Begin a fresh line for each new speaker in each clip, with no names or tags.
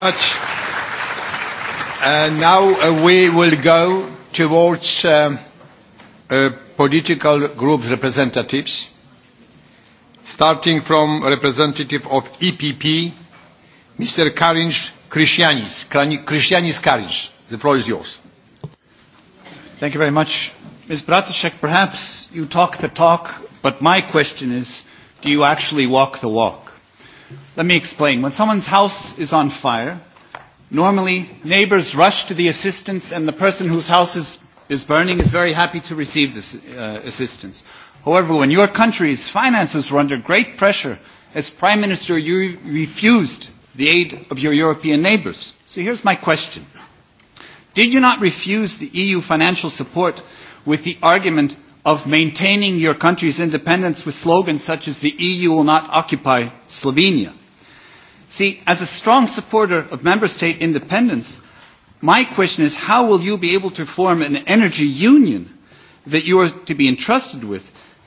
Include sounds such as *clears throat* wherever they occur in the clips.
much. And now uh, we will go towards um, uh, political group representatives, starting from representative of EPP, Mr. Karinj
Christianis. Christianis Karinj, the floor is yours. Thank you very much. Ms. Bratashek, perhaps you talk the talk, but my question is, do you actually walk the walk? Let me explain. When someone's house is on fire, normally neighbors rush to the assistance and the person whose house is, is burning is very happy to receive this uh, assistance. However, when your country's finances were under great pressure, as Prime Minister, you refused the aid of your European neighbors. So here's my question. Did you not refuse the EU financial support with the argument of maintaining your country's independence with slogans such as the EU will not occupy Slovenia. See, as a strong supporter of member state independence, my question is how will you be able to form an energy union that you are to be entrusted with,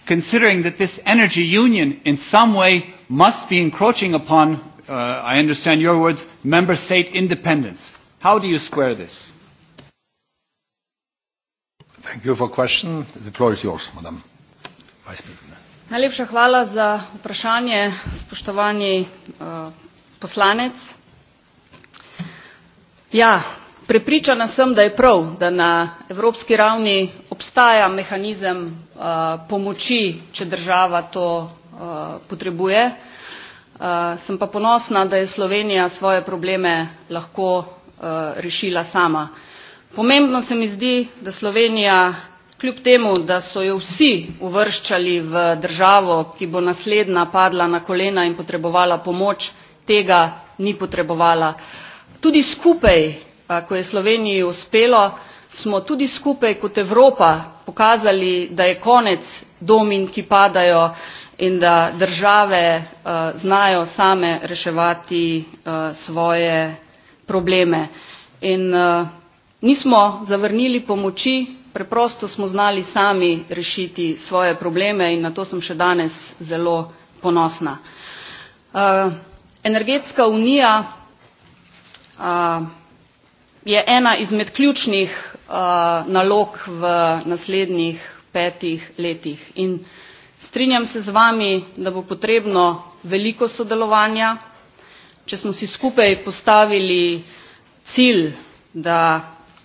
considering that this energy union in some way must be encroaching upon, uh, I understand your words, member state independence? How do you square this? Thank you for question. The floor is yours, madam. Vice President.
Najlepša hvala za vprašanje, spoštovani uh, poslanec. Ja, prepričana sem, da je prav, da na evropski ravni obstaja mehanizem uh, pomoči, če država to uh, potrebuje. Uh, sem pa ponosna, da je Slovenija svoje probleme lahko uh, rešila sama. Uh, Pomembno se mi zdi, da Slovenija kljub temu, da so jo vsi uvrščali v državo, ki bo naslednja padla na kolena in potrebovala pomoč, tega ni potrebovala. Tudi skupaj, ko je Sloveniji uspelo, smo tudi skupaj kot Evropa pokazali, da je konec domin, ki padajo in da države znajo same reševati svoje probleme. In uh, Nismo zavrnili pomoči, preprosto smo znali sami rešiti svoje probleme in na to sem še danes zelo ponosna. Uh, energetska unija uh, je ena izmed ključnih uh, nalog v naslednjih petih letih. In strinjam se z vami, da bo potrebno veliko sodelovanja. Če smo si skupaj postavili cilj, da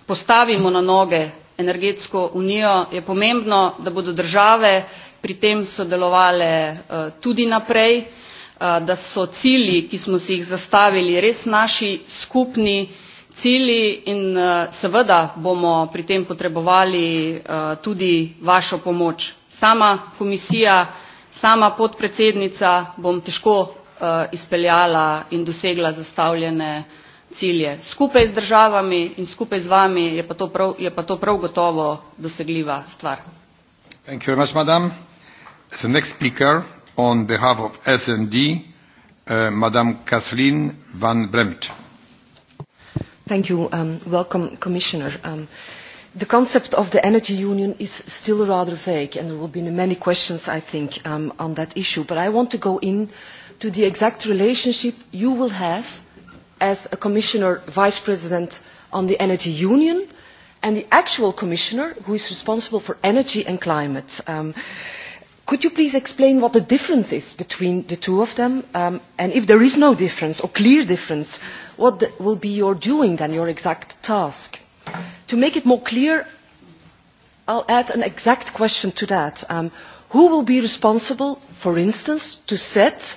postavimo na noge energetsko unijo, je pomembno, da bodo države pri tem sodelovale eh, tudi naprej, eh, da so cilji, ki smo si jih zastavili, res naši skupni cilji in eh, seveda bomo pri tem potrebovali tudi vašo pomoč. Sama komisija, sama podpredsednica bom težko izpeljala in dosegla zastavljene cilje cilje. Skupaj z državami in skupaj z vami je pa to prav, je pa to prav gotovo dosegljiva stvar.
Thank you very much, madam. The next speaker on behalf of SND, uh, Madam Kathleen van Bremt.
Thank you. Um, welcome, Commissioner. Um, The concept of the energy union is still rather vague and there will be many questions, I think, um, on that issue. But I want to go in to the exact relationship you will have as a commissioner vice president on the energy union and the actual commissioner who is responsible for energy and climate. Um, could you please explain what the difference is between the two of them? Um, and if there is no difference or clear difference, what the, will be your doing then, your exact task? To make it more clear, I'll add an exact question to that. Um, who will be responsible, for instance, to set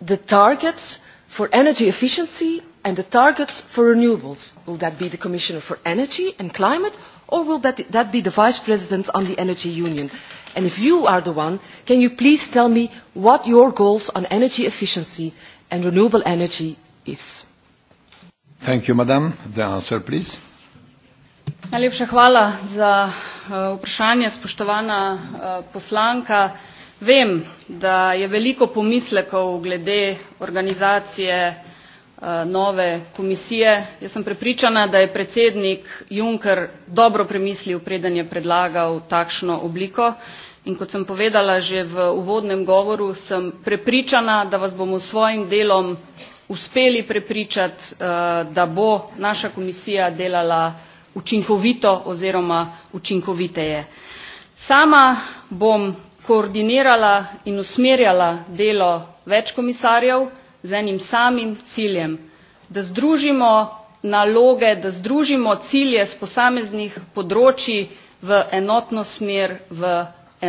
the targets for energy efficiency and the targets for renewables. Will that be the Commissioner for Energy and Climate or will that, that be the Vice President on the Energy Union? And if you are the one, can you please tell me what your goals on energy efficiency and renewable energy is?
Thank you, Madam. The answer, please.
Najlepša hvala za uh, vprašanje, spoštovana uh, poslanka. Vem, da je veliko pomislekov glede organizacije eh, nove komisije. Jaz sem prepričana, da je predsednik Juncker dobro premislil, preden je predlagal takšno obliko. In kot sem povedala že v uvodnem govoru, sem prepričana, da vas bomo s svojim delom uspeli prepričati, eh, da bo naša komisija delala učinkovito oziroma učinkoviteje. Sama bom koordinirala in usmerjala delo več komisarjev z enim samim ciljem, da združimo naloge, da združimo cilje z posameznih področji v enotno smer, v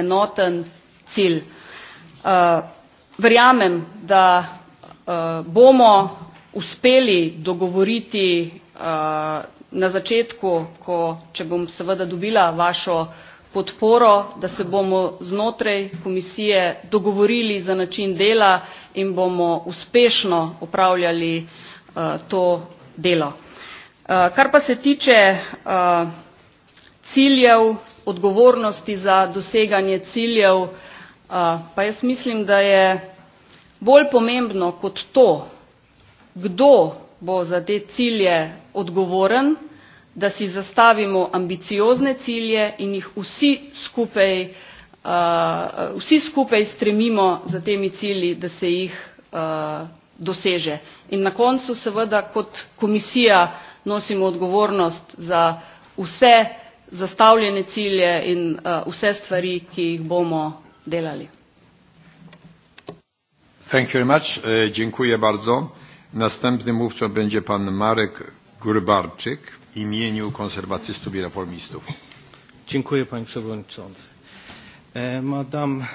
enoten cilj. Uh, verjamem, da uh, bomo uspeli dogovoriti uh, na začetku, ko, če bom seveda dobila vašo podporo, da se bomo znotraj komisije dogovorili za način dela in bomo uspešno upravljali uh, eh, to delo. Uh, kar pa se tiče uh, ciljev, odgovornosti za doseganje ciljev, uh, pa jaz mislim, da je bolj pomembno kot to, kdo bo za te cilje odgovoren, da si zastavimo ambiciozne cilje in jih vsi skupaj, uh, vsi skupaj stremimo za temi cilji, da se jih uh, doseže. In na koncu seveda kot komisija nosimo odgovornost za vse zastavljene cilje in uh, vse stvari, ki jih bomo delali.
Thank you very much. Uh, dziękuję bardzo. Następny mówca będzie pan Marek Grybarczyk imieniu konserwatystów i reformistów.
Dziękuję Panie Przewodniczący. Uh, Madam uh,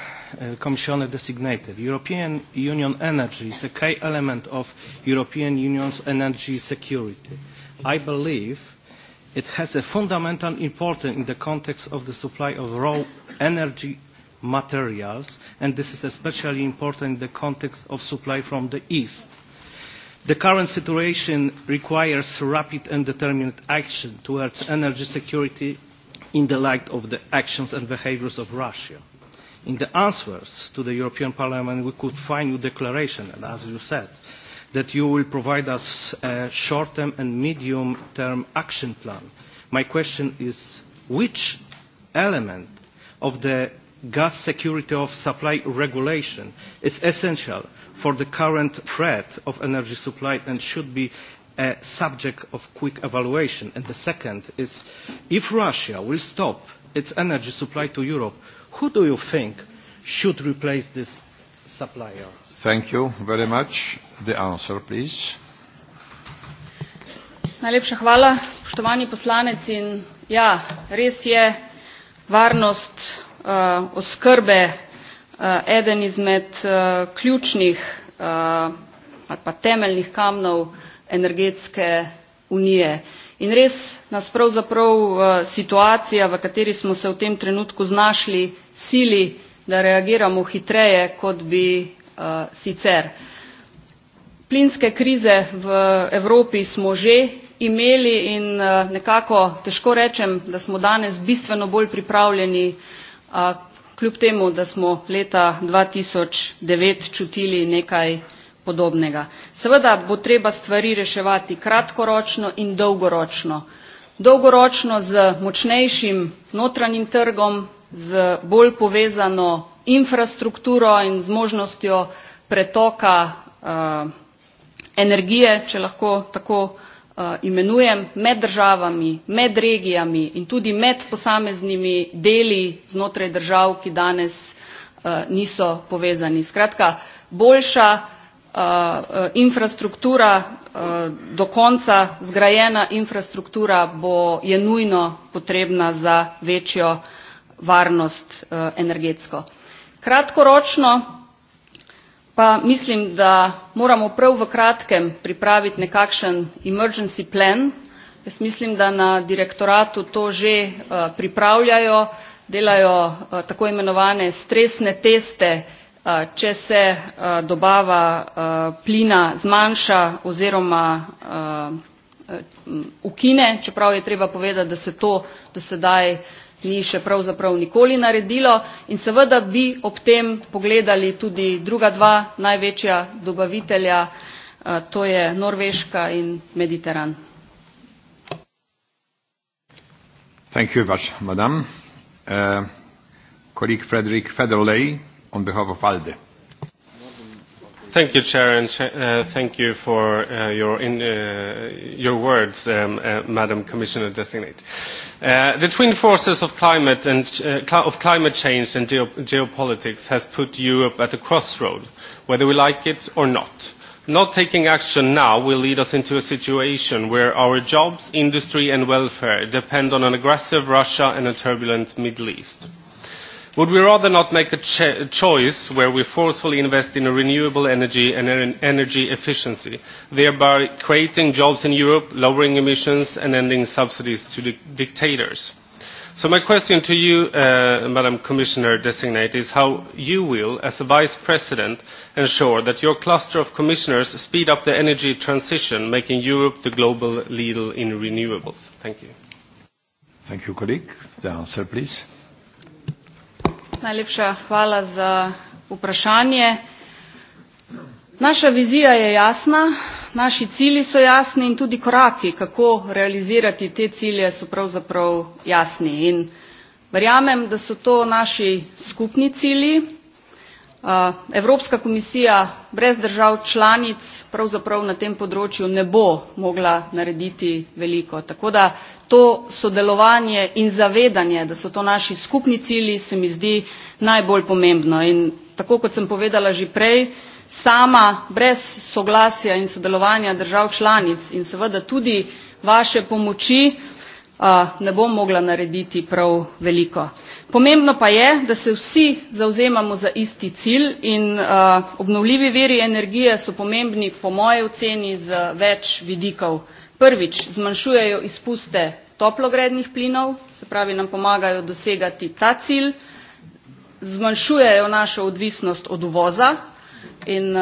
e, Commissioner Designated, European Union energy is a key element of European Union's energy security. I believe it has a fundamental importance in the context of the supply of raw energy materials, and this is especially important in the context of supply from the East. The current situation requires rapid and determined action towards energy security in the light of the actions and behaviors of Russia. In the answers to the European Parliament, we could find your declaration, and as you said, that you will provide us a short-term and medium-term action plan. My question is, which element of the gas security of supply regulation is essential for the current threat of energy supply and should be a subject of quick evaluation. And the second is, if Russia will stop its energy supply to Europe, who do you think should replace this supplier?
Thank you very much. The answer, please.
Najlepša hvala, spoštovani poslanec. In ja, res je varnost uh, oskrbe Eh, eden izmed uh, ključnih uh, ali pa temeljnih kamnov energetske unije. In res nas pravzaprav uh, situacija, v kateri smo se v tem trenutku znašli, sili, da reagiramo hitreje, kot bi uh, sicer. Plinske krize v Evropi smo že imeli in uh, nekako težko rečem, da smo danes bistveno bolj pripravljeni uh, kljub temu, da smo leta 2009 čutili nekaj podobnega. Seveda bo treba stvari reševati kratkoročno in dolgoročno. Dolgoročno z močnejšim notranjim trgom, z bolj povezano infrastrukturo in z možnostjo pretoka uh, energije, če lahko tako Eh, imenujem med državami, med regijami in tudi med posameznimi deli znotraj držav, ki danes eh, niso povezani. Skratka, boljša eh, infrastruktura, do konca zgrajena infrastruktura bo, je nujno potrebna za večjo varnost energetsko. Kratkoročno pa mislim, da moramo prav v kratkem pripraviti nekakšen emergency plan. Jaz mislim, da na direktoratu to že uh, pripravljajo, delajo uh, tako imenovane stresne teste, uh, če se uh, dobava uh, plina zmanjša oziroma uh, ukine, čeprav je treba povedati, da se to do sedaj uh, ni še pravzaprav nikoli naredilo in seveda bi ob tem pogledali tudi druga dva največja dobavitelja, to je Norveška in Mediteran.
Thank you much, Madam. Uh, colleague Frederick Federley on behalf of ALDE.
Thank you, Chair, and uh, thank you for uh, your, in, uh, your words, um, uh, Madam Commissioner-designate. Uh, the twin forces of climate, and, uh, of climate change and geo geopolitics has put Europe at a crossroad, whether we like it or not. Not taking action now will lead us into a situation where our jobs, industry and welfare depend on an aggressive Russia and a turbulent Middle East. Mm -hmm. Would we rather not make a cho choice where we forcefully invest in renewable energy and energy efficiency, thereby creating jobs in Europe, lowering emissions and ending subsidies to di dictators? So my question to you, uh, Madam Commissioner Designate, is how you will, as a Vice President, ensure that your cluster of commissioners speed up the energy transition, making Europe the global leader in renewables. Thank you.
Thank you, colleague. The answer, please.
Najlepša hvala za vprašanje. Naša vizija je jasna, naši cilji so jasni in tudi koraki, kako realizirati te cilje, so pravzaprav jasni. In verjamem, da so to naši skupni cilji Evropska komisija brez držav članic pravzaprav na tem področju ne bo mogla narediti veliko. Tako da to sodelovanje in zavedanje, da so to naši skupni cilji, se mi zdi najbolj pomembno. In tako kot sem povedala že prej, sama brez soglasja in sodelovanja držav članic in seveda tudi vaše pomoči ne bom mogla narediti prav veliko. Pomembno pa je, da se vsi zauzemamo za isti cilj in obnovljivi veri energije so pomembni po moji oceni z več vidikov. Prvič, zmanjšujejo izpuste toplogrednih plinov, se pravi nam pomagajo dosegati ta cilj, zmanjšujejo našo odvisnost od uvoza in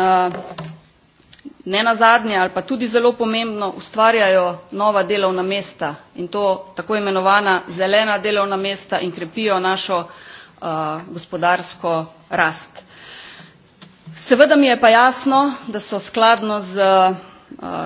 ne nazadnje ali pa tudi zelo pomembno ustvarjajo nova delovna mesta in to tako imenovana zelena delovna mesta in krepijo našo uh, gospodarsko rast. Seveda mi je pa jasno, da so skladno z uh,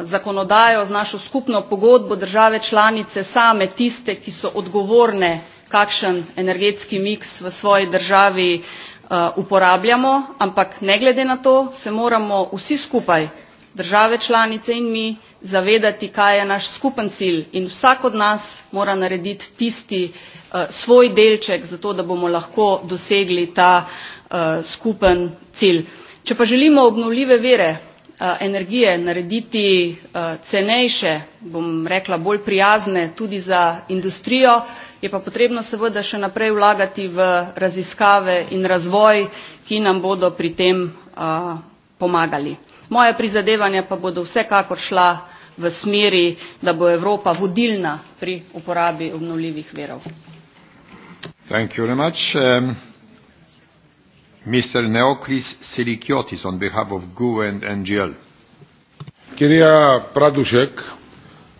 zakonodajo, z našo skupno pogodbo države članice same tiste, ki so odgovorne, kakšen energetski miks v svoji državi uh, uporabljamo, ampak ne glede na to se moramo vsi skupaj države članice in mi zavedati, kaj je naš skupen cilj in vsak od nas mora narediti tisti uh, svoj delček, zato da bomo lahko dosegli ta uh, skupen cilj. Če pa želimo obnovljive vere uh, eh, energije narediti cenejše, bom rekla bolj prijazne tudi za industrijo, je pa potrebno seveda še naprej vlagati v raziskave in razvoj, ki nam bodo pri tem pomagali. Moje prizadevanje pa bodo vsekakor šla v smeri, da bo Evropa vodilna pri uporabi obnovljivih verov.
Thank you very much. Um, Mr. Neokris Silikiotis on behalf of GU and NGL.
Κυρία Πράντουσεκ,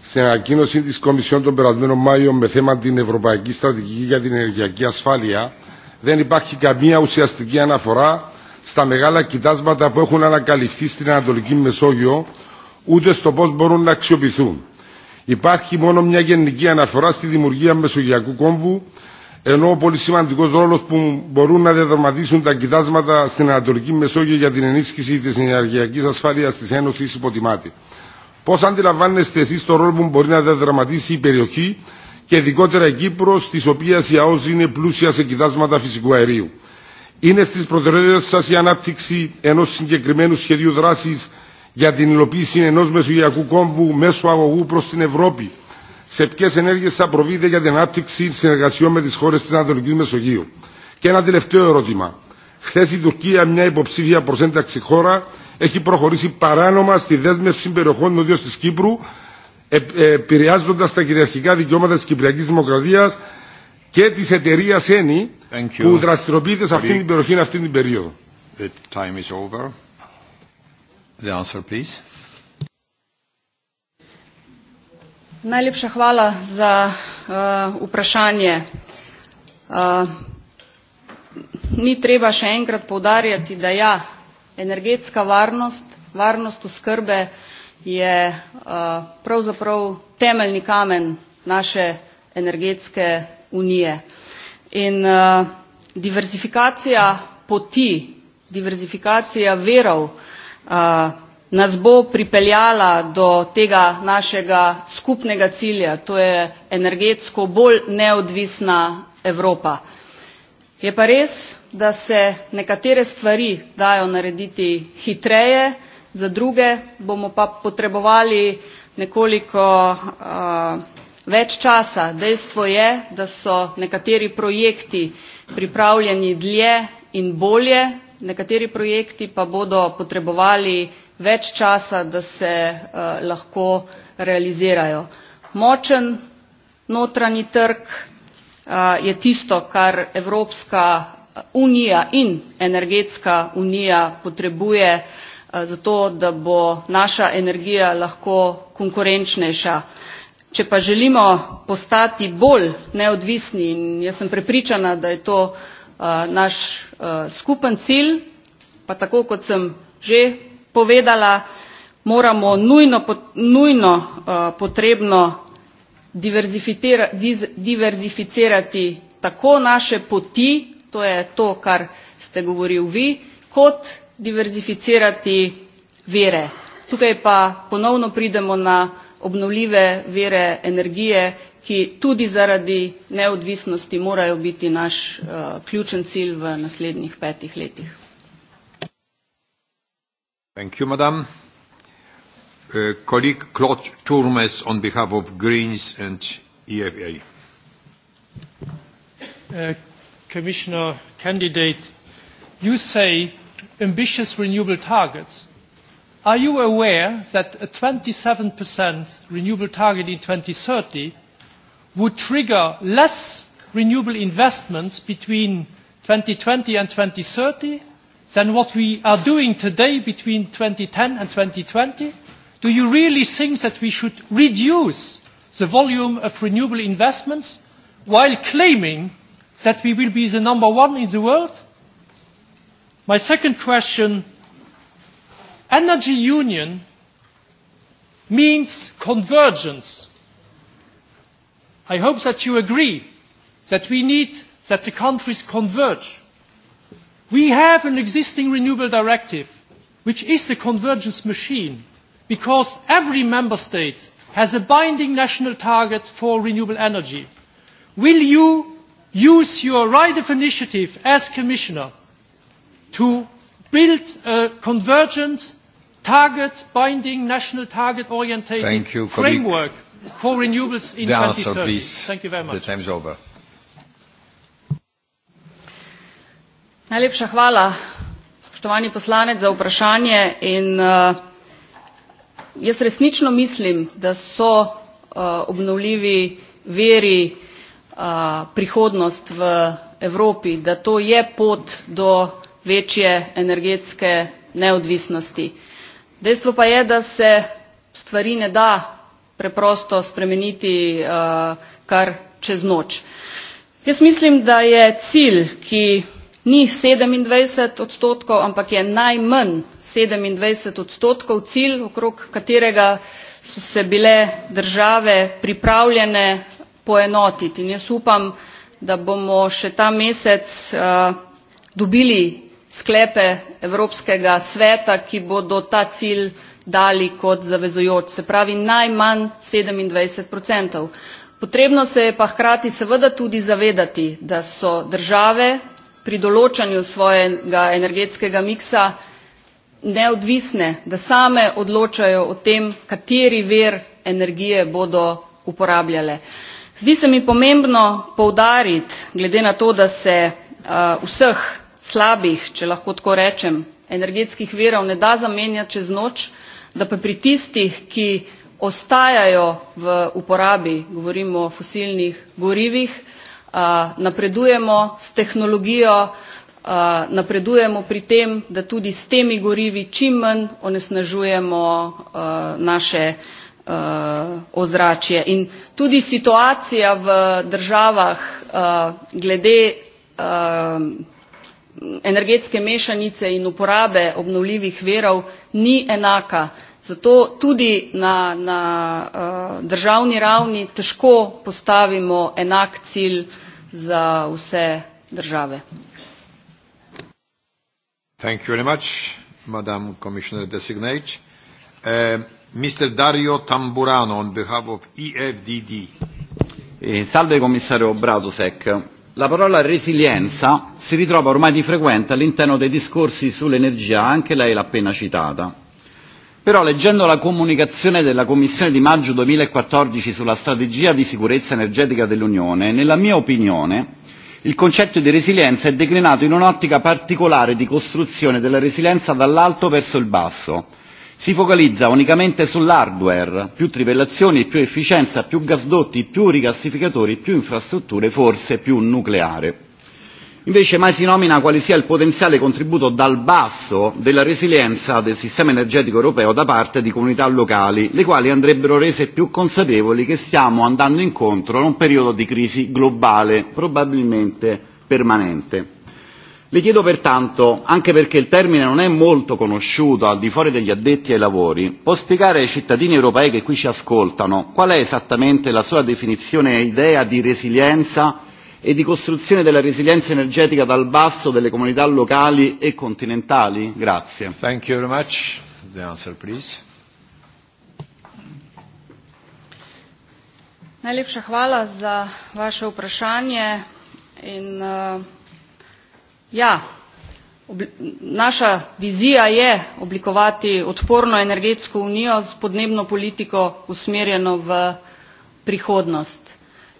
σε ανακοίνωση της Κομισιόν τον περασμένο Μάιο με θέμα την Ευρωπαϊκή Στρατηγική για την Ενεργειακή Ασφάλεια δεν υπάρχει καμία ουσιαστική αναφορά στα μεγάλα κοιτάσματα που έχουν ανακαλυφθεί στην Ανατολική Μεσόγειο, ούτε στο πώς μπορούν να αξιοποιηθούν. Υπάρχει μόνο μια γενική αναφορά στη δημιουργία μεσογειακού κόμβου, ενώ ο πολύ σημαντικό ρόλο που μπορούν να διαδραματίσουν τα κοιτάσματα στην Ανατολική Μεσόγειο για την ενίσχυση τη ενεργειακή ασφάλεια τη Ένωση υποτιμάται. Πώ αντιλαμβάνεστε εσεί το ρόλο που μπορεί να διαδραματίσει η περιοχή και ειδικότερα η Κύπρο, τη οποία η ΑΟΣ είναι πλούσια σε κοιτάσματα φυσικού αερίου. Είναι στις προτεραιότητες σας η ανάπτυξη ενός συγκεκριμένου σχεδίου δράσης για την υλοποίηση ενός μεσογειακού κόμβου μέσω αγωγού προς την Ευρώπη. Σε ποιες ενέργειες θα προβείτε για την ανάπτυξη συνεργασιών με τις χώρες της Ανατολικής Μεσογείου. Και ένα τελευταίο ερώτημα. Χθε η Τουρκία, μια υποψήφια προς ένταξη χώρα, έχει προχωρήσει παράνομα στη δέσμευση περιοχών νοδίω της Κύπρου, επηρεάζοντα τα κυριαρχικά δικαιώματα τη Κυπριακή Δημοκρατία και της εταιρείας ΕΝΗ που δραστηριοποιείται σε αυτήν την περιοχή αυτήν την περίοδο. The time is
over. The answer, please.
Najlepša hvala za uh, vprašanje. Uh, ni treba še enkrat povdarjati, da ja, energetska varnost, varnost oskrbe je uh, pravzaprav temeljni kamen naše energetske unije. In uh, eh, diverzifikacija poti, diversifikacija verov uh, nas bo pripeljala do tega našega skupnega cilja, to je energetsko bolj neodvisna Evropa. Je pa res, da se nekatere stvari dajo narediti hitreje, za druge bomo pa potrebovali nekoliko uh, več časa. Dejstvo je, da so nekateri projekti pripravljeni dlje in bolje, nekateri projekti pa bodo potrebovali več časa, da se uh, lahko realizirajo. Močen notranji trg uh, je tisto, kar Evropska eh, unija in energetska unija potrebuje za zato, da bo naša energija lahko konkurenčnejša. Če pa želimo postati bolj neodvisni in jaz sem prepričana, da je to uh, naš uh, skupen cilj, pa tako kot sem že povedala, moramo nujno, pot, nujno uh, potrebno diz, diverzificirati tako naše poti, to je to, kar ste govoril vi, kot diverzificirati vere. Tukaj pa ponovno pridemo na obnovljive vere energije, ki tudi zaradi neodvisnosti morajo biti naš uh, ključen cilj v naslednjih petih letih.
Thank you, madam. Uh, colleague Claude Turmes on behalf of Greens and EFA.
Uh, eh, Commissioner candidate, you say ambitious renewable targets Are you aware that a 27% renewable target in 2030 would trigger less renewable investments between 2020 and 2030 than what we are doing today between 2010 and 2020? Do you really think that we should reduce the volume of renewable investments while claiming that we will be the number one in the world? My second question Energy union means convergence. I hope that you agree that we need that the countries converge. We have an existing renewable directive which is a convergence machine because every member state has a binding national target for renewable energy. Will you use your right of initiative as commissioner to build a convergent target binding national target orientation you, framework
for renewables in 2030.
please. Thank you very much. The time is over.
Najlepša hvala, spoštovani poslanec, za vprašanje in uh, jaz resnično mislim, da so uh, obnovljivi veri uh, eh, prihodnost v Evropi, da to je pot do večje energetske neodvisnosti. Dejstvo pa je, da se stvari ne da preprosto spremeniti uh, kar čez noč. Jaz mislim, da je cilj, ki ni 27 odstotkov, ampak je najmanj 27 odstotkov cilj, okrog katerega so se bile države pripravljene poenotiti. In jaz upam, da bomo še ta mesec uh, dobili sklepe Evropskega sveta, ki bodo ta cilj dali kot zavezujoč, se pravi najmanj 27%. Potrebno se je pa hkrati seveda tudi zavedati, da so države pri določanju svojega energetskega miksa neodvisne, da same odločajo o tem, kateri ver energije bodo uporabljale. Zdi se mi pomembno poudariti, glede na to, da se uh, vseh slabih, če lahko tako rečem, energetskih virov ne da zamenjati čez noč, da pa pri tistih, ki ostajajo v uporabi, govorimo o fosilnih gorivih, a, napredujemo s tehnologijo, a, napredujemo pri tem, da tudi s temi gorivi čim manj onesnažujemo a, naše ozračje. In tudi situacija v državah glede energetske mešanice in uporabe obnovljivih verov ni enaka. Zato tudi na, na uh, državni ravni težko postavimo enak cilj za vse države.
Thank you very much, Madam Commissioner Designate. Uh, eh, Mr. Dario Tamburano on behalf of EFDD. Eh, salve commissario Bradusek La parola
resilienza si ritrova ormai di frequente all'interno dei discorsi sull'energia, anche lei l'ha appena citata. Però leggendo la comunicazione della Commissione di maggio 2014 sulla strategia di sicurezza energetica dell'Unione, nella mia opinione il concetto di resilienza è declinato in un'ottica particolare di costruzione della resilienza dall'alto verso il basso, Si focalizza unicamente sull'hardware, più trivellazioni, più efficienza, più gasdotti, più rigassificatori, più infrastrutture, forse più nucleare. Invece mai si nomina quale sia il potenziale contributo dal basso della resilienza del sistema energetico europeo da parte di comunità locali, le quali andrebbero rese più consapevoli che stiamo andando incontro a un periodo di crisi globale, probabilmente permanente. Le chiedo pertanto, anche perché il termine non è molto conosciuto al di fuori degli addetti ai lavori, può spiegare ai cittadini europei che qui ci ascoltano qual è esattamente la sua definizione e idea di resilienza e di costruzione della resilienza energetica dal basso delle comunità locali e continentali? Grazie.
Thank you very much. The answer, please.
Najlepša hvala za vaše vprašanje in uh, Ja, naša vizija je oblikovati odporno energetsko unijo s podnebno politiko usmerjeno v prihodnost.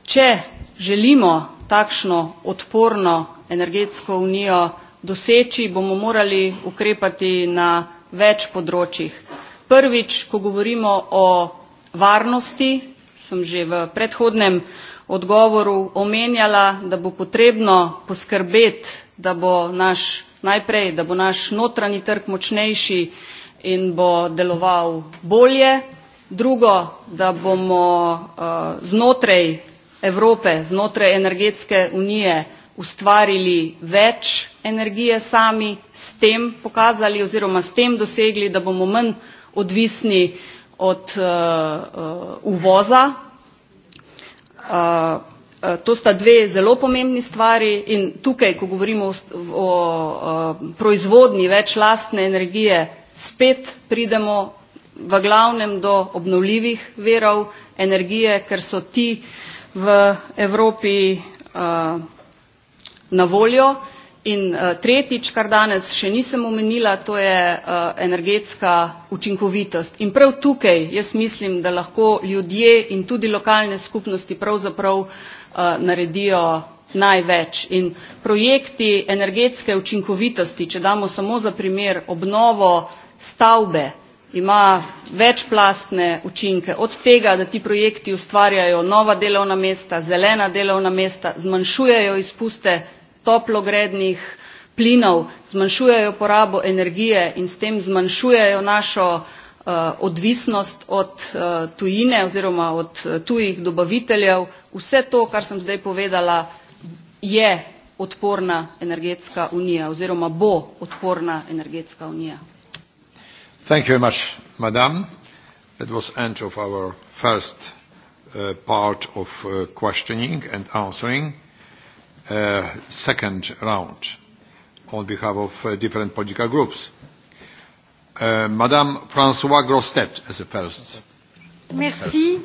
Če želimo takšno odporno energetsko unijo doseči, bomo morali ukrepati na več področjih. Prvič, ko govorimo o varnosti, sem že v predhodnem odgovoru omenjala, da bo potrebno poskrbeti da bo naš najprej, da bo naš notranji trg močnejši in bo deloval bolje. Drugo, da bomo uh, znotraj Evrope, znotraj energetske unije ustvarili več energije sami, s tem pokazali oziroma s tem dosegli, da bomo manj odvisni od uh, uh, uvoza. Uh, Eh, to sta dve zelo pomembni stvari in tukaj, ko govorimo o, o, eh, o več lastne energije, spet pridemo v glavnem do obnovljivih verov energije, ker so ti v Evropi uh, na voljo. In uh, tretjič, kar danes še nisem omenila, to je uh, energetska učinkovitost. In prav tukaj jaz mislim, da lahko ljudje in tudi lokalne skupnosti pravzaprav uh, Eh, naredijo največ. In projekti energetske učinkovitosti, če damo samo za primer obnovo stavbe, ima večplastne učinke, od tega, da ti projekti ustvarjajo nova delovna mesta, zelena delovna mesta, zmanjšujejo izpuste toplogrednih plinov, zmanjšujejo porabo energije in s tem zmanjšujejo našo Eh, odvisnost od eh, tujine oziroma od eh, tujih dobaviteljev, vse to, kar sem zdaj povedala, je odporna energetska unija oziroma bo odporna energetska unija.
Thank you very much, Madam. That was end of our first uh, part of uh, questioning and answering. Uh, second round on behalf of uh, different political groups. Uh, Madame François Grostet as the first.
Merci.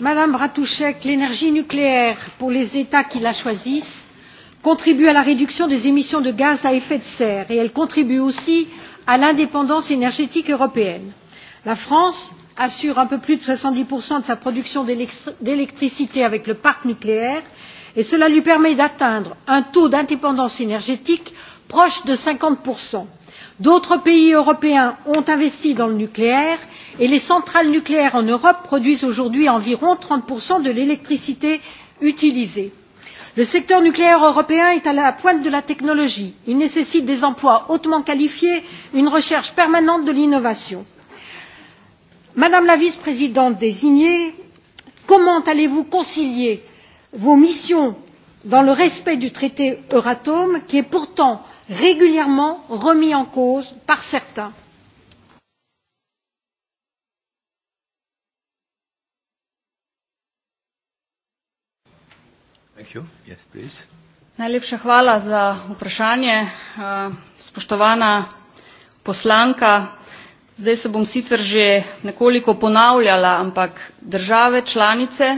Madame Bratouchek, l'énergie nucléaire, pour les États qui la choisissent, contribue à la réduction des émissions de gaz à effet de serre et elle contribue aussi à l'indépendance énergétique européenne. La France assure un peu plus de 70% de sa production d'électricité avec le parc nucléaire et cela lui permet d'atteindre un taux d'indépendance énergétique proche de 50%. D'autres pays européens ont investi dans le nucléaire et les centrales nucléaires en Europe produisent aujourd'hui environ 30% de l'électricité utilisée. Le secteur nucléaire européen est à la pointe de la technologie. Il nécessite des emplois hautement qualifiés, une recherche permanente de l'innovation. Madame la vice-présidente désignée, comment allez-vous concilier vos missions dans le respect du traité Euratom, qui est pourtant régulièrement remis en cause par
certains.
Thank you. Yes, please.
Najlepša hvala za vprašanje. Eh, spoštovana poslanka, zdaj se bom sicer že nekoliko ponavljala, ampak države članice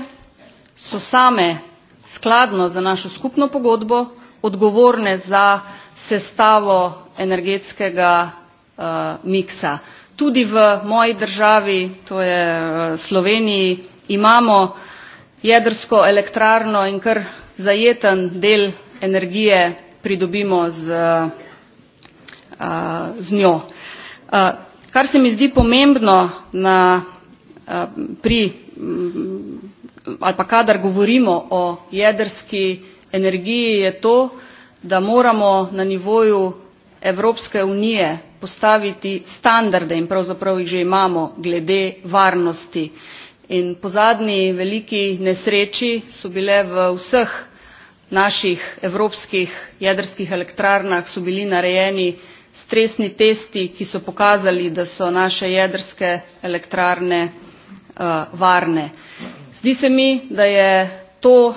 so same skladno za našo skupno pogodbo odgovorne za sestavo energetskega uh, miksa. Tudi v moji državi, to je eh, Sloveniji, imamo jedrsko elektrarno in kar zajeten del energije pridobimo z, uh, z njo. Uh, kar se mi zdi pomembno na, uh, pri, mm, ali pa kadar govorimo o jedrski energiji, je to, da moramo na nivoju Evropske unije postaviti standarde in pravzaprav jih že imamo glede varnosti. In po zadnji veliki nesreči so bile v vseh naših evropskih jedrskih elektrarnah so bili narejeni stresni testi, ki so pokazali, da so naše jedrske elektrarne uh, varne. Zdi se mi, da je to uh,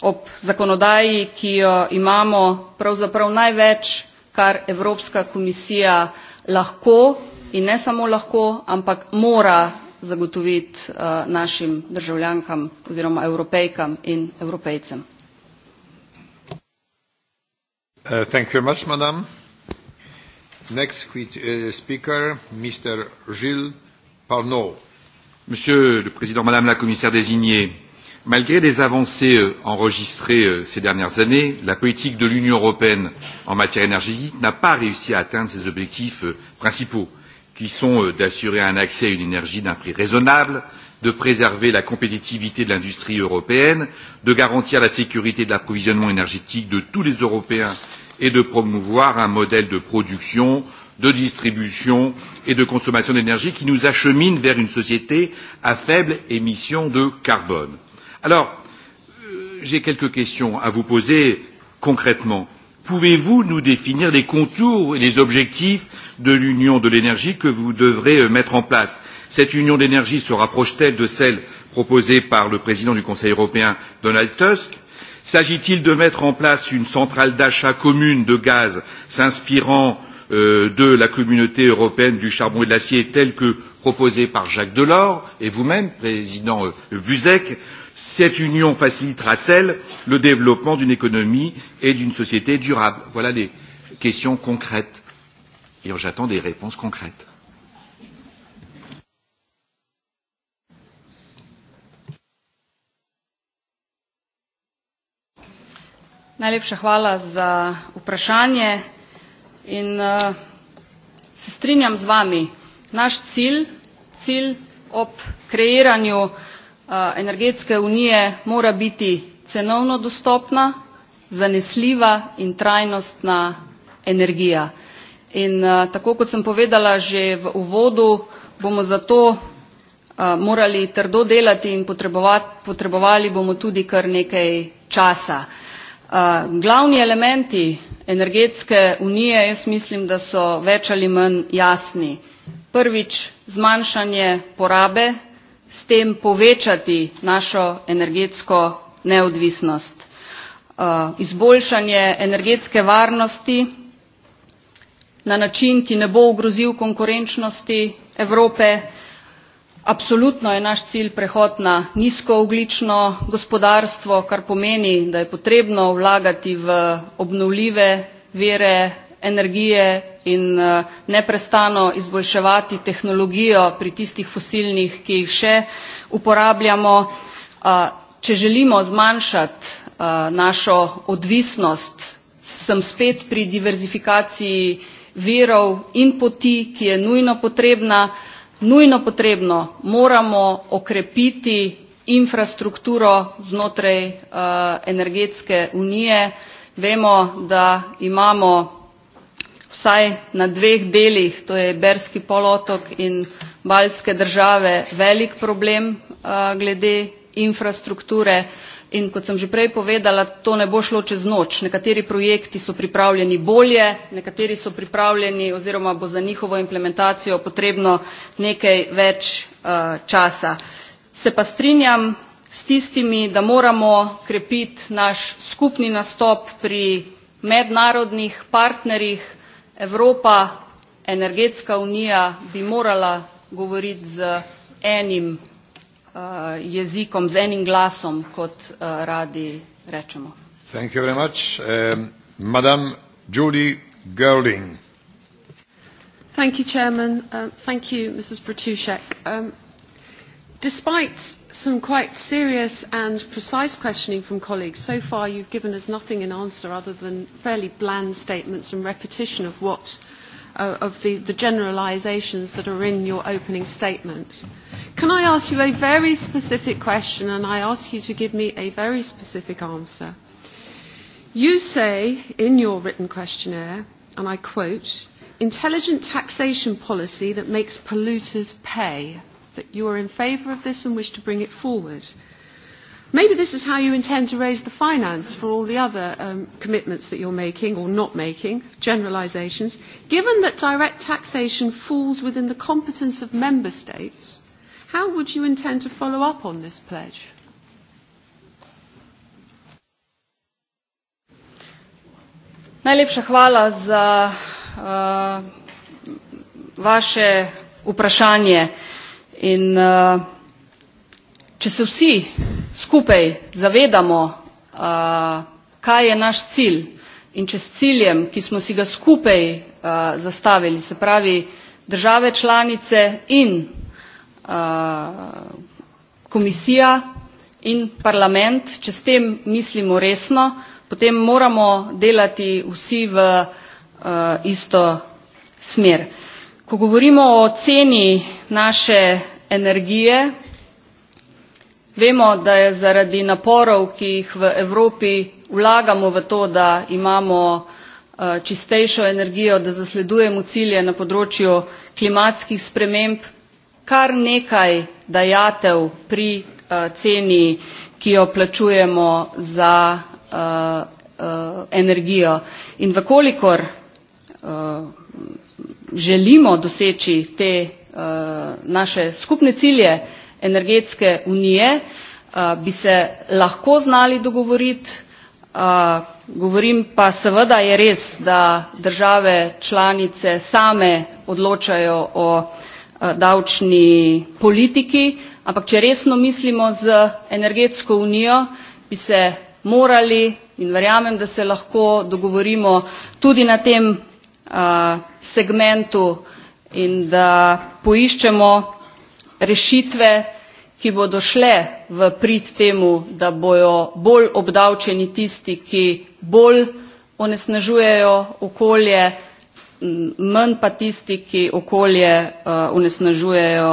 ob zakonodaji, ki jo imamo pravzaprav največ, kar Evropska komisija lahko in ne samo lahko, ampak mora zagotoviti uh, našim državljankam oziroma evropejkam in evropejcem.
Uh, thank you very much, madam. Next uh, speaker, Mr. Gilles Parnot.
Monsieur le Président, Madame la Commissaire désignée, Malgré les avancées euh, enregistrées euh, ces dernières années, la politique de l'Union européenne en matière énergétique n'a pas réussi à atteindre ses objectifs euh, principaux, qui sont d'assurer un accès à une énergie d'un prix raisonnable, de préserver la compétitivité de l'industrie européenne, de garantir la sécurité de l'approvisionnement énergétique de tous les Européens et de promouvoir un modèle de production, de distribution et de consommation d'énergie qui nous achemine vers une société à faible émission de carbone. Alors, euh, j'ai quelques questions à vous poser concrètement. Pouvez-vous nous définir les contours et les objectifs de l'union de l'énergie que vous devrez euh, mettre en place Cette union d'énergie se rapproche-t-elle de celle proposée par le président du Conseil européen Donald Tusk S'agit-il de mettre en place une centrale d'achat commune de gaz s'inspirant euh, de la communauté européenne du charbon et de l'acier telle que proposée par Jacques Delors et vous-même, président euh, Buzek Cette union facilitera-t-elle le développement d'une économie et d'une société durable Voilà les questions concrètes. Et j'attends des réponses concrètes.
Najlepša hvala za vprašanje in uh, se strinjam z vami. Naš cilj, cilj ob kreiranju energetske unije mora biti cenovno dostopna, zanesljiva in trajnostna energija. In tako kot sem povedala že v uvodu, bomo zato morali trdo delati in potrebovali bomo tudi kar nekaj časa. Glavni elementi energetske unije jaz mislim, da so več ali manj jasni. Prvič, zmanjšanje porabe s tem povečati našo energetsko neodvisnost. Uh, izboljšanje energetske varnosti na način, ki ne bo ogrozil konkurenčnosti Evrope. Absolutno je naš cilj prehod na nizkooglično gospodarstvo, kar pomeni, da je potrebno vlagati v obnovljive vere energije, in uh, neprestano izboljševati tehnologijo pri tistih fosilnih, ki jih še uporabljamo. Uh, če želimo zmanjšati uh, našo odvisnost, sem spet pri diverzifikaciji virov in poti, ki je nujno potrebna. Nujno potrebno moramo okrepiti infrastrukturo znotraj uh, energetske unije. Vemo, da imamo vsaj na dveh delih, to je Berski polotok in Balske države, velik problem a, glede infrastrukture in kot sem že prej povedala, to ne bo šlo čez noč. Nekateri projekti so pripravljeni bolje, nekateri so pripravljeni oziroma bo za njihovo implementacijo potrebno nekaj več uh, časa. Se pa strinjam s tistimi, da moramo krepiti naš skupni nastop pri mednarodnih partnerjih, Evropa, energetska unija bi morala govoriti z enim uh, jezikom, z enim glasom, kot uh, radi rečemo.
Thank you very much. Um, Madam Judy Gerling.
Thank you, Chairman. Um, uh, thank you, Mrs. Bratushek. Um, Despite some quite serious and precise questioning from colleagues, so far you've given us nothing in answer other than fairly bland statements and repetition of what uh, of the, the generalizations that are in your opening statement. Can I ask you a very specific question and I ask you to give me a very specific answer? You say in your written questionnaire, and I quote, intelligent taxation policy that makes polluters pay that you are in favour of this and wish to bring it forward. Maybe this is how you intend to raise the finance for all the other um, commitments that you're making or not making, generalisations. Given that direct taxation falls within the competence of member states, how would you intend to follow up on this pledge?
Najlepša hvala za uh, vaše vprašanje. Uh, In uh, če se vsi skupaj zavedamo, uh, kaj je naš cilj in če s ciljem, ki smo si ga skupaj uh, zastavili, se pravi države članice in uh, komisija in parlament, če s tem mislimo resno, potem moramo delati vsi v uh, isto smer. Ko govorimo o ceni naše energije, vemo, da je zaradi naporov, ki jih v Evropi vlagamo v to, da imamo eh, čistejšo energijo, da zasledujemo cilje na področju klimatskih sprememb, kar nekaj dajatev pri eh, ceni, ki jo plačujemo za eh, energijo. In vkolikor želimo doseči te uh, naše skupne cilje energetske unije, uh, bi se lahko znali dogovoriti. Uh, govorim pa seveda je res, da države članice same odločajo o uh, davčni politiki, ampak če resno mislimo z energetsko unijo, bi se morali in verjamem, da se lahko dogovorimo tudi na tem uh, segmentu in da poiščemo rešitve, ki bodo šle v prid temu, da bojo bolj obdavčeni tisti, ki bolj onesnažujejo okolje, manj pa tisti, ki okolje uh, onesnažujejo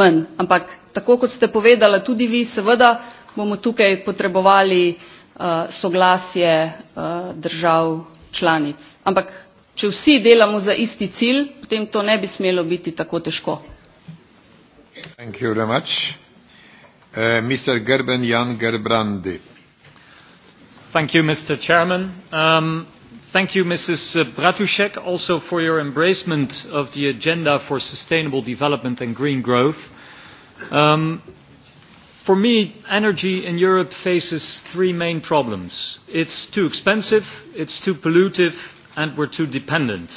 manj. Ampak tako kot ste povedala tudi vi, seveda bomo tukaj potrebovali uh, soglasje uh, držav članic. Ampak Če vsi delamo za isti cilj, potem to ne bi smelo biti tako težko.
Thank you very much. Uh, Mr. Gerben Jan Gerbrandi.
Thank you, Mr. Chairman. Um, Thank you, Mrs. Uh, Bratushek, also for your embracement of the agenda for sustainable development and green growth. Um, for me, energy in Europe faces three main problems. It's too expensive, it's too pollutive, and we're too dependent.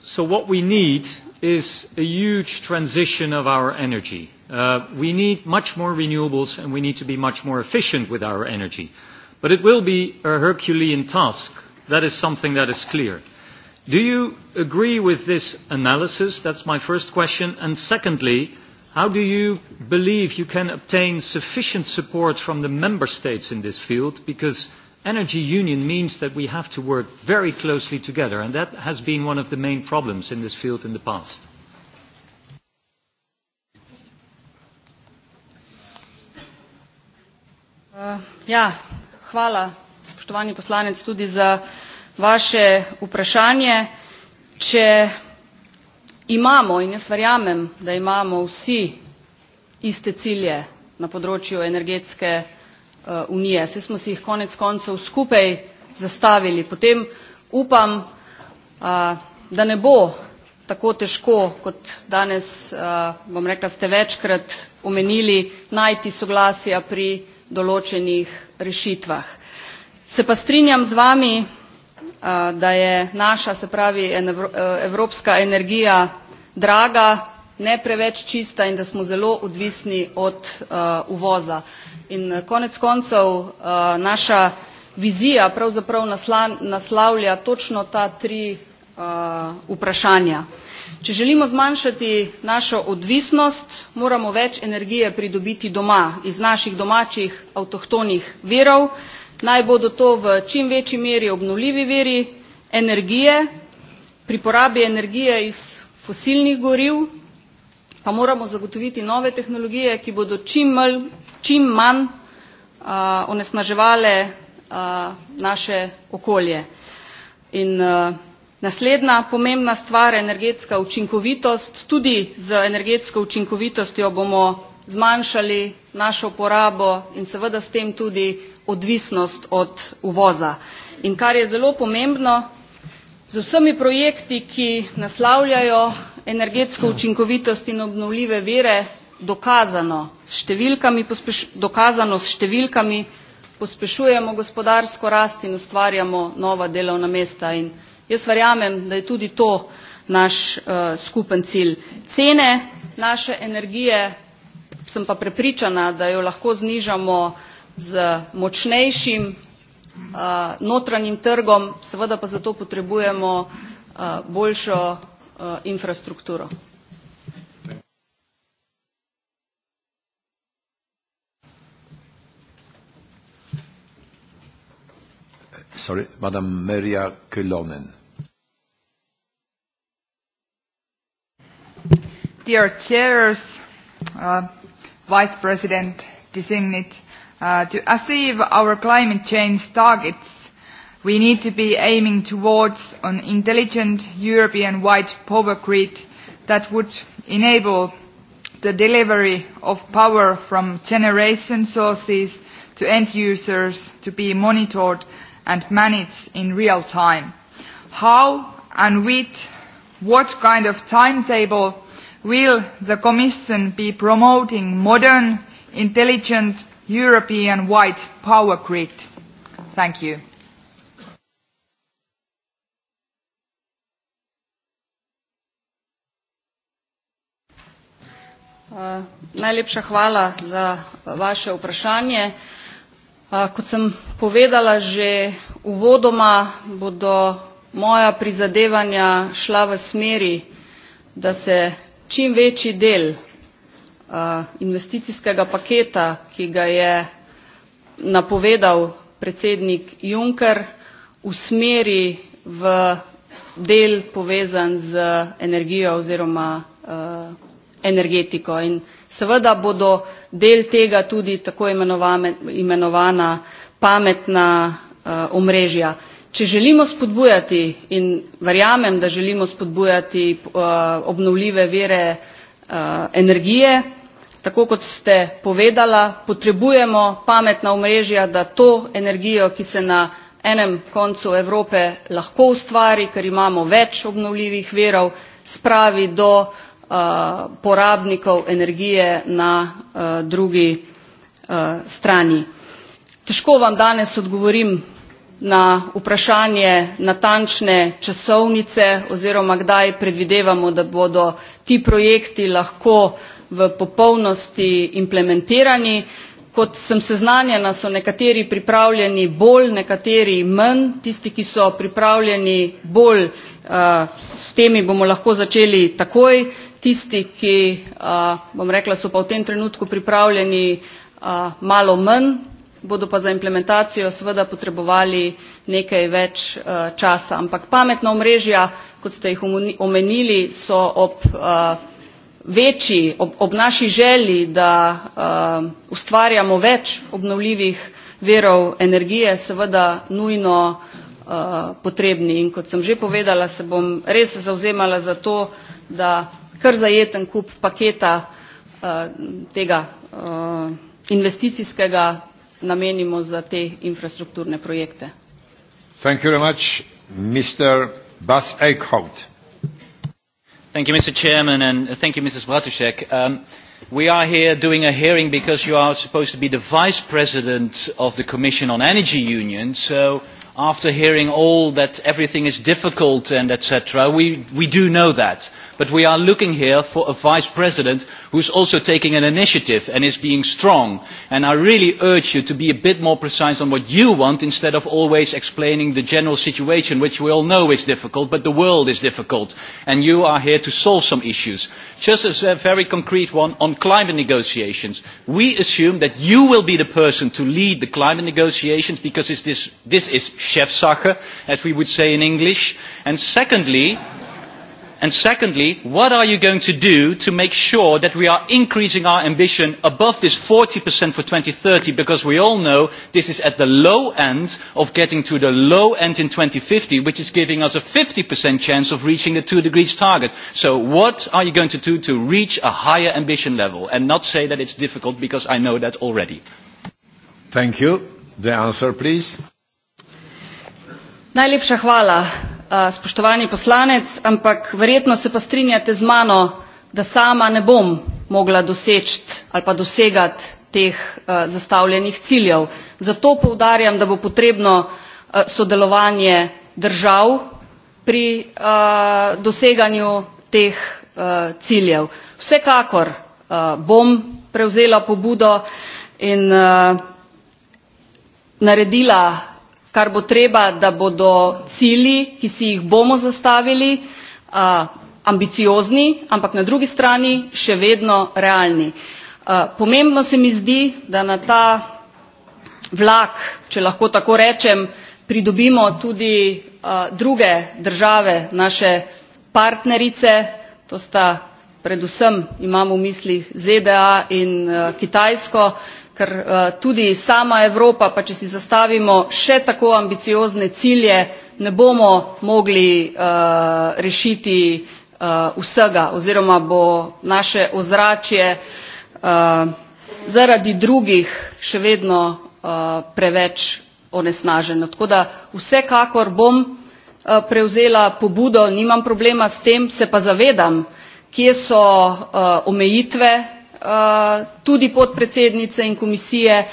So what we need is a huge transition of our energy. Uh, we need much more renewables and we need to be much more efficient with our energy. But it will be a Herculean task. That is something that is clear. Do you agree with this analysis? That's my first question. And secondly, how do you believe you can obtain sufficient support from the member states in this field? Because energy union means that we have to work very closely together, and that has been one of the main problems in this field in the past.
Uh, ja, hvala, spoštovani poslanec, tudi za vaše vprašanje. Če imamo, in jaz verjamem, da imamo vsi iste cilje na področju energetske Uh, unije. Svi smo si jih konec koncev skupaj zastavili. Potem upam, uh, da ne bo tako težko, kot danes, uh, bom rekla, ste večkrat omenili, najti soglasja pri določenih rešitvah. Se pa strinjam z vami, da je naša, se pravi, evropska energija draga, ne preveč čista in da smo zelo odvisni od uh, uvoza. In uh, konec koncev uh, naša vizija pravzaprav nasla, naslavlja točno ta tri uh, vprašanja. Če želimo zmanjšati našo odvisnost, moramo več energije pridobiti doma, iz naših domačih avtohtonih verov, naj bodo to v čim večji meri obnovljivi veri energije, pri porabi energije iz fosilnih goriv, pa moramo zagotoviti nove tehnologije, ki bodo čim, mal, čim manj uh, onesnaževale uh, naše okolje. In uh, Naslednja pomembna stvar je energetska učinkovitost. Tudi z energetsko učinkovitostjo bomo zmanjšali našo porabo in seveda s tem tudi odvisnost od uvoza. In kar je zelo pomembno, Z vsemi projekti, ki naslavljajo energetsko učinkovitost in obnovljive vire, dokazano s številkami, pospeš, dokazano s številkami pospešujemo gospodarsko rast in ustvarjamo nova delovna mesta. In jaz verjamem, da je tudi to naš uh, skupen cilj. Cene naše energije, sem pa prepričana, da jo lahko znižamo z močnejšim notranjim trgom, seveda pa zato potrebujemo boljšo infrastrukturo.
Sorry, Madam Maria Kylonen.
Dear chairs, uh, Vice President designate, Uh, to achieve our climate change targets, we need to be aiming towards an intelligent European-wide power grid that would enable the delivery of power from generation sources to end users to be monitored and managed in real time. How and with what kind of timetable will the Commission be promoting modern, intelligent European White Power Grid. Thank you. Uh, najlepša hvala za vaše vprašanje. Uh, kot sem povedala že uvodoma, bodo moja prizadevanja šla v smeri, da se čim večji del Eh, investicijskega paketa, ki ga je napovedal predsednik Juncker, usmeri v del povezan z energijo oziroma eh, energetiko. In seveda bodo del tega tudi tako imenovana pametna eh, omrežja. Če želimo spodbujati in verjamem, da želimo spodbujati obnovljive vere energije, Tako kot ste povedala, potrebujemo pametna omrežja, da to energijo, ki se na enem koncu Evrope lahko ustvari, ker imamo več obnovljivih verov, spravi do uh, porabnikov energije na uh, drugi uh, strani. Težko vam danes odgovorim na vprašanje natančne časovnice oziroma kdaj predvidevamo, da bodo ti projekti lahko uh, v popolnosti implementirani. Kot sem seznanjena, so nekateri pripravljeni bolj, nekateri manj, tisti, ki so pripravljeni bolj, eh, s temi bomo lahko začeli takoj, tisti, ki, eh, bom rekla, so pa v tem trenutku pripravljeni eh, malo manj, bodo pa za implementacijo seveda potrebovali nekaj več časa. Ampak pametna omrežja, kot ste jih omenili, so ob večji ob, ob naši želji, da uh, ustvarjamo več obnovljivih verov energije, seveda nujno uh, potrebni. In kot sem že povedala, se bom res zauzemala za to, da kar zajeten kup paketa uh, tega uh, investicijskega namenimo za te infrastrukturne projekte.
Thank you very much, Mr. Bas Eichhout.
Thank you, Mr. Chairman, and thank you, Mrs. Bratushek. Um, we are here doing a hearing because you are supposed to be the Vice President of the Commission on Energy Union, so after hearing all that everything is difficult and etc., we, we do know that. But we are looking here for a vice president who is also taking an initiative and is being strong. And I really urge you to be a bit more precise on what you want instead of always explaining the general situation, which we all know is difficult, but the world is difficult. And you are here to solve some issues. Just as a very concrete one on climate negotiations. We assume that you will be the person to lead the climate negotiations because it's this, this is Chefsache, as we would say in English. And secondly, And secondly, what are you going to do to make sure that we are increasing our ambition above this 40% for 2030? Because we all know this is at the low end of getting to the low end in 2050, which is giving us a 50% chance of reaching the 2 degrees target. So what are you going to do to reach a higher ambition level and not say that it's difficult because
I know that already? Thank you. The answer, please.
Najlepša hvala. Eh, spoštovani poslanec, ampak verjetno se pa strinjate z mano, da sama ne bom mogla doseči ali pa dosegati teh eh, zastavljenih ciljev. Zato poudarjam, da bo potrebno eh, sodelovanje držav pri doseganju teh ciljev. Vsekakor bom prevzela pobudo in naredila kar bo treba, da bodo cili, ki si jih bomo zastavili, ambiciozni, ampak na drugi strani še vedno realni. Pomembno se mi zdi, da na ta vlak, če lahko tako rečem, pridobimo tudi druge države, naše partnerice, to sta predvsem imamo v mislih ZDA in Kitajsko, ker uh, tudi sama Evropa, pa če si zastavimo še tako ambiciozne cilje, ne bomo mogli uh, rešiti uh, vsega oziroma bo naše ozračje uh, zaradi drugih še vedno uh, preveč onesnaženo. Tako da vsekakor bom uh, prevzela pobudo, nimam problema s tem, se pa zavedam, kje so uh, omejitve Eh, tudi podpredsednice in komisije, eh,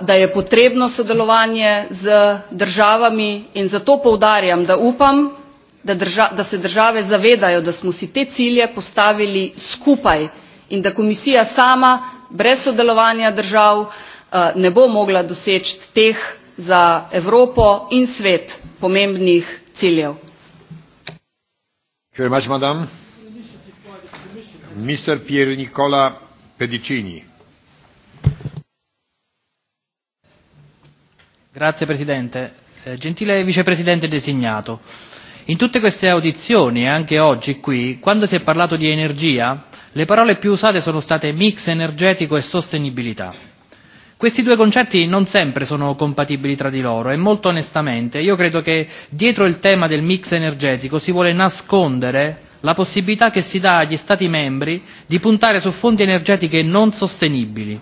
da je potrebno sodelovanje z državami in zato poudarjam, da upam, da, drža, da se države zavedajo, da smo si te cilje postavili skupaj in da komisija sama brez sodelovanja držav eh, ne bo mogla doseči teh za Evropo in svet pomembnih ciljev. Thank
you very much, madam. Mr. Pier Nicola Pedicini.
Grazie Presidente. Eh, gentile Vicepresidente designato, in tutte queste audizioni e anche oggi qui, quando si è parlato di energia, le parole più usate sono state mix energetico e sostenibilità. Questi due concetti non sempre sono compatibili tra di loro e molto onestamente io credo che dietro il tema del mix energetico si vuole nascondere la possibilità che si dà agli Stati membri di puntare su fonti energetiche non sostenibili,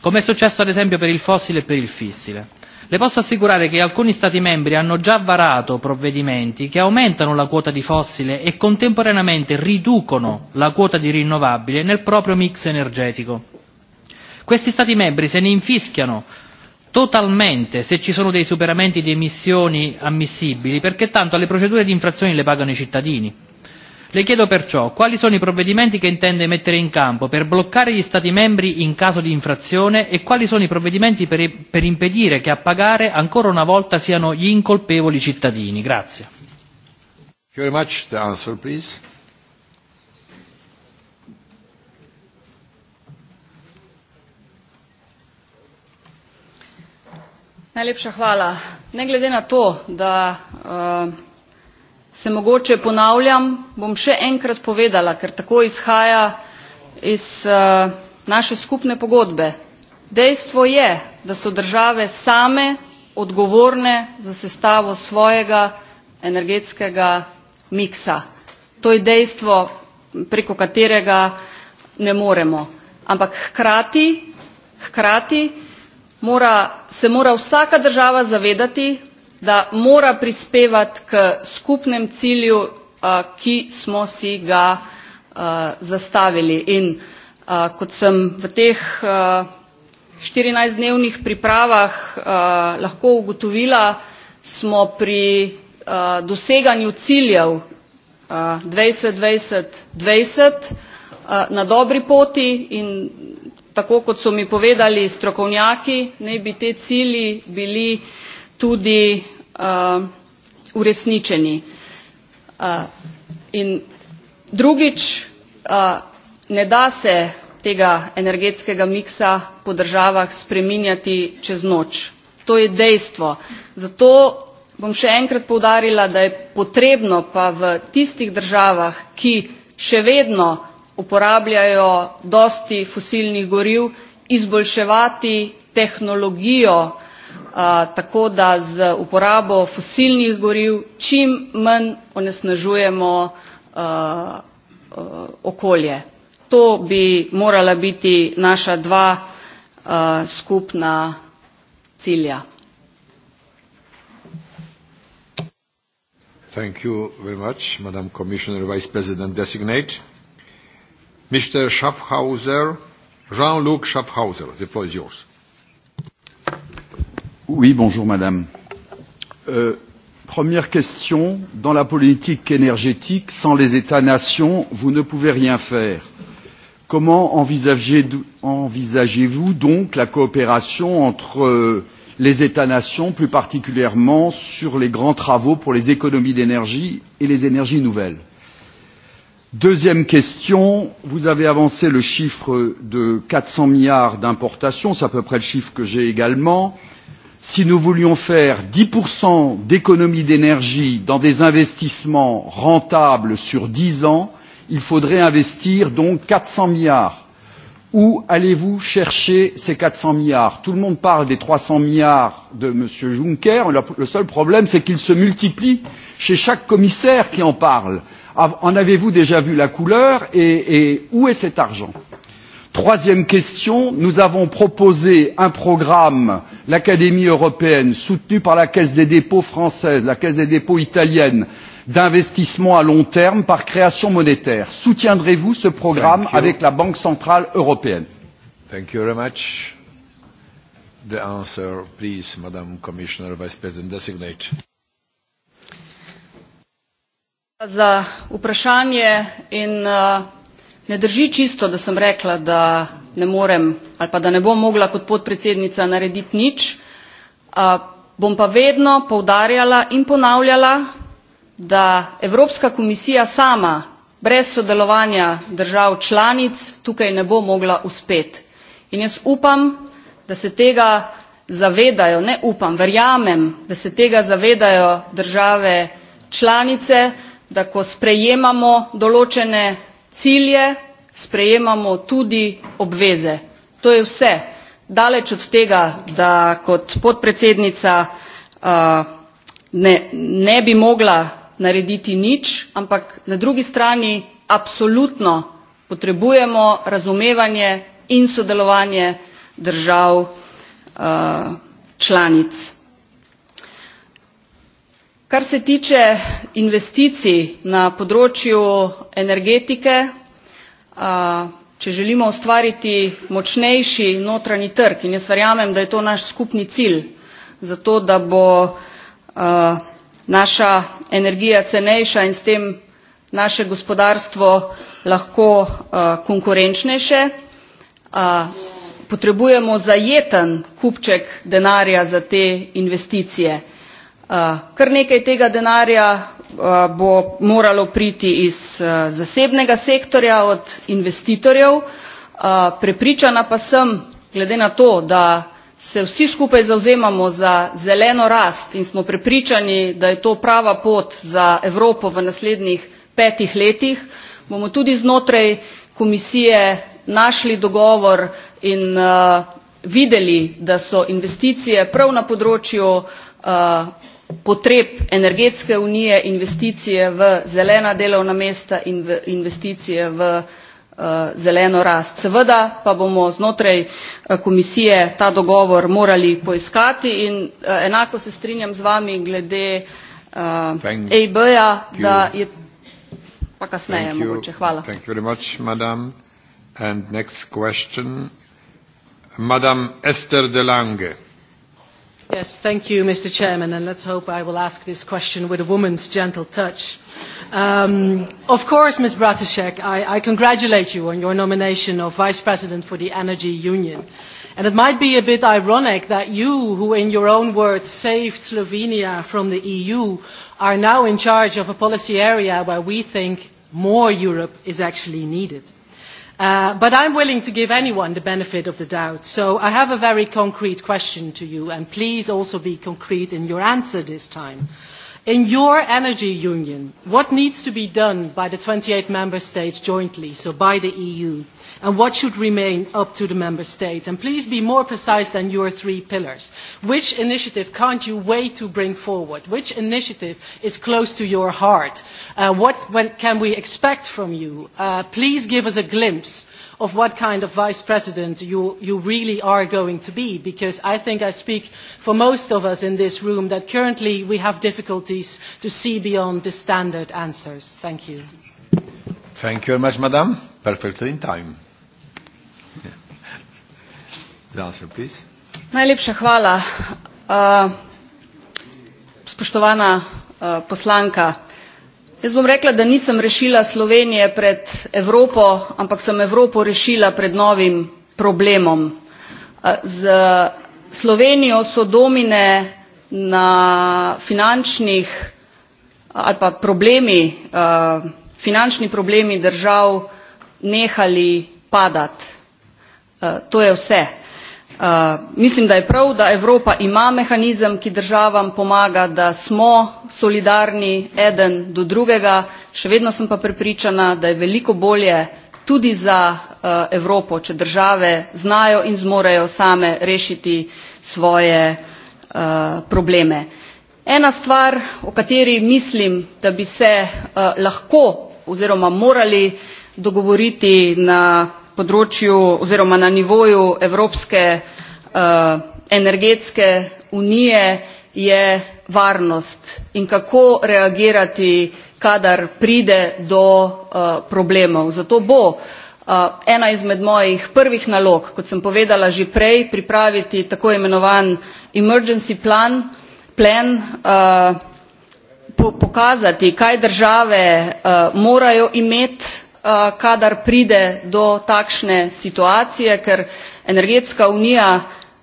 come è successo ad esempio per il fossile e per il fissile. Le posso assicurare che alcuni Stati membri hanno già varato provvedimenti che aumentano la quota di fossile e contemporaneamente riducono la quota di rinnovabile nel proprio mix energetico. Questi Stati membri se ne infischiano totalmente se ci sono dei superamenti di emissioni ammissibili, perché tanto alle procedure di infrazione le pagano i cittadini. Le chiedo perciò quali sono i provvedimenti che intende mettere in campo per bloccare gli Stati membri in caso di infrazione e quali sono i provvedimenti per, per impedire che a pagare ancora una volta siano gli incolpevoli cittadini. Grazie.
Najlepša hvala. Ne glede na to, da uh, se mogoče ponavljam, bom še enkrat povedala, ker tako izhaja iz uh, naše skupne pogodbe. Dejstvo je, da so države same odgovorne za sestavo svojega energetskega miksa. To je dejstvo, preko katerega ne moremo. Ampak hkrati, hkrati mora, se mora vsaka država zavedati, da mora prispevati k skupnem cilju, ki smo si ga zastavili. In kot sem v teh 14-dnevnih pripravah lahko ugotovila, smo pri doseganju ciljev 2020-2020 na dobri poti in tako kot so mi povedali strokovnjaki, ne bi te cilji bili tudi uh, uresničeni. Uh, in drugič, uh, ne da se tega energetskega miksa po državah spreminjati čez noč. To je dejstvo. Zato bom še enkrat povdarila, da je potrebno pa v tistih državah, ki še vedno uporabljajo dosti fosilnih goriv, izboljševati tehnologijo tako da z uporabo fosilnih goriv čim manj onesnažujemo okolje. To bi morala biti naša dva skupna cilja.
Thank you very much, Madam Commissioner Vice President Designate. Mr. Schaffhauser, Jean-Luc Schaffhauser, the floor is yours.
Oui, bonjour madame. Euh, première question, dans la politique énergétique, sans les États-nations, vous ne pouvez rien faire. Comment envisagez-vous envisagez donc la coopération entre euh, les États-nations, plus particulièrement sur les grands travaux pour les économies d'énergie et les énergies nouvelles Deuxième question, vous avez avancé le chiffre de 400 milliards d'importations, c'est à peu près le chiffre que j'ai également. Euh, si nous voulions faire 10% d'économie d'énergie dans des investissements rentables sur 10 ans, il faudrait investir donc 400 milliards. Où allez-vous chercher ces 400 milliards Tout le monde parle des 300 milliards de M. Juncker. Le seul problème, c'est qu'ils se multiplient chez chaque commissaire qui en parle. En avez-vous déjà vu la couleur et, et où est cet argent Troisième question, nous avons proposé un programme, l'Académie européenne, soutenu par la Caisse des dépôts française, la Caisse des dépôts italienne, d'investissement à long terme par création monétaire. Soutiendrez-vous ce programme avec
la Banque centrale européenne Thank you very much. The answer, please, Madam Commissioner, Vice President Designate.
Za vprašanje in uh, Ne drži čisto, da sem rekla, da ne morem ali pa da ne bom mogla kot podpredsednica narediti nič. A, bom pa vedno poudarjala in ponavljala, da Evropska komisija sama brez sodelovanja držav članic tukaj ne bo mogla uspeti. In jaz upam, da se tega zavedajo, ne upam, verjamem, da se tega zavedajo države članice, da ko sprejemamo določene cilje, sprejemamo tudi obveze. To je vse. Daleč od tega, da kot podpredsednica uh, ne, ne bi mogla narediti nič, ampak na drugi strani absolutno potrebujemo razumevanje in sodelovanje držav uh, članic. Kar se tiče investicij na področju energetike, če želimo ustvariti močnejši notranji trg, in jaz verjamem, da je to naš skupni cilj, zato da bo naša energija cenejša in s tem naše gospodarstvo lahko konkurenčnejše. Potrebujemo zajeten kupček denarja za te investicije Eh, kar nekaj tega denarja eh, bo moralo priti iz eh, zasebnega sektorja od investitorjev. Prepričana pa sem, glede na to, da se vsi skupaj zauzemamo za zeleno rast in smo prepričani, da je to prava pot za Evropo v naslednjih petih letih, bomo tudi znotraj komisije našli dogovor in uh, videli, da so investicije prav na področju uh, potreb energetske unije, investicije v zelena delovna mesta in v investicije v eh, zeleno rast. Seveda pa bomo znotraj eh, komisije ta dogovor morali poiskati in eh, enako se strinjam z vami glede ab ja da je pa kasneje Thank mogoče. Hvala.
Thank you very much, madam. And next question, madam Esther de Lange.
Yes, thank you, Mr. Chairman, and let's hope I will ask this question with a woman's gentle touch. Um, of course, Ms. Bratashek, I, I congratulate you on your nomination of Vice President for the Energy Union. And it might be a bit ironic that you, who in your own words saved Slovenia from the EU, are now in charge of a policy area where we think more Europe is actually needed. Uh, but I'm willing to give anyone the benefit of the doubt. So I have a very concrete question to you, and please also be concrete in your answer this time. In your energy union, what needs to be done by the 28 member states jointly, so by the EU, and what should remain up to the member states? And please be more precise than your three pillars. Which initiative can't you wait to bring forward? Which initiative is close to your heart? Uh, what when, can we expect from you? Uh, please give us a glimpse of what kind of vice president you, you really are going to be, because I think I speak for most of us in this room that currently we have difficulties to see beyond the standard answers. Thank you.
Thank you very much, madam. Perfectly in time. The answer, please.
Najlepša hvala. Uh, spoštovana uh, poslanka, Jaz bom rekla, da nisem rešila Slovenije pred Evropo, ampak sem Evropo rešila pred novim problemom. Z Slovenijo so domine na finančnih ali pa problemi, finančni problemi držav nehali padati. To je vse. Eh, mislim, da je prav, da Evropa ima mehanizem, ki državam pomaga, da smo solidarni eden do drugega. Še vedno sem pa prepričana, da je veliko bolje tudi za uh, Evropo, če države znajo in zmorejo same rešiti svoje uh, probleme. Ena stvar, o kateri mislim, da bi se uh, lahko oziroma morali dogovoriti na področju oziroma na nivoju Evropske uh, energetske unije je varnost in kako reagirati, kadar pride do uh, problemov. Zato bo uh, ena izmed mojih prvih nalog, kot sem povedala že prej, pripraviti tako imenovan emergency plan, plan uh, po pokazati, kaj države uh, morajo imeti Eh, kadar pride do takšne situacije, ker energetska unija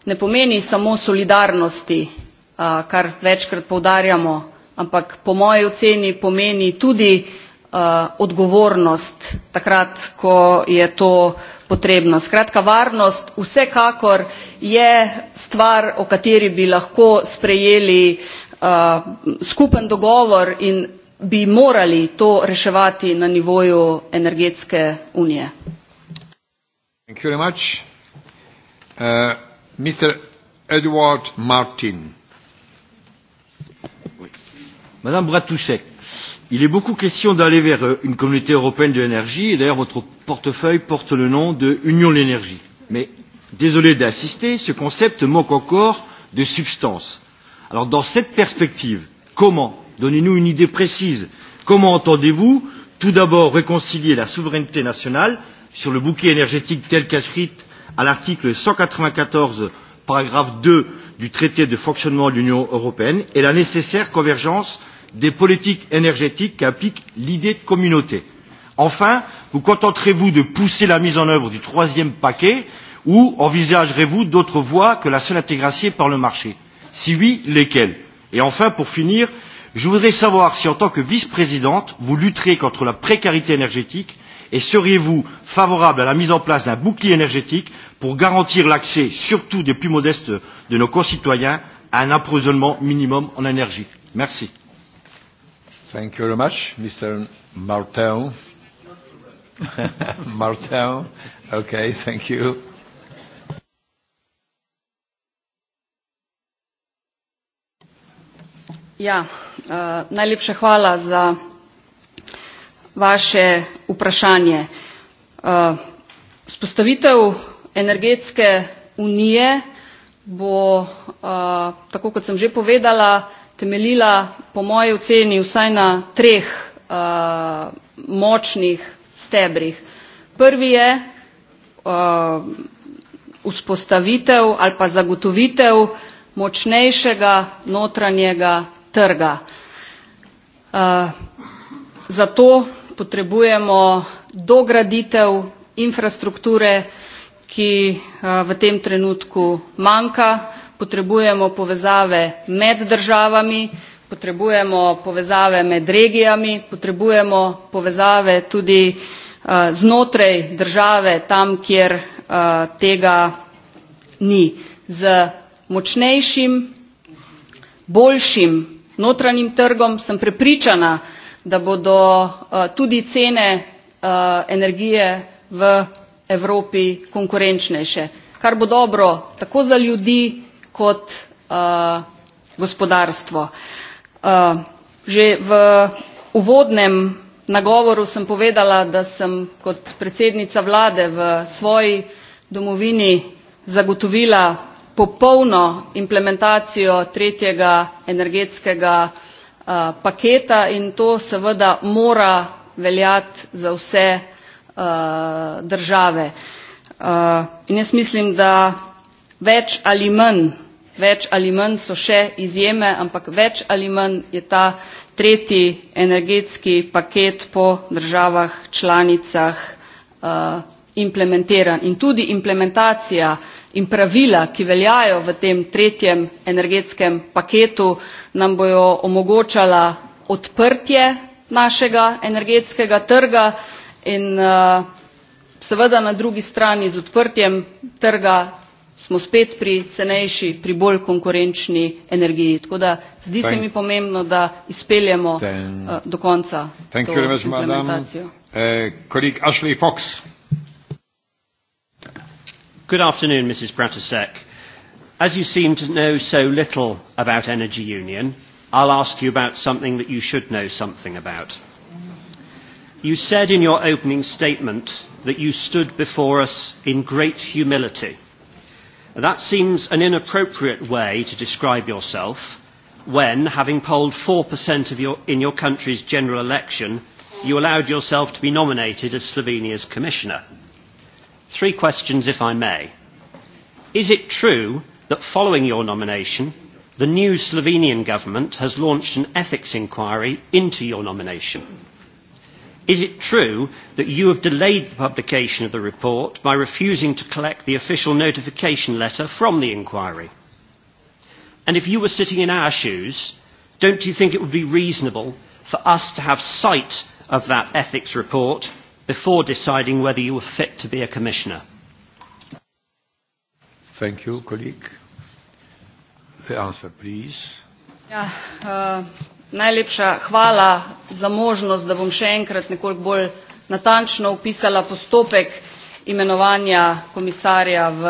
ne pomeni samo solidarnosti, eh, kar večkrat povdarjamo, ampak po moji oceni pomeni tudi eh, odgovornost takrat, ko je to potrebno. Skratka, varnost vsekakor je stvar, o kateri bi lahko sprejeli skupen dogovor in bi morali to reševati na nivoju energetske unije.
Thank you very much. Uh,
Mr. Edward Martin. Madame Bratousek, il est beaucoup question d'aller vers euh, une communauté européenne de l'énergie, et d'ailleurs votre portefeuille porte le nom de Union de l'énergie. Mais désolé d'insister, ce concept manque encore de substance. Alors dans cette perspective, comment Donnez-nous une idée précise. Comment entendez-vous tout d'abord réconcilier la souveraineté nationale sur le bouquet énergétique tel qu'inscrit à l'article 194, paragraphe 2 du traité de fonctionnement de l'Union européenne et la nécessaire convergence des politiques énergétiques qu'implique l'idée de communauté. Enfin, vous contenterez-vous de pousser la mise en œuvre du troisième paquet ou envisagerez-vous d'autres voies que la seule intégration par le marché Si oui, lesquelles Et enfin, pour finir, Je voudrais savoir si, en tant que vice-présidente, vous lutterez contre la précarité énergétique et seriez-vous favorable à la mise en place d'un bouclier énergétique pour garantir l'accès, surtout des plus modestes de nos concitoyens, à un approvisionnement minimum en énergie Merci. Thank you very much, Mr. Martin.
*laughs* Martin, okay, thank you.
Ja, uh, najlepša hvala za vaše vprašanje. Uh, eh, spostavitev energetske unije bo, uh, tako kot sem že povedala, temeljila po moji oceni vsaj na treh uh, močnih stebrih. Prvi je uh, vzpostavitev ali pa zagotovitev močnejšega notranjega trga. Eh, zato potrebujemo dograditev infrastrukture, ki eh, v tem trenutku manjka, potrebujemo povezave med državami, potrebujemo povezave med regijami, potrebujemo povezave tudi eh, znotraj države, tam, kjer tega ni. Z močnejšim, boljšim notranjim trgom, sem prepričana, da bodo eh, tudi cene eh, energije v Evropi konkurenčnejše, kar bo dobro tako za ljudi kot eh, gospodarstvo. Že v uvodnem nagovoru sem povedala, da sem kot predsednica vlade v svoji domovini zagotovila popolno implementacijo tretjega energetskega uh, paketa in to seveda mora veljati za vse uh, države. Uh, in jaz mislim, da več ali manj, več ali manj so še izjeme, ampak več ali manj je ta tretji energetski paket po državah članicah uh, implementiran in tudi implementacija in pravila, ki veljajo v tem tretjem energetskem paketu, nam bojo omogočala odprtje našega energetskega trga in uh, seveda na drugi strani z odprtjem trga smo spet pri cenejši, pri bolj konkurenčni energiji. Tako da zdi thank, se mi pomembno, da izpeljemo uh, do konca thank to implementacijo.
Uh, Ashley Fox. Good afternoon, Mrs. Pratasek. As you seem to know so little about energy union, I'll ask you about something that you should know something about. You said in your opening statement that you stood before us in great humility. That seems an inappropriate way to describe yourself when, having polled 4% of your, in your country's general election, you allowed yourself to be nominated as Slovenia's commissioner. Three questions, if I may. Is it true that following your nomination, the new Slovenian government has launched an ethics inquiry into your nomination? Is it true that you have delayed the publication of the report by refusing to collect the official notification letter from the inquiry? And if you were sitting in our shoes, don't you think it would be reasonable for us to have sight of that ethics report before deciding whether you were fit to be a commissioner? Thank you, colleague. The answer, please.
Yeah, uh, najlepša hvala za možnost, da bom še enkrat nekoliko bolj natančno upisala postopek imenovanja komisarja v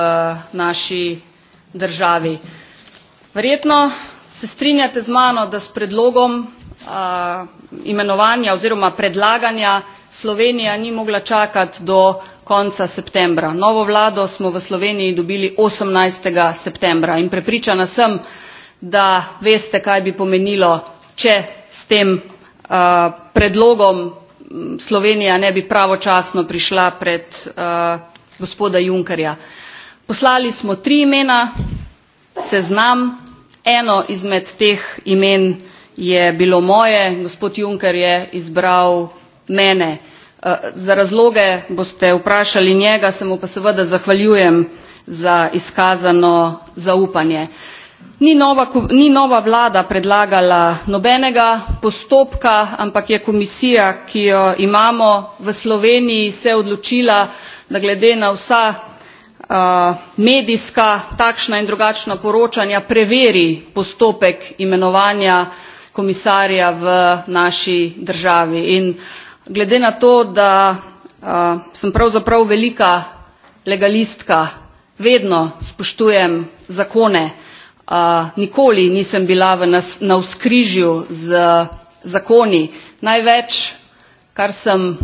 naši državi. Verjetno se strinjate z mano, da s predlogom uh, imenovanja oziroma predlaganja Slovenija ni mogla čakati do konca septembra. Novo vlado smo v Sloveniji dobili 18. septembra in prepričana sem, da veste, kaj bi pomenilo, če s tem uh, predlogom Slovenija ne bi pravočasno prišla pred uh, gospoda Junkerja. Poslali smo tri imena, seznam, eno izmed teh imen je bilo moje, gospod Juncker je izbral mene. Eh, za razloge boste vprašali njega, se mu pa seveda zahvaljujem za izkazano zaupanje. Ni nova, ni nova vlada predlagala nobenega postopka, ampak je komisija, ki jo imamo v Sloveniji, se odločila, da glede na vsa uh, medijska, takšna in drugačna poročanja preveri postopek imenovanja komisarja v naši državi. In glede na to, da a, sem pravzaprav velika legalistka, vedno spoštujem zakone, a, nikoli nisem bila v nas, na vzkrižju z zakoni. Največ, kar sem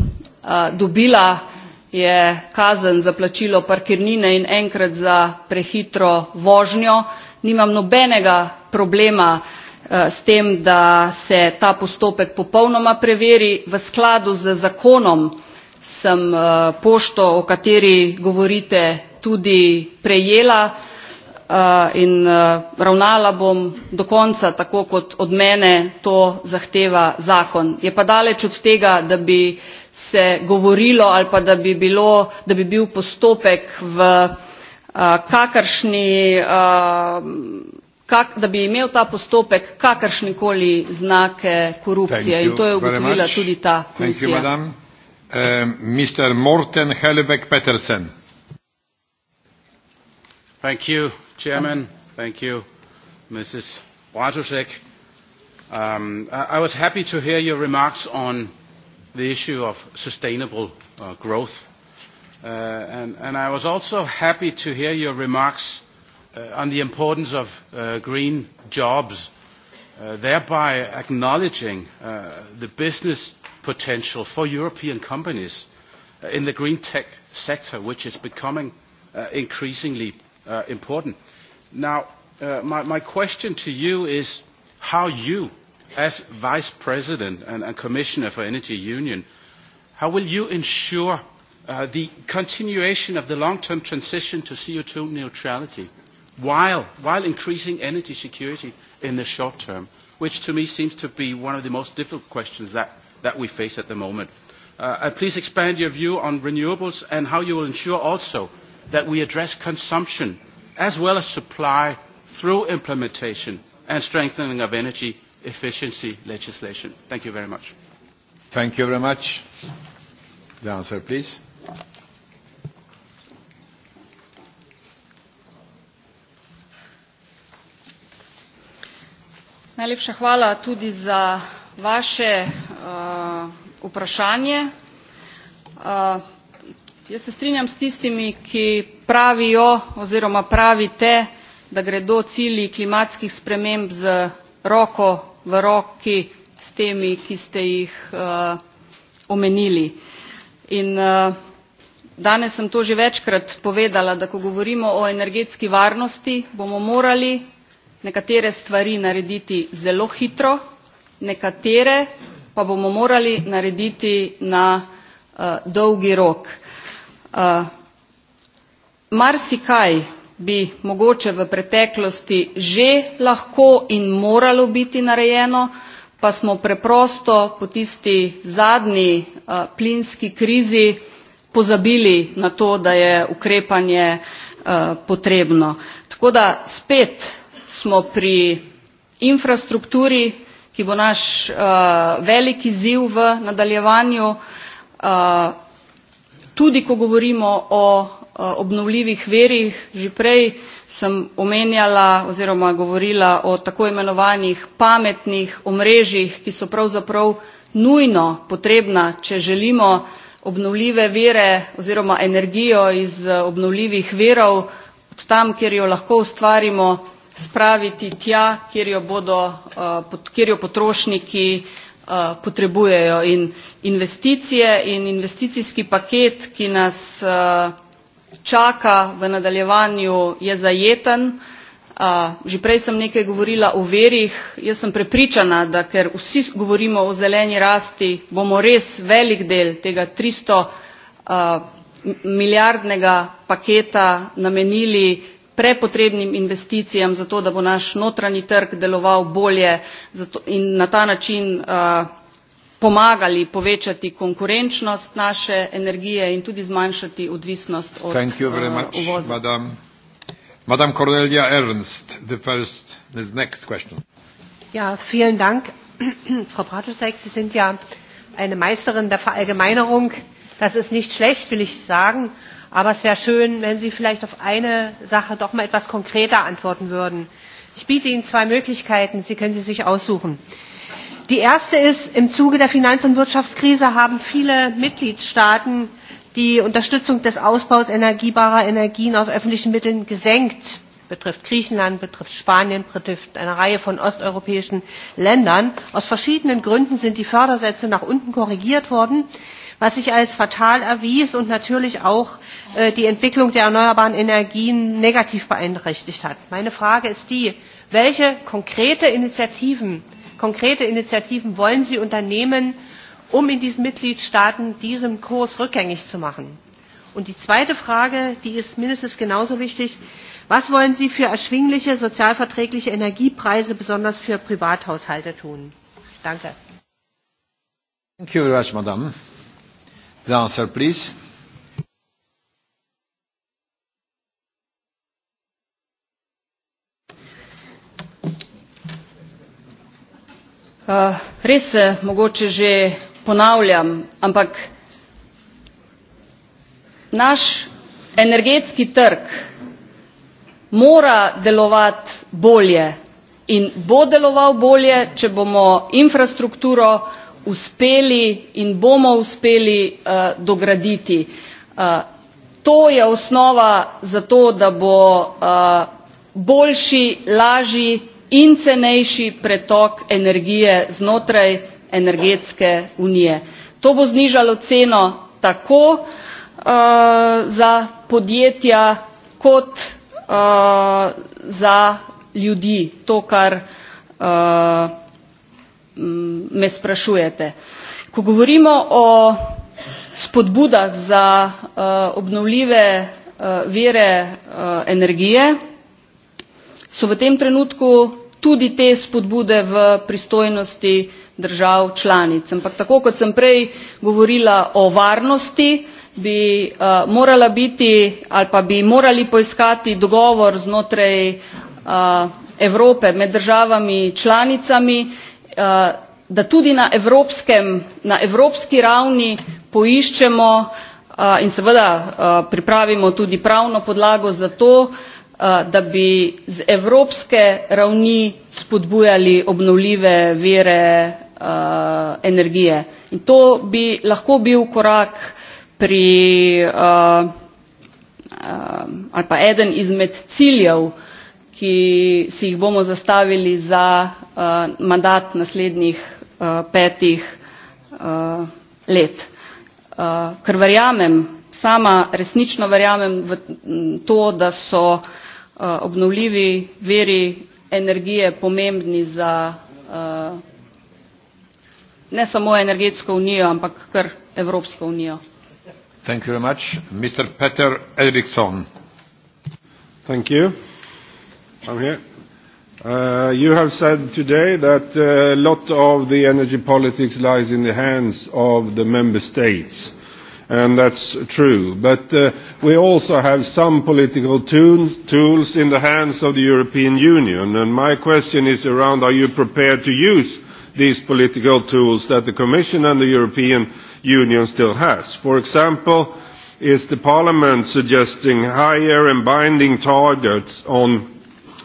a, dobila, je kazen za plačilo parkirnine in enkrat za prehitro vožnjo. Nimam nobenega problema Eh, s tem, da se ta postopek popolnoma preveri v skladu z zakonom, sem eh, pošto, o kateri govorite, tudi prejela eh, in ravnala bom do konca, tako kot od mene to zahteva zakon. Je pa daleč od tega, da bi se govorilo ali pa da bi, bilo, da bi bil postopek v kakršni kak, da bi imel ta postopek kakršni koli znak korupcije in to je ugotovila tudi ta komisija. Thank you, madam.
Uh, eh, Mr. Morten Helbeck Petersen. Thank you,
Chairman. Thank you, Mrs. Bartoszek. Um, I was happy to hear your remarks on the issue of sustainable uh, growth. Uh, and, and I was also happy to hear your remarks uh, on the importance of uh, green jobs, uh, thereby acknowledging uh, the business potential for European companies uh, in the green tech sector, which is becoming uh, increasingly uh, important. Now, uh, my, my question to you is how you, as Vice President and, and Commissioner for Energy Union, how will you ensure uh, the continuation of the long-term transition to CO2 neutrality? while, while increasing energy security in the short term, which to me seems to be one of the most difficult questions that, that we face at the moment. Uh, and please expand your view on renewables and how you will ensure also that we address consumption as well as supply through implementation and strengthening of energy efficiency legislation. Thank you very much.
Thank you very much. The answer,
please.
Najlepša hvala tudi za vaše uh, vprašanje. Uh, jaz se strinjam s tistimi, ki pravijo oziroma pravite, da gredo cilji klimatskih sprememb z roko v roki s temi, ki ste jih uh, omenili. In uh, danes sem to že večkrat povedala, da ko govorimo o energetski varnosti, bomo morali nekatere stvari narediti zelo hitro, nekatere pa bomo morali narediti na uh, dolgi rok. Uh, marsikaj bi mogoče v preteklosti že lahko in moralo biti narejeno, pa smo preprosto po tisti zadnji uh, plinski krizi pozabili na to, da je ukrepanje uh, potrebno. Tako da spet smo pri infrastrukturi, ki bo naš uh, eh, veliki izziv v nadaljevanju, uh, tudi ko govorimo o uh, obnovljivih verjih, že prej sem omenjala oziroma govorila o tako imenovanih pametnih omrežjih, ki so pravzaprav nujno potrebna, če želimo obnovljive vere oziroma energijo iz obnovljivih verov, od tam, kjer jo lahko ustvarimo, spraviti tja, kjer jo, bodo, eh, kjer jo potrošniki eh, potrebujejo. In investicije in investicijski paket, ki nas eh, čaka v nadaljevanju, je zajeten. že prej sem nekaj govorila o verjih, jaz sem prepričana, da ker vsi govorimo o zeleni rasti, bomo res velik del tega 300 milijardnega paketa namenili prepotrebnim investicijam za to, da bo naš notranji trg deloval bolje in na ta način uh, pomagali povečati konkurenčnost naše energije in tudi zmanjšati odvisnost od Thank you very uh, much, uvoza.
Madam. Madam Cornelia Ernst, the first, the next question.
Ja, vielen Dank.
*clears throat* Frau Bratuszek, Sie sind ja eine Meisterin der Verallgemeinerung. Das ist nicht schlecht, will ich sagen. Aber es wäre schön, wenn Sie vielleicht auf eine Sache doch mal etwas konkreter antworten würden. Ich biete Ihnen zwei Möglichkeiten, Sie können sie sich aussuchen. Die erste ist, im Zuge der Finanz- und Wirtschaftskrise haben viele Mitgliedstaaten die Unterstützung des Ausbaus energiebarer Energien aus öffentlichen Mitteln gesenkt. Betrifft Griechenland, betrifft Spanien, betrifft eine Reihe von osteuropäischen Ländern. Aus verschiedenen Gründen sind die Fördersätze nach unten korrigiert worden, was sich als fatal erwies und natürlich auch Äh, die Entwicklung der erneuerbaren Energien negativ beeinträchtigt hat. Meine Frage ist die, welche konkrete Initiativen, konkrete Initiativen wollen Sie unternehmen, um in diesen Mitgliedstaaten diesem Kurs rückgängig zu machen? Und die zweite Frage, die ist mindestens genauso wichtig, was wollen Sie für erschwingliche, sozialverträgliche Energiepreise besonders für Privathaushalte tun? Danke.
Thank you very much, Madame. The answer, please.
Eh, res se eh, mogoče že ponavljam, ampak naš energetski trg mora delovati bolje in bo deloval bolje, če bomo infrastrukturo uspeli in bomo uspeli uh, dograditi. Uh, to je osnova za to, da bo uh, boljši, lažji in cenejši pretok energije znotraj energetske unije. To bo znižalo ceno tako uh, za podjetja kot uh, za ljudi, to kar uh, me sprašujete. Ko govorimo o spodbudah za uh, obnovljive uh, vere uh, energije, so v tem trenutku tudi te spodbude v pristojnosti držav članic. Ampak tako kot sem prej govorila o varnosti, bi uh, morala biti ali pa bi morali poiskati dogovor znotraj uh, Evrope med državami članicami, uh, da tudi na, evropskem, na evropski ravni poiščemo uh, in seveda uh, pripravimo tudi pravno podlago za to, da bi z evropske ravni spodbujali obnovljive vere energije. In to bi lahko bil korak pri, ali pa eden izmed ciljev, ki si jih bomo zastavili za mandat naslednjih petih let. ker verjamem, sama resnično verjamem v to, da so Eh, obnovljivi veri energije pomembni za uh, ne samo energetsko unijo, ampak kar Evropsko unijo.
Thank you very much. Mr. Peter Eriksson.
Thank you. I'm here. Uh, you have said today that a uh, lot of the energy politics lies in the hands of the member states and that's true. But uh, we also have some political tools, tools in the hands of the European Union, and my question is around are you prepared to use these political tools that the Commission and the European Union still has? For example, is the Parliament suggesting higher and binding targets on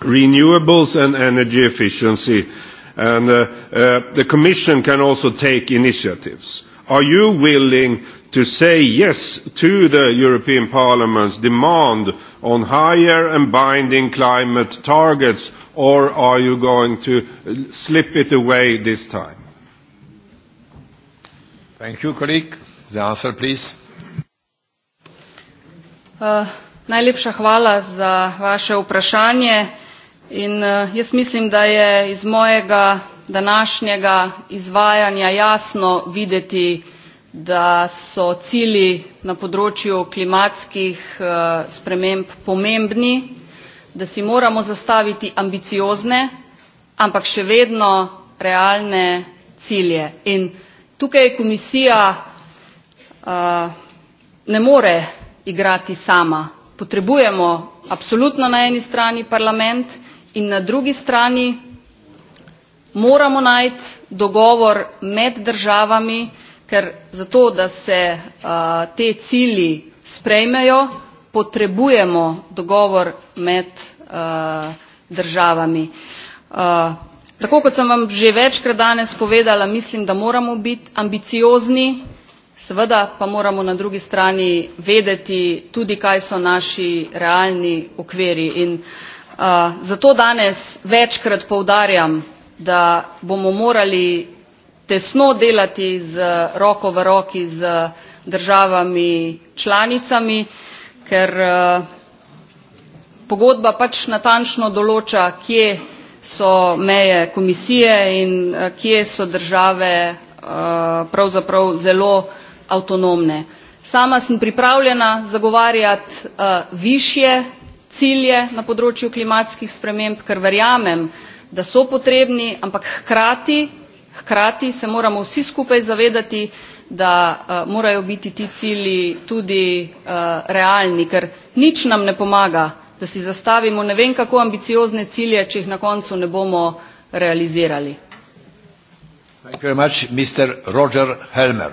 renewables and energy efficiency, and uh, uh, the Commission can also take initiatives. Are you willing to say yes to the European Parliament's demand on higher and binding climate targets or are you going to slip it away this time?
Thank you, colleague. The answer, please.
Uh, najlepša hvala za vaše vprašanje in uh, jaz mislim, da je iz mojega današnjega izvajanja jasno videti da so cili na področju klimatskih eh, sprememb pomembni, da si moramo zastaviti ambiciozne, ampak še vedno realne cilje. In tukaj komisija uh, ne more igrati sama. Potrebujemo absolutno na eni strani parlament in na drugi strani moramo najti dogovor med državami, ker zato, da se a, te cilji sprejmejo, potrebujemo dogovor med a, državami. A, tako kot sem vam že večkrat danes povedala, mislim, da moramo biti ambiciozni, seveda pa moramo na drugi strani vedeti tudi, kaj so naši realni okviri. In a, zato danes večkrat poudarjam, da bomo morali tesno delati z eh, roko v roki z eh, državami članicami, ker eh, pogodba pač natančno določa, kje so meje komisije in kje so države pravzaprav zelo avtonomne. Sama sem pripravljena zagovarjati uh, višje cilje na področju klimatskih sprememb, ker verjamem, da so potrebni, ampak hkrati Hkrati se moramo vsi skupaj zavedati, da uh, morajo biti ti cilji tudi uh, realni, ker nič nam ne pomaga, da si zastavimo ne vem kako ambiciozne cilje, če jih na koncu ne bomo realizirali.
Thank you very much, Mr. Roger Helmer.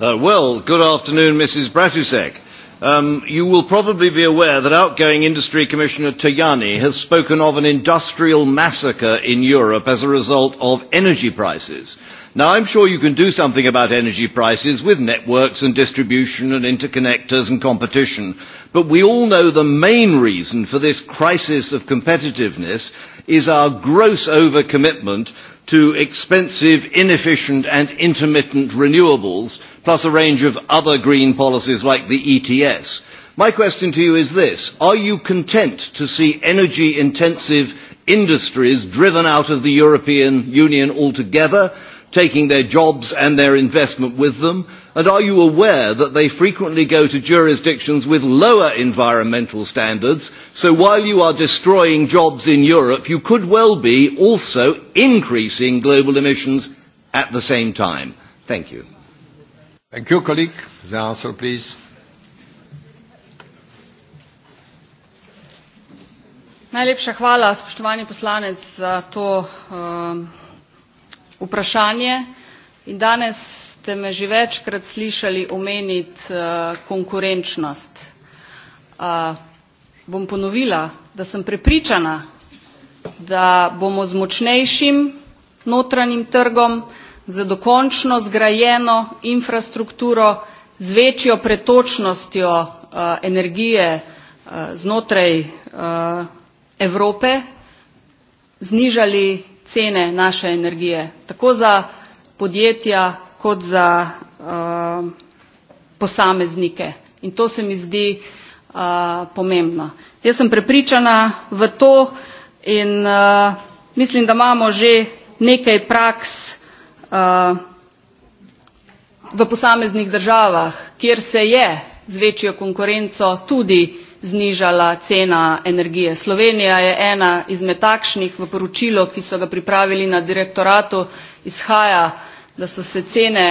Uh, well, good afternoon, Mrs. Bratusek. Um, you will probably be aware that outgoing Industry Commissioner Tajani has spoken of an industrial massacre in Europe as a result of energy prices. Now, I'm sure you can do something about energy prices with networks and distribution and interconnectors and competition, but we all know the main reason for this crisis of competitiveness is our gross overcommitment to expensive, inefficient and intermittent renewables – plus a range of other green policies like the ETS. My question to you is this. Are you content to see energy intensive industries driven out of the European Union altogether, taking their jobs and their investment with them? And are you aware that they frequently go to jurisdictions with lower environmental standards? So while you are destroying jobs in Europe, you could well be also increasing global emissions at the same time. Thank you.
Thank you, colleague. The answer, please.
Najlepša hvala, spoštovani poslanec, za to um, vprašanje. In danes ste me že večkrat slišali omeniti uh, konkurenčnost. Uh, bom ponovila, da sem prepričana, da bomo z močnejšim notranjim trgom za dokončno zgrajeno infrastrukturo z večjo pretočnostjo uh, energije uh, znotraj uh, Evrope znižali cene naše energije, tako za podjetja kot za uh, posameznike. In to se mi zdi uh, pomembno. Jaz sem prepričana v to in uh, mislim, da imamo že nekaj praks, v posameznih državah, kjer se je z večjo konkurenco tudi znižala cena energije. Slovenija je ena izmed takšnih v poročilu, ki so ga pripravili na direktoratu, izhaja, da so se cene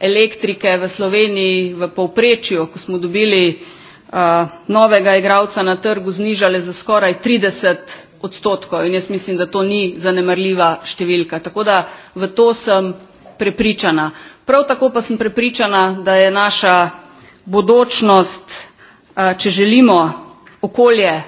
elektrike v Sloveniji v povprečju, ko smo dobili Eh, novega igralca na trgu znižale za skoraj 30 odstotkov in jaz mislim, da to ni zanemarljiva številka. Tako da v to sem prepričana. Prav tako pa sem prepričana, da je naša bodočnost, eh, če želimo okolje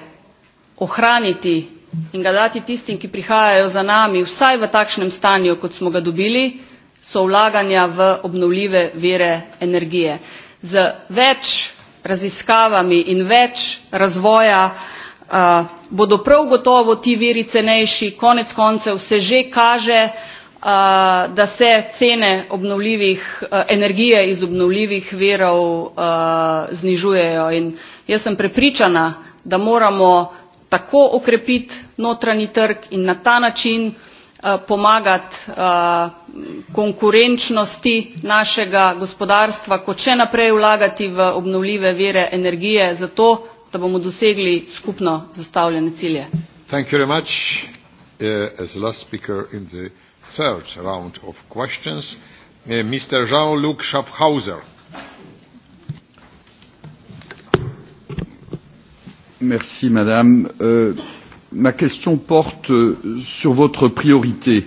ohraniti in ga dati tistim, ki prihajajo za nami, vsaj v takšnem stanju, kot smo ga dobili, so vlaganja v obnovljive vire energije. Z več raziskavami in več razvoja uh, bodo prav gotovo ti viri cenejši, konec koncev se že kaže, uh, da se cene obnovljivih, uh, energije iz obnovljivih verov znižujejo in jaz sem prepričana, da moramo tako okrepiti notranji trg in na ta način Eh, pomagati eh, konkurenčnosti našega gospodarstva, kot še naprej vlagati v obnovljive vire energije, zato da bomo dosegli skupno zastavljene cilje.
Thank you very much. Uh, as last speaker in the third round of questions, uh, Mr. Jean-Luc Schaffhauser.
Merci, Madame. Uh, ma question porte euh, sur votre priorité.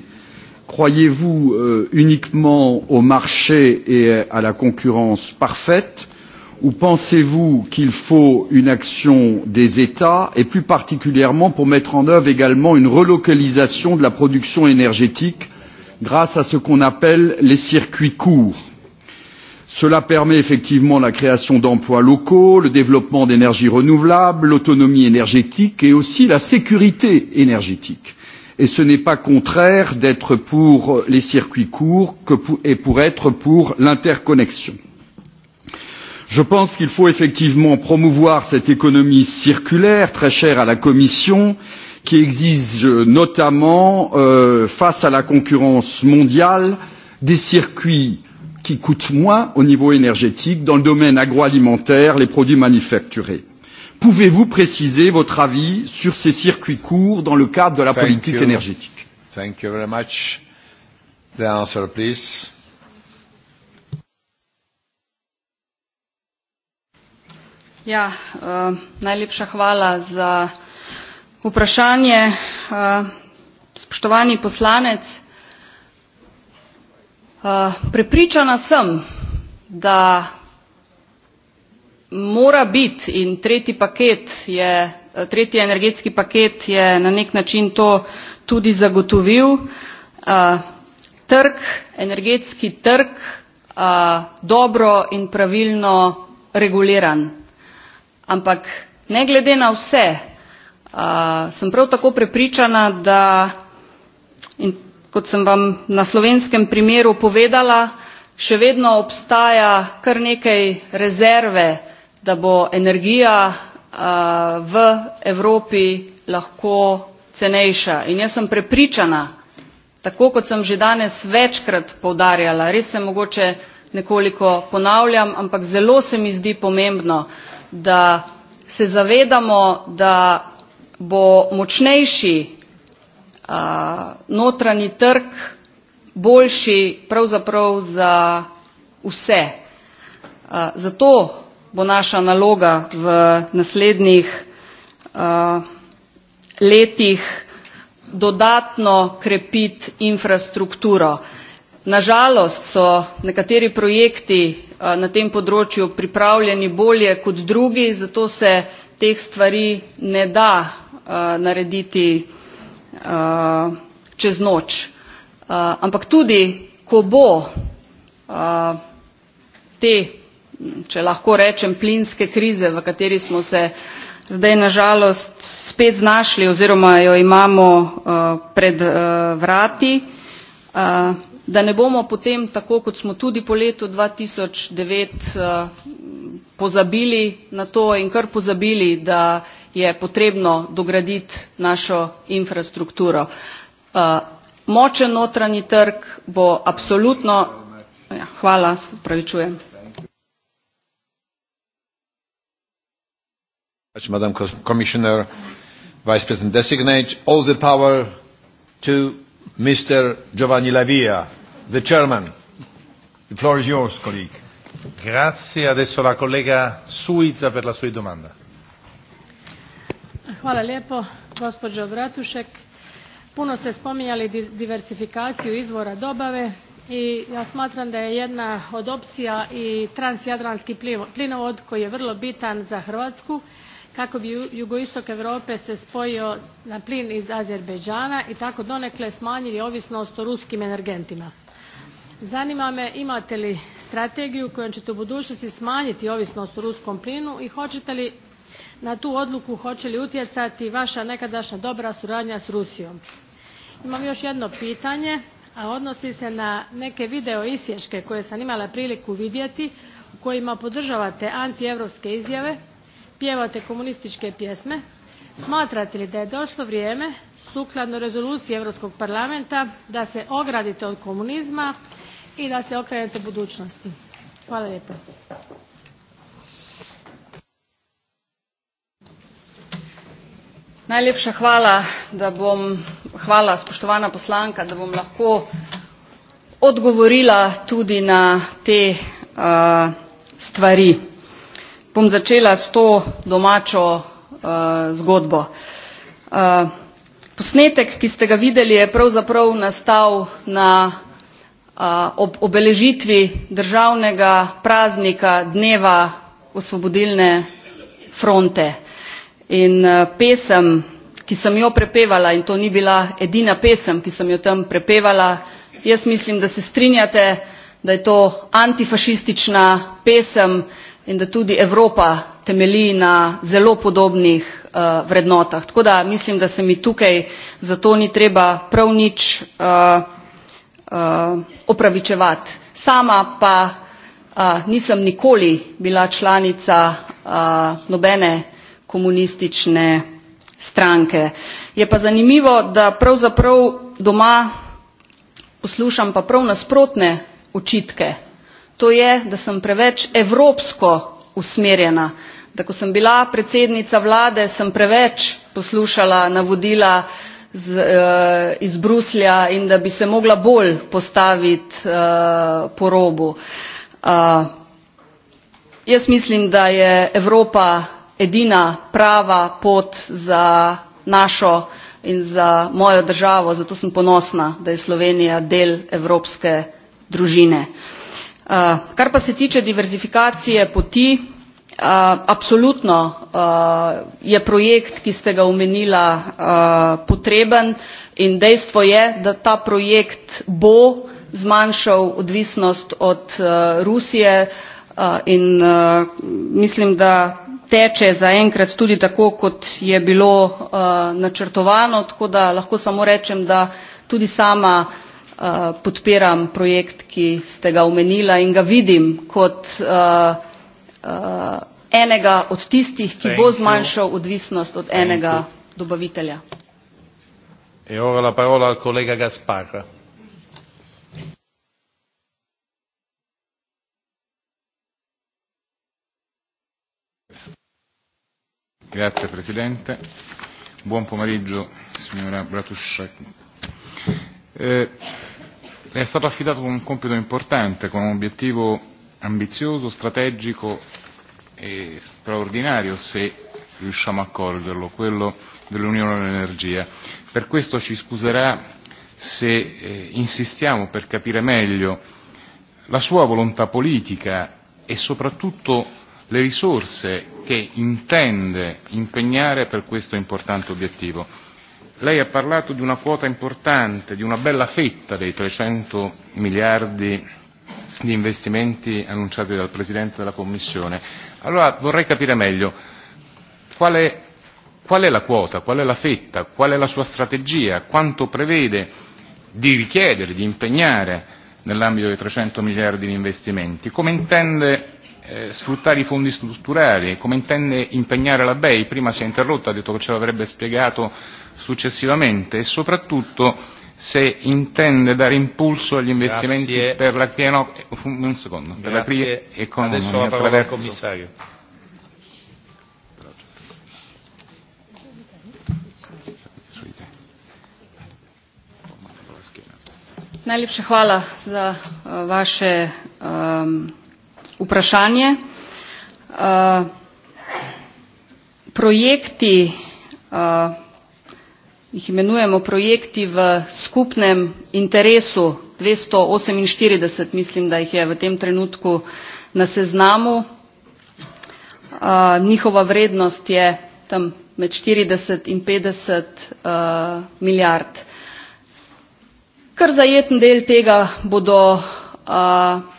Croyez-vous euh, uniquement au marché et à la concurrence parfaite ou pensez-vous qu'il faut une action des États et plus particulièrement pour mettre en œuvre également une relocalisation de la production énergétique grâce à ce qu'on appelle les circuits courts Cela permet effectivement la création d'emplois locaux, le développement d'énergies renouvelables, l'autonomie énergétique et aussi la sécurité énergétique. Et ce n'est pas contraire d'être pour les circuits courts que pour, et pour être pour l'interconnexion. Je pense qu'il faut effectivement promouvoir cette économie circulaire très chère à la Commission qui exige notamment, euh, face à la concurrence mondiale, des circuits qui coûte moins au niveau énergétique dans le domaine agroalimentaire, les produits manufacturés. Pouvez-vous préciser votre avis sur ces circuits courts dans le cadre de la Thank politique you. énergétique
Thank you very much. The answer, please.
Ja, uh, najlepša hvala za vprašanje. Uh, spoštovani poslanec, Prepričana sem, da mora biti in tretji paket je, tretji energetski paket je na nek način to tudi zagotovil. Trg, energetski trg dobro in pravilno reguliran. Ampak ne glede na vse, sem prav tako prepričana, da in kot sem vam na slovenskem primeru povedala, še vedno obstaja kar nekaj rezerve, da bo energija v Evropi lahko cenejša. In jaz sem prepričana, tako kot sem že danes večkrat povdarjala, res se mogoče nekoliko ponavljam, ampak zelo se mi zdi pomembno, da se zavedamo, da bo močnejši notranji trg boljši pravzaprav za vse. Zato bo naša naloga v naslednjih letih dodatno krepiti infrastrukturo. Nažalost so nekateri projekti na tem področju pripravljeni bolje kot drugi, zato se teh stvari ne da narediti uh, čez noč. Uh, ampak tudi, ko bo uh, te, če lahko rečem, plinske krize, v kateri smo se zdaj nažalost spet znašli oziroma jo imamo uh, pred uh, vrati, uh, da ne bomo potem, tako kot smo tudi po letu 2009 uh, pozabili na to in kar pozabili, da je potrebno dograditi našo infrastrukturo. Uh, močen notranji trg bo absolutno. hvala, se pravičujem.
Madam Commissioner, Vice President designate, all the power to Mr. Giovanni Lavia, the Chairman. The floor is yours, colleague.
Grazie, adesso la collega Suiza per la sua domanda.
Hvala lijepo, gospođo Bratušek. Puno ste spominjali diversifikaciju izvora dobave i ja smatram da je jedna od opcija i transjadranski plinovod koji je vrlo bitan za Hrvatsku kako bi jugoistok Europe se spojio na plin iz Azerbejdžana i tako donekle smanjili ovisnost o ruskim energentima. Zanima me imate li strategiju kojom ćete u budućnosti smanjiti ovisnost o ruskom plinu i hoćete li na tu odluku hoće li utjecati vaša nekadašnja dobra suradnja s Rusijom. Imam još jedno pitanje, a odnosi se na neke video isječke koje sam imala priliku vidjeti u kojima podržavate antievropske izjave, pjevate komunističke pjesme. Smatrate li da je došlo vrijeme, sukladno rezoluciji Europskog parlamenta, da se ogradite od komunizma i da se okrenete budućnosti? Hvala lijepo.
Najlepša hvala, da bom, hvala spoštovana poslanka, da bom lahko odgovorila tudi na te uh, stvari. Bom začela s to domačo uh, zgodbo. Uh, posnetek, ki ste ga videli, je pravzaprav nastal na uh, ob obeležitvi državnega praznika dneva osvobodilne fronte. In uh, pesem, ki sem jo prepevala, in to ni bila edina pesem, ki sem jo tam prepevala, jaz mislim, da se strinjate, da je to antifašistična pesem in da tudi Evropa temelji na zelo podobnih uh, vrednotah. Tako da mislim, da se mi tukaj zato ni treba prav nič uh, uh, opravičevati. Sama pa uh, nisem nikoli bila članica uh, nobene komunistične stranke. Je pa zanimivo, da pravzaprav doma poslušam pa prav nasprotne očitke. To je, da sem preveč evropsko usmerjena, da ko sem bila predsednica vlade, sem preveč poslušala navodila z, eh, iz Bruslja in da bi se mogla bolj postaviti eh, po robu. Eh, jaz mislim, da je Evropa edina prava pot za našo in za mojo državo, zato sem ponosna, da je Slovenija del evropske družine. Eh, kar pa se tiče diverzifikacije poti, eh, absolutno eh, je projekt, ki ste ga omenila, potreben in dejstvo je, da ta projekt bo zmanjšal odvisnost od Rusije in mislim, da teče zaenkrat tudi tako, kot je bilo uh, načrtovano, tako da lahko samo rečem, da tudi sama uh, podpiram projekt, ki ste ga omenila in ga vidim kot uh, uh, enega od tistih, ki Thank bo zmanjšal odvisnost od Thank enega you. dobavitelja.
E ora la parola al collega Gasparra.
Grazie Presidente. Buon pomeriggio signora Bratuscek. Eh, è stato affidato un compito importante con un obiettivo ambizioso, strategico e straordinario se riusciamo a coglierlo, quello dell'Unione dell'Energia. Per questo ci scuserà se eh, insistiamo per capire meglio la sua volontà politica e soprattutto le risorse che intende impegnare per questo importante obiettivo. Lei ha parlato di una quota importante, di una bella fetta dei 300 miliardi di investimenti annunciati dal Presidente della Commissione. Allora vorrei capire meglio qual è, qual è la quota, qual è la fetta, qual è la sua strategia, quanto prevede di richiedere, di impegnare nell'ambito dei 300 miliardi di investimenti, come intende eh, sfruttare i fondi strutturali come intende impegnare la BEI, prima si è interrotta, ha detto che ce l'avrebbe spiegato successivamente e soprattutto se intende dare impulso agli investimenti Grazie. per la pieno, un secondo, per la la economia la commissario.
Najlepša hvala za eh, vaše um, vprašanje. Uh, projekti, uh, jih imenujemo projekti v skupnem interesu, 248 mislim, da jih je v tem trenutku na seznamu. Uh, njihova vrednost je tam med 40 in 50 uh, milijard. Kar zajeten del tega bodo uh,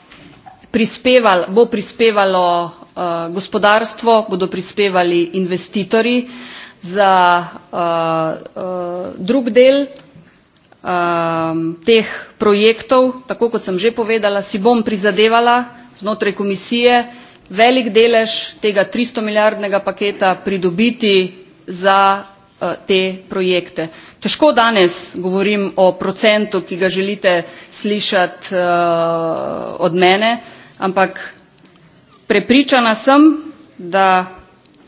prispeval, bo prispevalo uh, gospodarstvo, bodo prispevali investitorji za uh, uh, drug del uh, teh projektov, tako kot sem že povedala, si bom prizadevala znotraj komisije velik delež tega 300 milijardnega paketa pridobiti za uh, te projekte. Težko danes govorim o procentu, ki ga želite slišati uh, od mene, ampak prepričana sem, da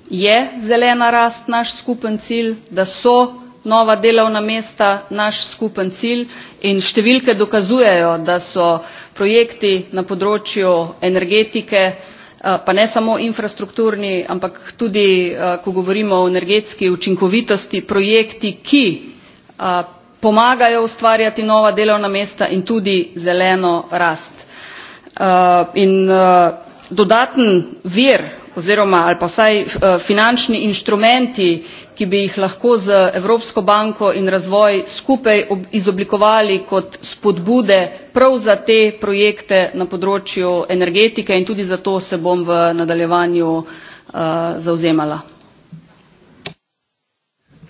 je zelena rast naš skupen cilj, da so nova delovna mesta naš skupen cilj in številke dokazujejo, da so projekti na področju energetike, eh, pa ne samo infrastrukturni, ampak tudi, eh, ko govorimo o energetski učinkovitosti, projekti, ki eh, pomagajo ustvarjati nova delovna mesta in tudi zeleno rast uh, in uh, dodaten vir oziroma ali pa vsaj uh, finančni instrumenti, ki bi jih lahko z Evropsko banko in razvoj skupaj ob, izoblikovali kot spodbude prav za te projekte na področju energetike in tudi zato se bom v nadaljevanju uh, zauzemala.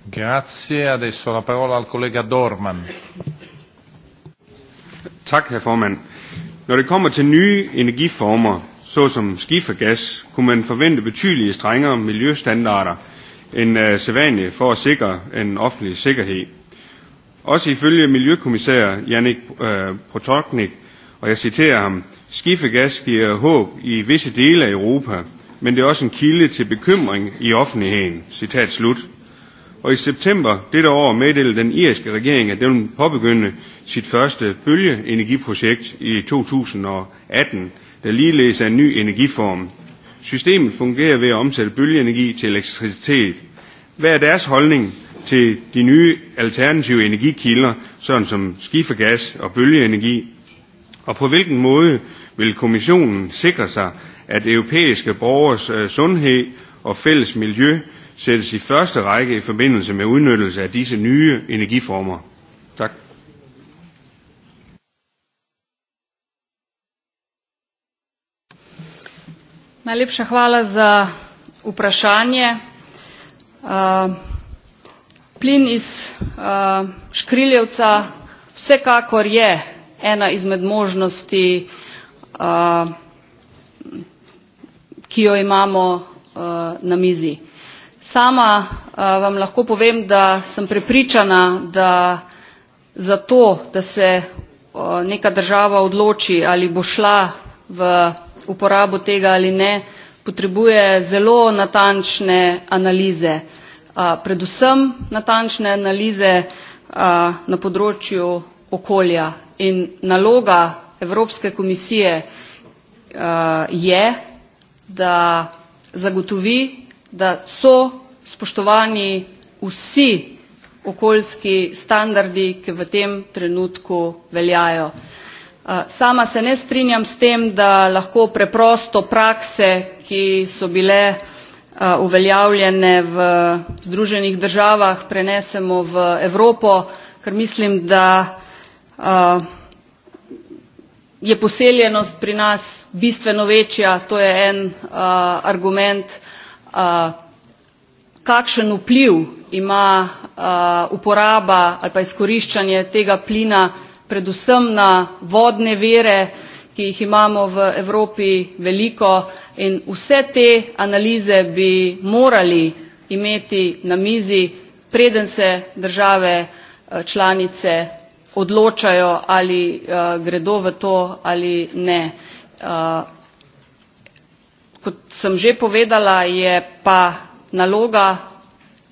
Grazie, adesso la parola al collega Dorman. Tak, herr Uh, Når det kommer til nye energiformer, såsom skifergas, kunne man forvente betydelige strengere miljøstandarder end uh, sædvanlige for at sikre en offentlig sikkerhed. Også ifølge miljøkommissær Janik uh, øh, Protoknik, og jeg citerer ham, skifergas giver håb i visse dele af Europa, men det er også en kilde til bekymring i offentligheden. Citat slut og i september dette år meddelte den irske regering, at den vil påbegynde sit første bølgeenergiprojekt i 2018, der ligeledes er en ny energiform. Systemet fungerer ved at omsætte bølgeenergi til elektricitet. Hvad er deres holdning til de nye alternative energikilder, sådan som skifergas og bølgeenergi? Og på hvilken måde vil kommissionen sikre sig, at europæiske borgers øh, sundhed og fælles miljø sættes i første række i forbindelse med udnyttelse af disse nye energiformer. Tak.
Najlepša hvala za vprašanje. Uh, plin iz uh, škriljevca vsekakor je ena izmed možnosti, uh, ki jo imamo na mizi. Sama uh, vam lahko povem, da sem prepričana, da za to, da se uh, neka država odloči ali bo šla v uporabo tega ali ne, potrebuje zelo natančne analize. Uh, predvsem natančne analize uh, na področju okolja in naloga Evropske komisije uh, je, da zagotovi da so spoštovani vsi okoljski standardi, ki v tem trenutku veljajo. Eh, sama se ne strinjam s tem, da lahko preprosto prakse, ki so bile eh, uveljavljene v Združenih državah, prenesemo v Evropo, ker mislim, da eh, je poseljenost pri nas bistveno večja, to je en argument, Eh, kakšen vpliv ima eh, uporaba ali pa izkoriščanje tega plina predvsem na vodne vere, ki jih imamo v Evropi veliko in vse te analize bi morali imeti na mizi, preden se države eh, članice odločajo ali gredo v to ali ne. Kot sem že povedala, je pa naloga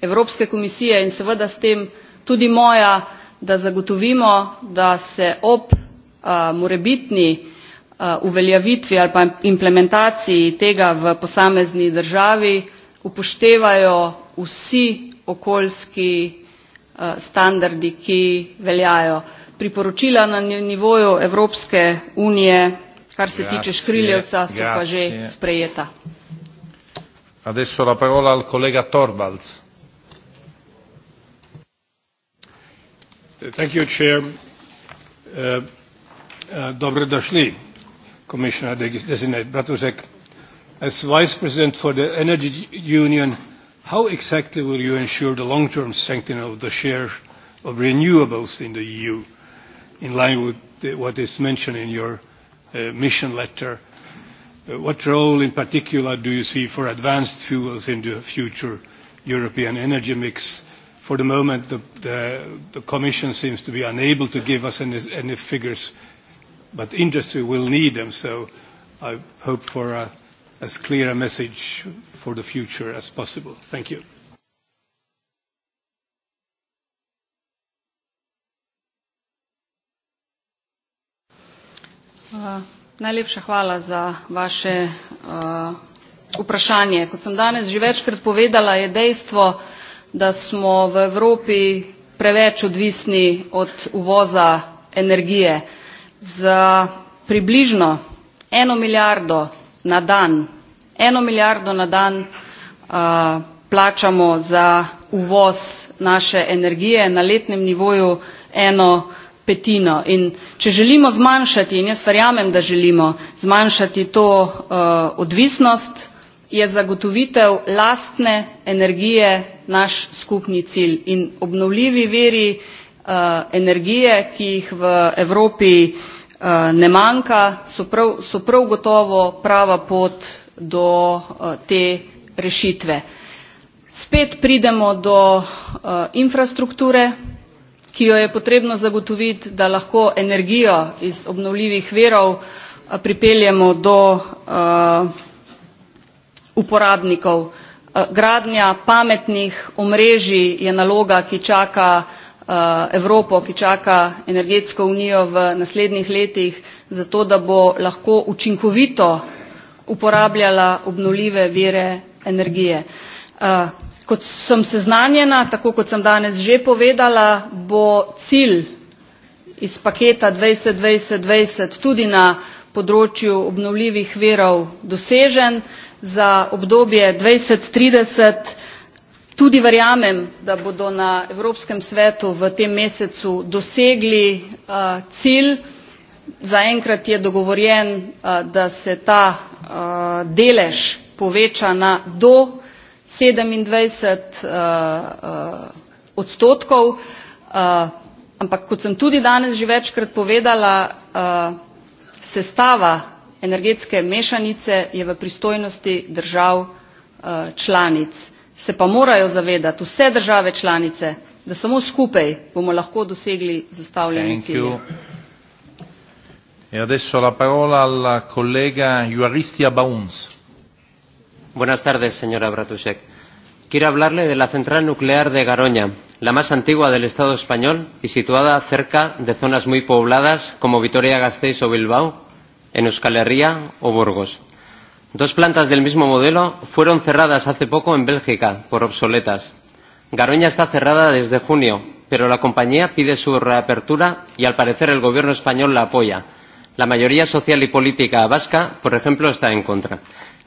Evropske komisije in seveda s tem tudi moja, da zagotovimo, da se ob uh, morebitni uh, uveljavitvi ali pa implementaciji tega v posamezni državi upoštevajo vsi okoljski uh, standardi, ki veljajo. Priporočila na nivoju Evropske unije kar se tiče škriljevca, so grazie. pa že sprejeta.
Adesso la parola al collega Torvalds. Thank you, Chair.
Dobro uh, došli, uh, Dobrodošli, Commissioner Designate Bratusek. As Vice President for the Energy Union, how exactly will you ensure the long-term strengthening of the share of renewables in the EU, in line with what is mentioned in your Uh, mission letter. Uh, what role in particular do you see for advanced fuels in the future European energy mix? For the moment, the, the, the Commission seems to be unable to give us any, any figures, but industry will need them, so I hope for a, as clear a message for the future as possible. Thank you.
najlepša hvala za vaše uh, vprašanje. Kot sem danes že večkrat povedala, je dejstvo, da smo v Evropi preveč odvisni od uvoza energije. Za približno eno milijardo na dan, eno milijardo na dan uh, plačamo za uvoz naše energije na letnem nivoju eno petino. In če želimo zmanjšati, in jaz verjamem, da želimo zmanjšati to uh, odvisnost, je zagotovitev lastne energije naš skupni cilj. In obnovljivi veri uh, eh, energije, ki jih v Evropi uh, ne manjka, so prav, so prav gotovo prava pot do uh, te rešitve. Spet pridemo do uh, infrastrukture, ki jo je potrebno zagotoviti, da lahko energijo iz obnovljivih verov eh, pripeljemo do uh, uporabnikov. Uh, gradnja pametnih omrežij je naloga, ki čaka uh, Evropo, ki čaka energetsko unijo v naslednjih letih, zato da bo lahko učinkovito uporabljala obnovljive vire energije. Uh, Kot sem seznanjena, tako kot sem danes že povedala, bo cilj iz paketa 2020-2020 tudi na področju obnovljivih verov dosežen za obdobje 2030 Tudi verjamem, da bodo na Evropskem svetu v tem mesecu dosegli uh, cilj. Zaenkrat je dogovorjen, uh, da se ta uh, delež poveča na do 27 eh, eh, odstotkov, eh, ampak kot sem tudi danes že večkrat povedala, sestava energetske mešanice je v pristojnosti držav članic. Se pa morajo zavedati vse države članice, da samo skupaj bomo lahko dosegli zastavljene cilje.
E adesso la parola al collega Juaristia Baunz. Buenas tardes, señora Bratusek. Quiero hablarle de la central nuclear de Garoña, la más antigua del Estado español y situada cerca de zonas muy pobladas como Vitoria-Gasteiz o Bilbao, en Euskal Herria o Burgos. Dos plantas del mismo modelo fueron cerradas hace poco en Bélgica por obsoletas. Garoña está cerrada desde junio, pero la compañía pide su reapertura y al parecer el gobierno español la apoya. La mayoría social y política vasca, por ejemplo, está en contra.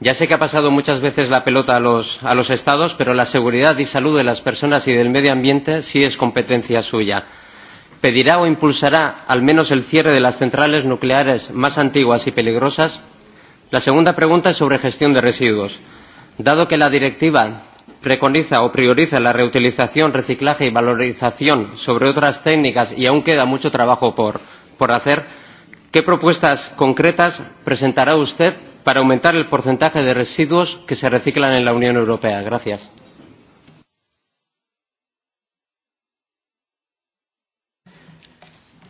Ya sé que ha pasado muchas veces la pelota a los, a los estados, pero la seguridad y salud de las personas y del medio ambiente sí es competencia suya. ¿Pedirá o impulsará al menos el cierre de las centrales nucleares más antiguas y peligrosas? La segunda pregunta es sobre gestión de residuos. Dado que la directiva preconiza o prioriza la reutilización, reciclaje y valorización sobre otras técnicas y aún queda mucho trabajo por, por hacer, ¿qué propuestas concretas presentará usted para aumentar el porcentaje de residuos que se reciclan en la Unión Europea. Gracias.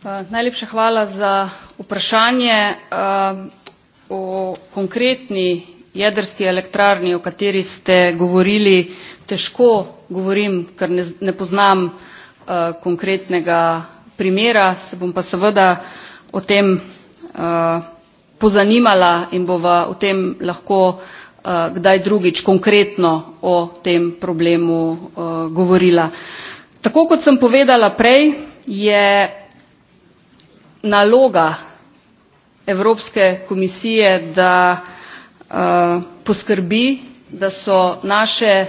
Eh, najlepša hvala za vprašanje. Eh, o konkretni jedrski elektrarni, o kateri ste govorili, težko govorim, ker ne, ne poznam eh, konkretnega primera, se bom pa seveda o tem pozanimala in bova o tem lahko uh, kdaj drugič konkretno o tem problemu uh, govorila. Tako kot sem povedala prej, je naloga Evropske komisije, da uh, poskrbi, da so naše,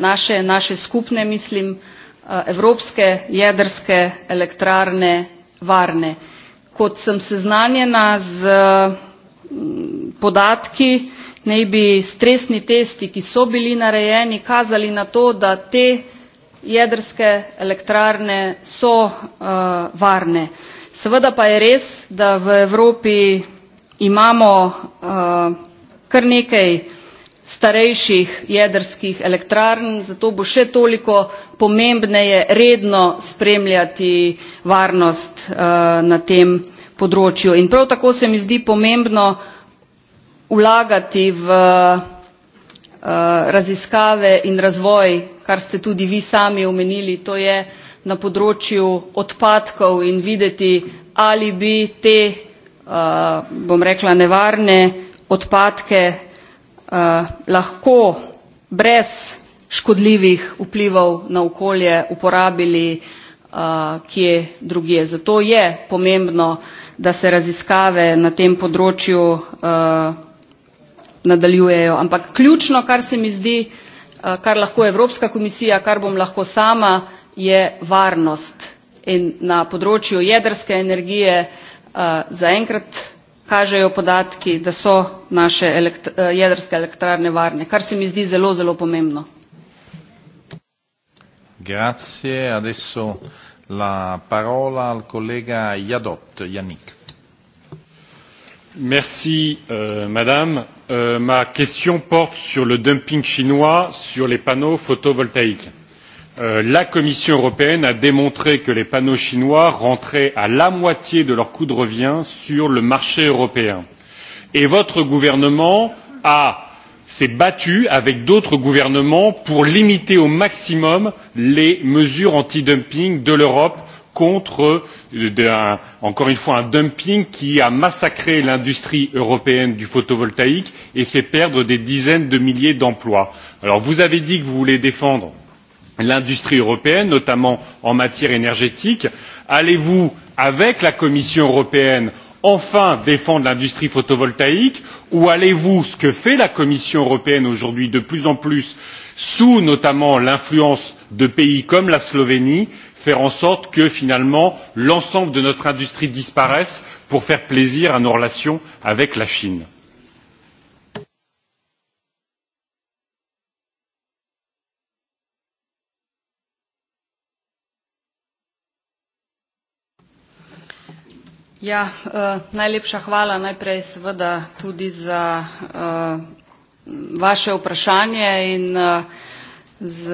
naše, naše skupne, mislim, uh, evropske jedrske elektrarne varne. Kot sem seznanjena z mm, podatki, naj bi stresni testi, ki so bili narejeni, kazali na to, da te jedrske elektrarne so uh, varne. Seveda pa je res, da v Evropi imamo uh, kar nekaj starejših jedrskih elektrarn, zato bo še toliko pomembneje redno spremljati varnost eh, na tem področju. In prav tako se mi zdi pomembno vlagati v eh, raziskave in razvoj, kar ste tudi vi sami omenili, to je na področju odpadkov in videti, ali bi te, eh, bom rekla, nevarne odpadke Eh, lahko brez škodljivih vplivov na okolje uporabili eh, kje drugje. Zato je pomembno, da se raziskave na tem področju eh, nadaljujejo. Ampak ključno, kar se mi zdi, eh, kar lahko Evropska komisija, kar bom lahko sama, je varnost. In na področju jedrske energije eh, zaenkrat kažejo podatki, da so naše elekt eh, jedrske elektrarne varne, kar se mi zdi zelo, zelo pomembno.
Grazie. Adesso la parola al collega Jadot, Yannick.
Merci, euh, Madame. Euh, ma question porte sur le dumping chinois sur les panneaux photovoltaïques Euh, la Commission européenne a démontré que les panneaux chinois rentraient à la moitié de leur coût de revient sur le marché européen. Et votre gouvernement s'est battu avec d'autres gouvernements pour limiter au maximum les mesures antidumping de l'Europe contre, euh, un, encore une fois, un dumping qui a massacré l'industrie européenne du photovoltaïque et fait perdre des dizaines de milliers d'emplois. Alors vous avez dit que vous voulez défendre l'industrie européenne, notamment en matière énergétique. Allez-vous, avec la Commission européenne, enfin défendre l'industrie photovoltaïque ou allez-vous, ce que fait la Commission européenne aujourd'hui de plus en plus, sous notamment l'influence de pays comme la Slovénie, faire en sorte que finalement l'ensemble de notre industrie disparaisse pour faire plaisir à nos relations avec la Chine
Ja, uh, najlepša hvala najprej seveda tudi za uh, vaše vprašanje in uh, z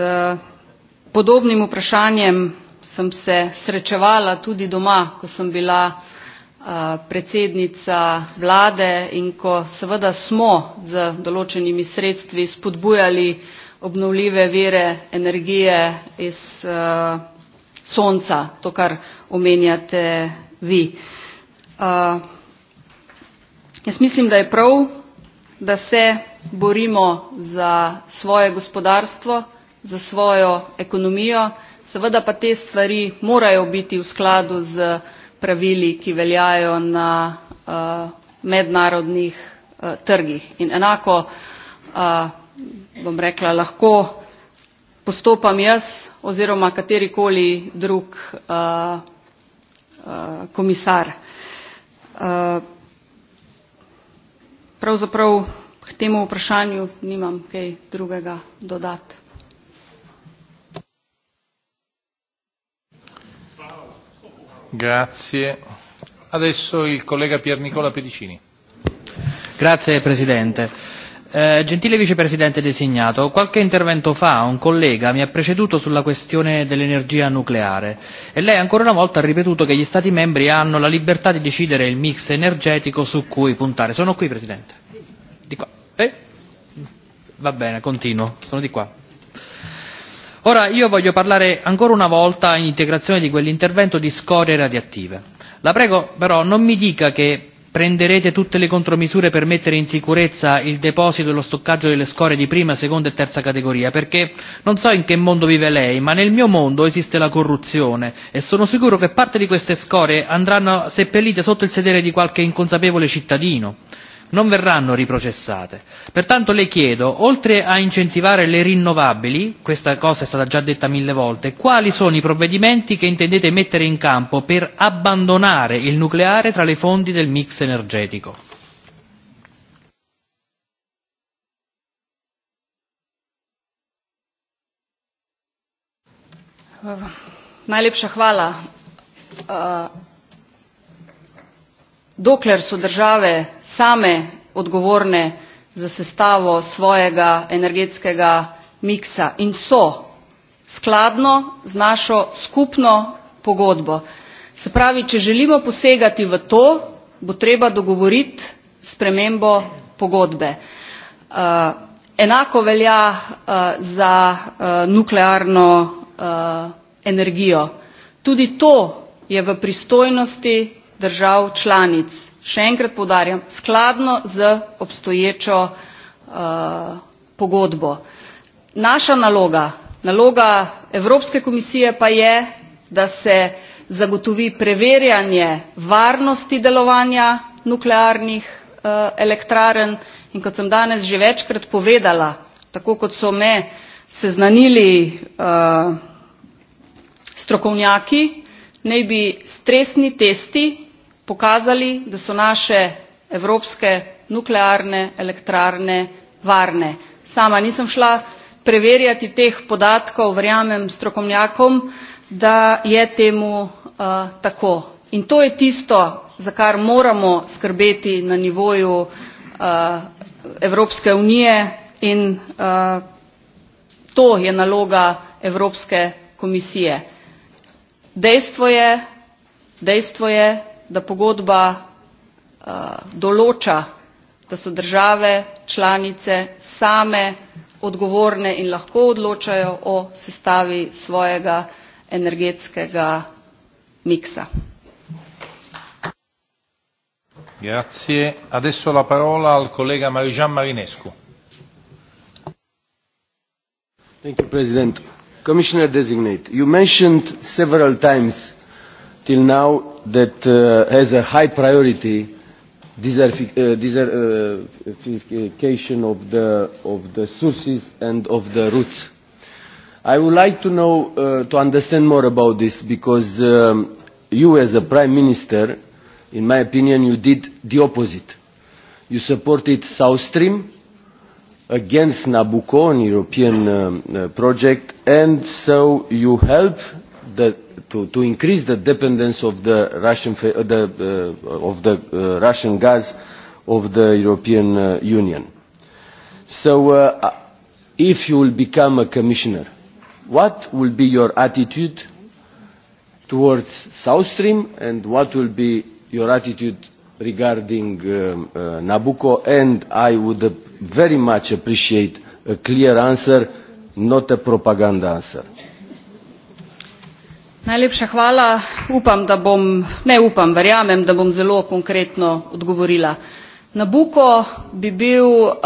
podobnim vprašanjem sem se srečevala tudi doma, ko sem bila uh, predsednica vlade in ko seveda smo z določenimi sredstvi spodbujali obnovljive vire energije iz uh, sonca, to kar omenjate vi. Uh, jaz mislim, da je prav, da se borimo za svoje gospodarstvo, za svojo ekonomijo, seveda pa te stvari morajo biti v skladu z pravili, ki veljajo na uh, mednarodnih uh, trgih. In enako, uh, bom rekla, lahko postopam jaz oziroma katerikoli drug uh, uh, komisar. Eh, pravzaprav k temu vprašanju nimam kaj drugega dodat.
Grazie. Adesso il collega Pier Nicola Pedicini.
Grazie Presidente. Eh, gentile vicepresidente designato, qualche intervento fa un collega mi ha preceduto sulla questione dell'energia nucleare e lei ancora una volta ha ripetuto che gli Stati membri hanno la libertà di decidere il mix energetico su cui puntare. Sono qui, Presidente. Di qua. Eh? Va bene, continuo. Sono di qua. Ora io voglio parlare ancora una volta in integrazione di quell'intervento di scorie radioattive. La prego però non mi dica che Prenderete tutte le contromisure per mettere in sicurezza il deposito e lo stoccaggio delle scorie di prima, seconda e terza categoria, perché non so in che mondo vive lei, ma nel mio mondo esiste la corruzione e sono sicuro che parte di queste scorie andranno seppellite sotto il sedere di qualche inconsapevole cittadino non verranno riprocessate. Pertanto le chiedo, oltre a incentivare le rinnovabili, questa cosa è stata già detta mille volte, quali sono i provvedimenti che intendete mettere in campo per abbandonare il nucleare tra le fonti del mix energetico?
Najlepša hvala. Uh, e, dokler so države same odgovorne za sestavo svojega energetskega miksa in so skladno z našo skupno pogodbo. Se pravi, če želimo posegati v to, bo treba dogovoriti spremembo pogodbe. Uh, enako velja uh, za uh, nuklearno energijo. Tudi to je v pristojnosti držav članic. Še enkrat povdarjam, skladno z obstoječo uh, pogodbo. Naša naloga, naloga Evropske komisije pa je, da se zagotovi preverjanje varnosti delovanja nuklearnih uh, elektrarn in kot sem danes že večkrat povedala, tako kot so me seznanili uh, strokovnjaki, naj bi stresni testi pokazali, da so naše evropske nuklearne elektrarne varne. Sama nisem šla preverjati teh podatkov, verjamem strokovnjakom, da je temu uh, tako. In to je tisto, za kar moramo skrbeti na nivoju uh, Evropske unije in uh, to je naloga Evropske komisije. Dejstvo je, dejstvo je, da pogodba uh, določa, da so države članice same odgovorne in lahko odločajo o sestavi svojega energetskega miksa.
Grazie. Adesso la parola al collega Marijan Marinescu.
Thank you, President. Commissioner designate, you mentioned several times till now that uh, has a high priority uh, desertification of, the, of the sources and of the roots. I would like to know, uh, to understand more about this because um, you as a prime minister, in my opinion, you did the opposite. You supported South Stream against Nabucco, an European um, uh, project, and so you helped the to, to increase the dependence of the Russian, uh, the, uh, of the uh, Russian gas of the European uh, Union. So uh, uh, if you will become a commissioner, what will be your attitude towards South Stream and what will be your attitude regarding um, uh, Nabucco and I would very much appreciate a clear answer, not a propaganda answer.
Najlepša hvala. Upam, da bom, ne upam, verjamem, da bom zelo konkretno odgovorila. Nabuko bi bil uh,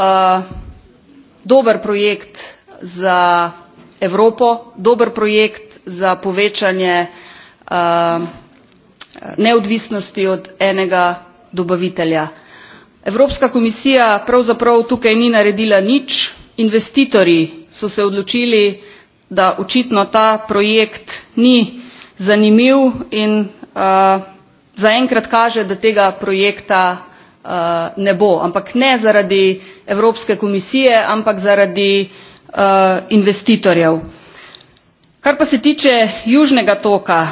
dober projekt za Evropo, dober projekt za povečanje uh, neodvisnosti od enega dobavitelja. Evropska komisija pravzaprav tukaj ni naredila nič, investitorji so se odločili, da očitno ta projekt ni zanimiv in uh, zaenkrat kaže, da tega projekta uh, ne bo. Ampak ne zaradi Evropske komisije, ampak zaradi uh, investitorjev. Kar pa se tiče južnega toka,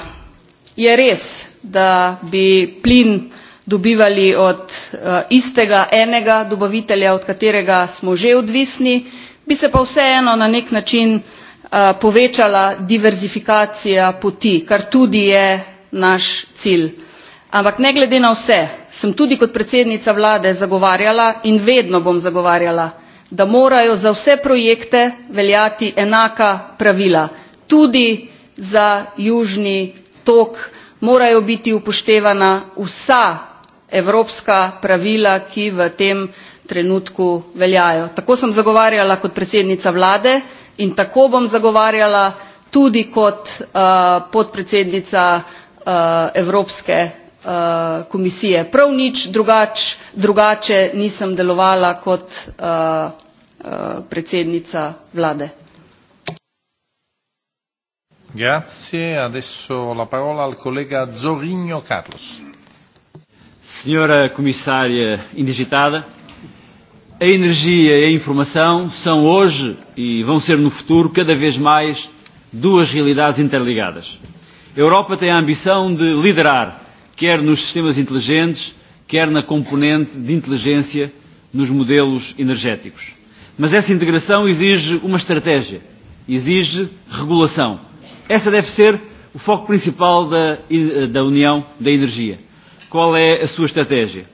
je res, da bi plin dobivali od uh, istega enega dobavitelja, od katerega smo že odvisni, bi se pa vseeno na nek način Eh, povečala diverzifikacija poti, kar tudi je naš cilj. Ampak ne glede na vse, sem tudi kot predsednica vlade zagovarjala in vedno bom zagovarjala, da morajo za vse projekte veljati enaka pravila. Tudi za južni tok morajo biti upoštevana vsa evropska pravila, ki v tem trenutku veljajo. Tako sem zagovarjala kot predsednica vlade, in tako bom zagovarjala tudi kot uh, podpredsednica uh, Evropske uh, komisije. Prav nič drugač, drugače nisem delovala kot uh, uh, predsednica vlade.
Grazie, adesso la parola al collega Zorigno Carlos.
Signora Commissaria indigitada, A energia e a informação são hoje e vão ser no futuro cada vez mais duas realidades interligadas. A Europa tem a ambição de liderar, quer nos sistemas inteligentes, quer na componente de inteligência nos modelos energéticos. Mas essa integração exige uma estratégia, exige regulação. Essa deve ser o foco principal da, eh, da União da Energia. Qual é a sua estratégia?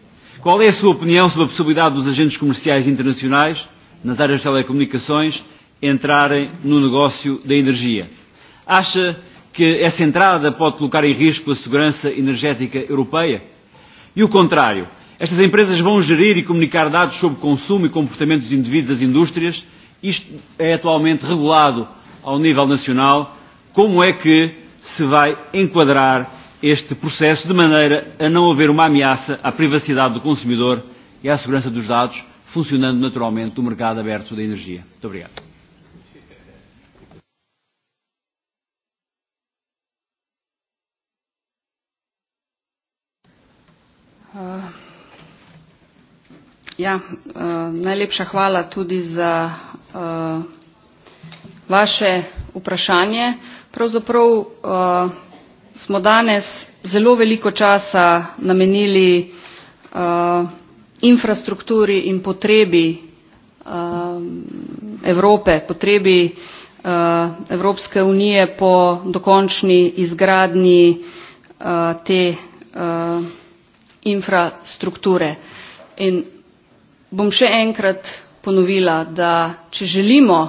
Qual é a sua opinião sobre a possibilidade dos agentes comerciais internacionais, nas áreas de telecomunicações, entrarem no negócio da energia? Acha que essa entrada pode colocar em risco a segurança energética europeia? E o contrário, estas empresas vão gerir e comunicar dados sobre consumo e comportamento dos indivíduos das indústrias, isto é atualmente regulado ao nível nacional, como é que se vai enquadrar este processo de maneira a não haver uma ameaça à privacidade do consumidor e à segurança dos dados, funcionando naturalmente o mercado aberto da energia. Muito obrigado.
Uh, ja, uh, najlepša hvala tudi za uh, vaše vprašanje. Pravzaprav uh, smo danes zelo veliko časa namenili uh, infrastrukturi in potrebi uh, Evrope, potrebi uh, Evropske unije po dokončni izgradnji uh, te uh, infrastrukture. In bom še enkrat ponovila, da če želimo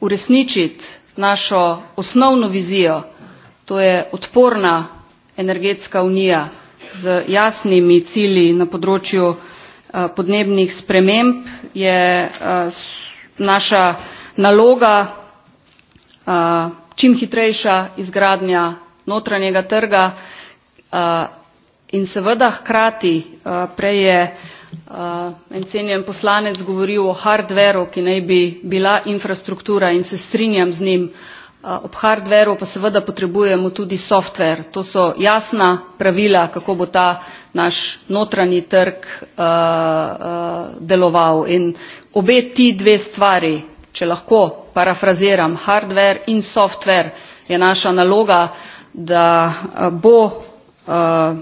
uresničiti našo osnovno vizijo, To je odporna energetska unija z jasnimi cilji na področju eh, podnebnih sprememb je eh, naša naloga eh, čim hitrejša izgradnja notranjega trga in seveda hkrati prej je en cenjen poslanec govoril o hardveru, ki naj bi bila infrastruktura in se strinjam z njim, Ob hardveru pa seveda potrebujemo tudi softver. To so jasna pravila, kako bo ta naš notranji trg uh, uh, deloval. In obe ti dve stvari, če lahko parafraziram, hardver in softver, je naša naloga, da bo uh,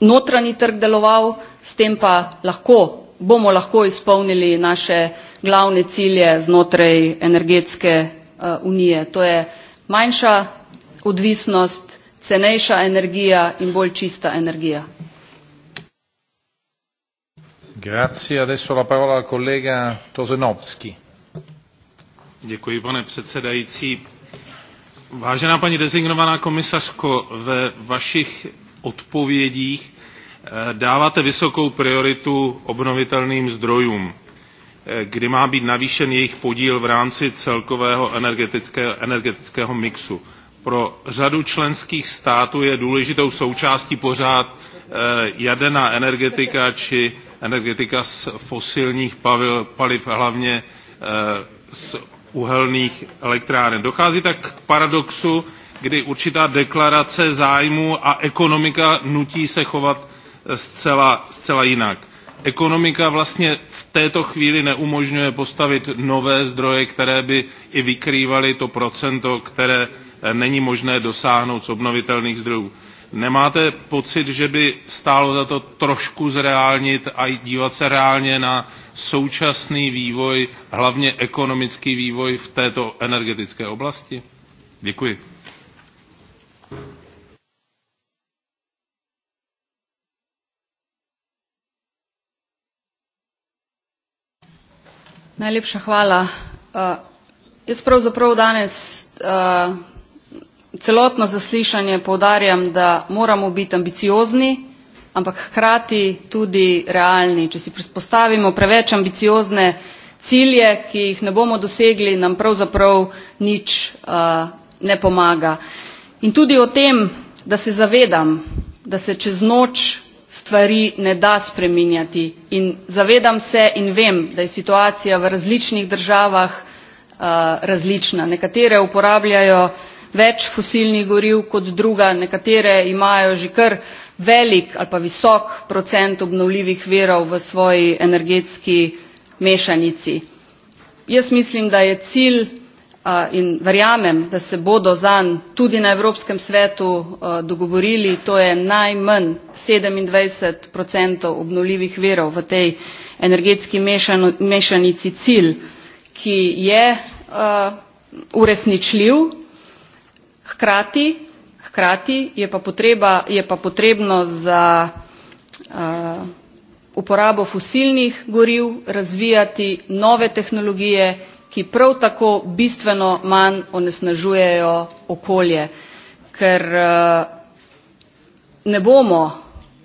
notranji trg deloval, s tem pa lahko, bomo lahko izpolnili naše glavne cilje znotraj energetske Eh, unije. To je manjša odvisnost, cenejša energija in bolj čista energija.
Grazie. Adesso la parola al collega Tosenovski.
Děkuji, pane předsedající.
Vážená paní
rezignovaná komisařko, ve vašich odpovědích eh, dáváte vysokou prioritu obnovitelným zdrojům. Eh, kdy má být navýšen jejich podíl v rámci celkového energetické, energetického mixu. Pro řadu členských států je důležitou součástí pořád eh, jaderná energetika či energetika z fosilních paliv, hlavně eh, z uhelných elektráren. Dochází tak k paradoxu, kdy určitá deklarace zájmu a ekonomika nutí se chovat zcela, zcela jinak ekonomika vlastně v této chvíli neumožňuje postavit nové zdroje, které by i vykrývaly to procento, které eh, není možné dosáhnout z obnovitelných zdrojů. Nemáte pocit, že by stálo za to trošku zreálnit a dívat se reálně na současný vývoj, hlavně ekonomický vývoj v této energetické oblasti? Děkuji.
Najlepša hvala. Uh, jaz pravzaprav danes uh, celotno zaslišanje povdarjam, da moramo biti ambiciozni, ampak hkrati tudi realni. Če si predpostavimo preveč ambiciozne cilje, ki jih ne bomo dosegli, nam pravzaprav nič uh, ne pomaga. In tudi o tem, da se zavedam, da se čez noč stvari ne da spreminjati. In zavedam se in vem, da je situacija v različnih državah uh, različna. Nekatere uporabljajo več fosilnih goriv kot druga, nekatere imajo že kar velik ali pa visok procent obnovljivih verov v svoji energetski mešanici. Jaz mislim, da je cilj in verjamem, da se bodo zan tudi na Evropskem svetu dogovorili, to je najmanj 27% obnovljivih verov v tej energetski mešanici cilj, ki je uresničljiv, hkrati, hkrati je, pa potreba, je pa potrebno za uporabo fosilnih goriv razvijati nove tehnologije, ki prav tako bistveno manj onesnažujejo okolje, ker eh, ne bomo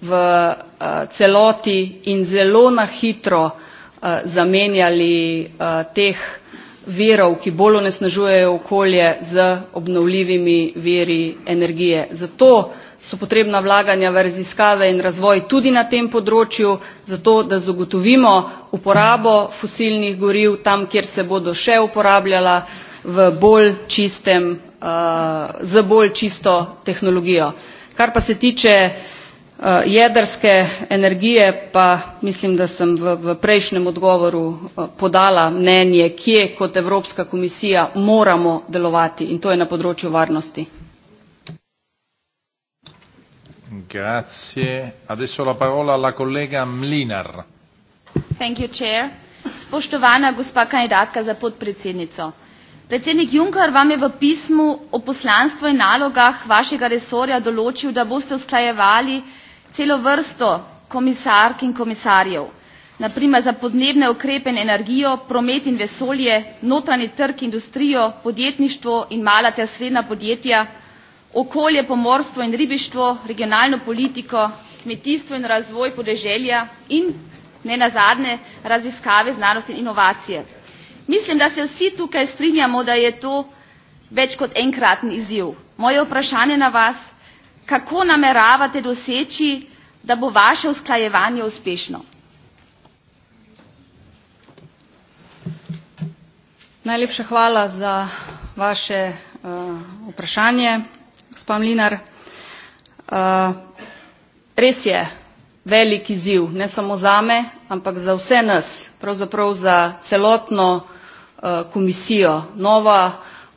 v eh, celoti in zelo na hitro eh, zamenjali teh virov, ki bolj onesnažujejo okolje z obnovljivimi viri energije. Zato so potrebna vlaganja v raziskave in razvoj tudi na tem področju, zato da zagotovimo uporabo fosilnih goriv tam, kjer se bodo še uporabljala v bolj čistem, uh, z bolj čisto tehnologijo. Kar pa se tiče uh, jedrske energije, pa mislim, da sem v, v prejšnjem odgovoru uh, podala mnenje, kje kot Evropska komisija moramo delovati in to je na področju varnosti.
Grazie. Adesso la parola alla collega Mlinar.
Thank you, Chair. Spoštovana gospa kandidatka za podpredsednico. Predsednik Juncker vam je v pismu o poslanstvu in nalogah vašega resorja določil, da boste usklajevali celo vrsto komisark in komisarjev, naprimer za podnebne ukrepe in energijo, promet in vesolje, notranji trg, industrijo, podjetništvo in mala ter srednja podjetja, okolje, pomorstvo in ribištvo, regionalno politiko, kmetijstvo in razvoj podeželja in ne nazadnje raziskave, znanost in inovacije. Mislim, da se vsi tukaj strinjamo, da je to več kot enkratni izziv. Moje vprašanje na vas, kako nameravate doseči, da bo vaše usklajevanje uspešno? Najlepša hvala za vaše uh, vprašanje. Gospa uh, res je velik izziv, ne samo zame, ampak za vse nas, pravzaprav za celotno uh, komisijo. Nova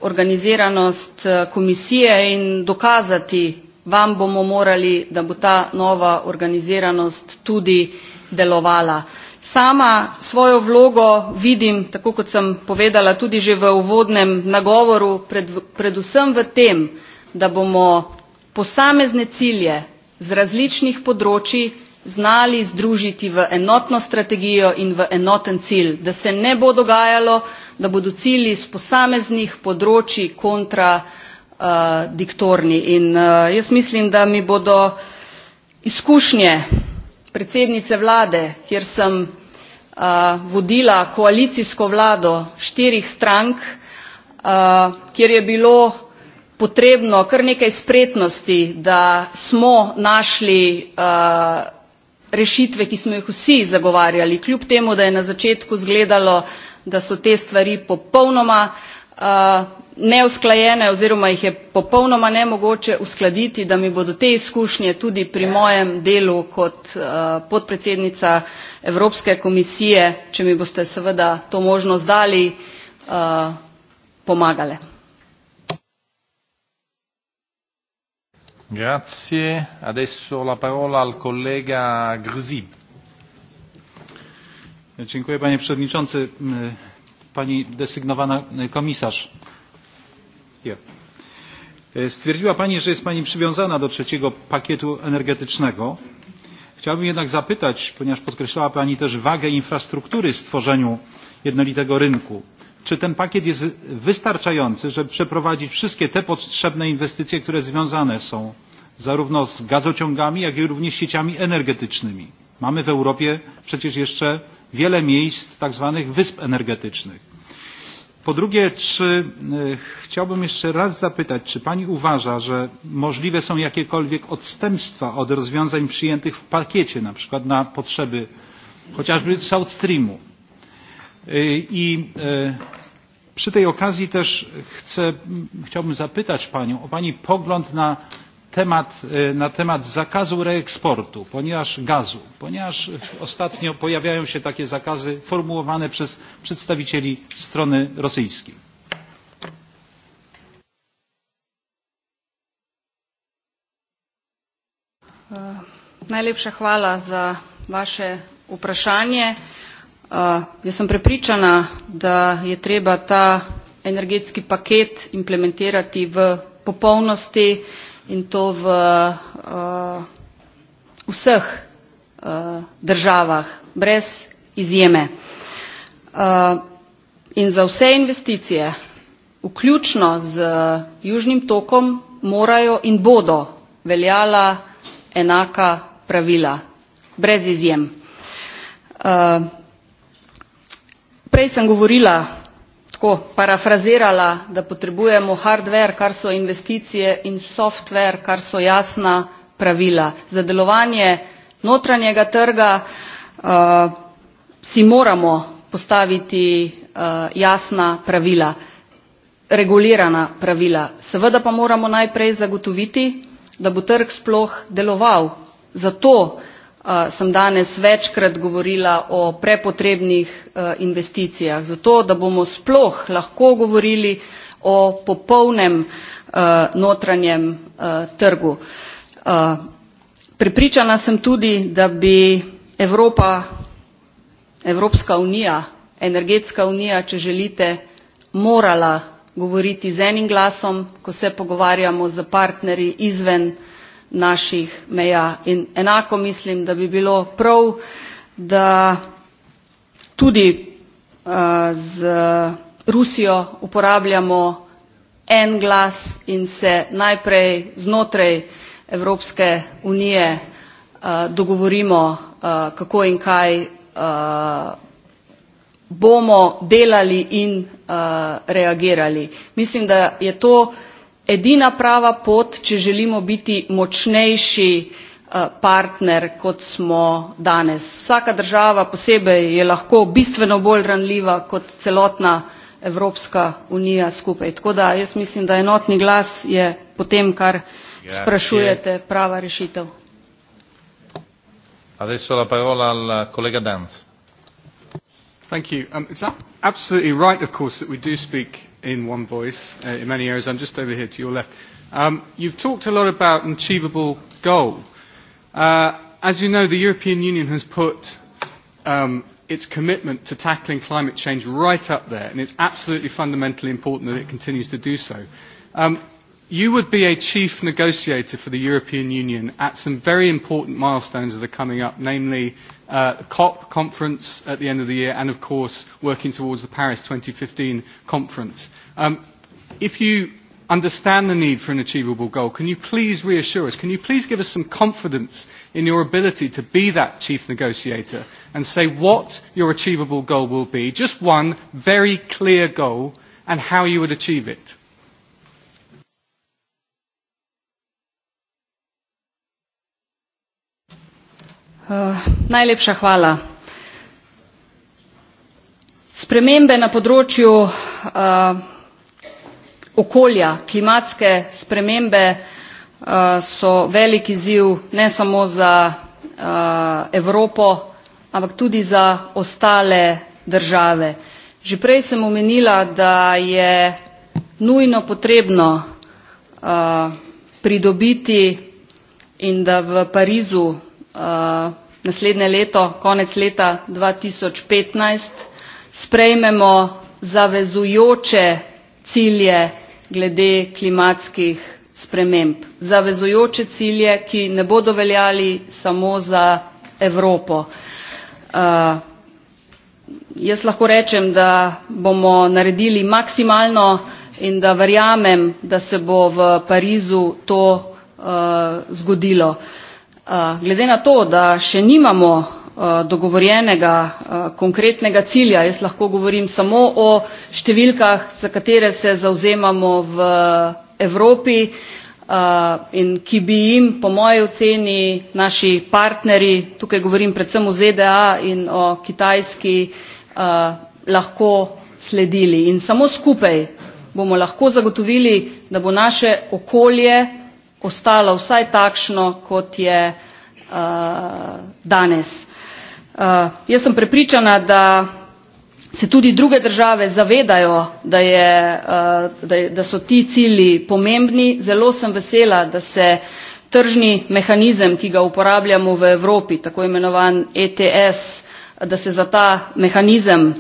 organiziranost uh, komisije in dokazati vam bomo morali, da bo ta nova organiziranost tudi delovala. Sama svojo vlogo vidim, tako kot sem povedala tudi že v uvodnem nagovoru, pred, predvsem v tem, da bomo posamezne cilje z različnih področji znali združiti v enotno strategijo in v enoten cilj, da se ne bo dogajalo, da bodo cilji z posameznih področji kontra uh, diktorni. In uh, jaz mislim, da mi bodo izkušnje predsednice vlade, kjer sem uh, vodila koalicijsko vlado štirih strank, uh, kjer je bilo potrebno kar nekaj spretnosti, da smo našli uh, rešitve, ki smo jih vsi zagovarjali, kljub temu, da je na začetku zgledalo, da so te stvari popolnoma uh, neusklajene oziroma jih je popolnoma nemogoče uskladiti, da mi bodo te izkušnje tudi pri mojem delu kot uh, podpredsednica Evropske komisije, če mi boste seveda to možnost dali, uh, pomagale.
Grazie. Adesso la parola al collega Grzib. Dziękuję panie przewodniczący. Pani desygnowana komisarz. Ja. Stwierdziła Pani, że jest Pani przywiązana do trzeciego pakietu energetycznego. Chciałbym jednak zapytać, ponieważ podkreślała Pani też wagę infrastruktury w stworzeniu jednolitego rynku czy ten pakiet jest wystarczający, żeby przeprowadzić wszystkie te potrzebne inwestycje, które związane są zarówno z gazociągami, jak i również sieciami energetycznymi. Mamy w Europie przecież jeszcze wiele miejsc tak zwanych wysp energetycznych. Po drugie, czy y, e, chciałbym jeszcze raz zapytać, czy Pani uważa, że możliwe są jakiekolwiek odstępstwa od rozwiązań przyjętych w pakiecie, na przykład na potrzeby chociażby South Streamu? E, I e, przy tej okazji też chcę, chciałbym zapytać Panią o Pani pogląd na temat, e, na temat zakazu reeksportu, ponieważ gazu, ponieważ ostatnio pojawiają się takie zakazy formułowane przez przedstawicieli strony rosyjskiej.
Najlepsza chwala za wasze vprašanje. Uh, jaz sem prepričana, da je treba ta energetski paket implementirati v popolnosti in to v uh, vseh uh, državah, brez izjeme. Uh, in za vse investicije, vključno z južnim tokom, morajo in bodo veljala enaka pravila, brez izjem. Uh, Prej sem govorila, tako parafrazirala, da potrebujemo hardware, kar so investicije, in software, kar so jasna pravila. Za delovanje notranjega trga uh, si moramo postaviti uh, jasna pravila, regulirana pravila. Seveda pa moramo najprej zagotoviti, da bo trg sploh deloval. Zato Eh, sem danes večkrat govorila o prepotrebnih uh, investicijah, zato da bomo sploh lahko govorili o popolnem eh, notranjem trgu. Pripričana sem tudi, da bi Evropa, Evropska unija, energetska unija, če želite, morala govoriti z enim glasom, ko se pogovarjamo z partnerji izven naših meja. In enako mislim, da bi bilo prav, da tudi uh, z Rusijo uporabljamo en glas in se najprej znotraj Evropske unije uh, dogovorimo, uh, kako in kaj uh, bomo delali in uh, reagirali. Mislim, da je to edina prava pot, če želimo biti močnejši eh, partner, kot smo danes. Vsaka država posebej je lahko bistveno bolj ranljiva kot celotna Evropska unija skupaj. Tako da jaz mislim, da enotni glas je potem, kar sprašujete, prava rešitev.
Adesso la parola al collega Danz.
Thank you. Um, it's absolutely right, of course, that we do speak in one voice uh, in many areas. I'm just over here to your left. Um, you've talked a lot about an achievable goal. Uh, as you know, the European Union has put um, its commitment to tackling climate change right up there, and it's absolutely fundamentally important that it continues to do so. Um, You would be a chief negotiator for the European Union at some very important milestones that are coming up, namely uh, the COP conference at the end of the year and, of course, working towards the Paris 2015 conference. Um, if you understand the need for an achievable goal, can you please reassure us, can you please give us some confidence in your ability to be that chief negotiator and say what your achievable goal will be, just one very clear goal, and how you would achieve it?
Eh, najlepša hvala. Spremembe na področju uh, okolja, klimatske spremembe uh, so velik izziv ne samo za uh, Evropo, ampak tudi za ostale države. Že prej sem omenila, da je nujno potrebno uh, pridobiti in da v Parizu Eh, naslednje leto, konec leta 2015, sprejmemo zavezujoče cilje glede klimatskih sprememb. Zavezujoče cilje, ki ne bodo veljali samo za Evropo. Uh, jaz lahko rečem, da bomo naredili maksimalno in da verjamem, da se bo v Parizu to uh, zgodilo. Uh, Eh, glede na to, da še nimamo eh, dogovorjenega eh, konkretnega cilja, jaz lahko govorim samo o številkah, za katere se zauzemamo v Evropi in ki bi jim, po moji oceni, naši partneri, tukaj govorim predvsem o ZDA in o Kitajski, lahko sledili. In samo skupaj bomo lahko zagotovili, da bo naše okolje ostalo vsaj takšno, kot je uh, danes. Uh, jaz sem prepričana, da se tudi druge države zavedajo, da, je, uh, da, da so ti cilji pomembni. Zelo sem vesela, da se tržni mehanizem, ki ga uporabljamo v Evropi, tako imenovan ETS, da se za ta mehanizem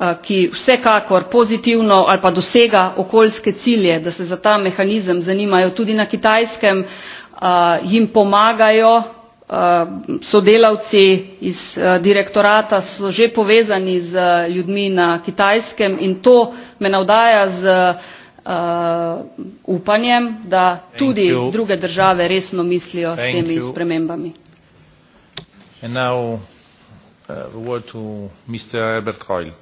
Eh, ki vsekakor pozitivno ali pa dosega okoljske cilje, da se za ta mehanizem zanimajo tudi na kitajskem, eh, jim pomagajo, eh, sodelavci iz direktorata so že povezani z ljudmi na kitajskem in to me navdaja z upanjem, da tudi druge države resno mislijo s temi spremembami.
Uh, the word to Mr. Herbert Reul.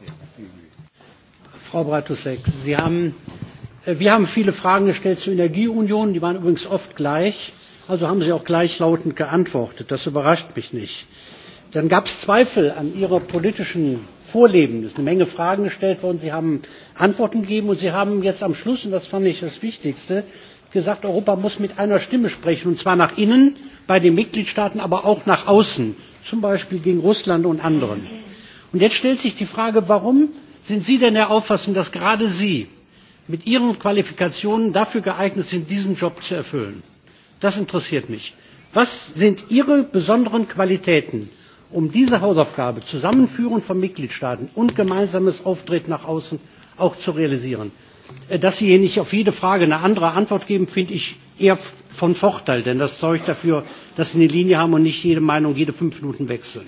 Frau Bratusek, Sie haben, äh, wir haben viele Fragen gestellt zur Energieunion, die waren übrigens oft gleich, also haben Sie auch gleichlautend geantwortet. Das überrascht mich nicht. Dann gab es Zweifel an Ihrer politischen Vorleben. Es ist eine Menge Fragen gestellt worden, Sie haben Antworten gegeben und Sie haben jetzt am Schluss, und das fand ich das Wichtigste, gesagt, Europa muss mit einer Stimme sprechen, und zwar nach innen, bei den Mitgliedstaaten, aber auch nach außen zum Beispiel gegen Russland und anderen. Und jetzt stellt sich die Frage, warum sind Sie denn der Auffassung, dass gerade Sie mit Ihren Qualifikationen dafür geeignet sind, diesen Job zu erfüllen? Das interessiert mich. Was sind Ihre besonderen Qualitäten, um diese Hausaufgabe Zusammenführen von Mitgliedstaaten und gemeinsames Auftreten nach außen auch zu realisieren? Äh, dass Sie hier nicht auf jede Frage eine andere Antwort geben, finde ich eher von Vorteil, denn das zeugt dafür, dass Sie eine Linie haben und nicht jede Meinung jede fünf Minuten wechseln.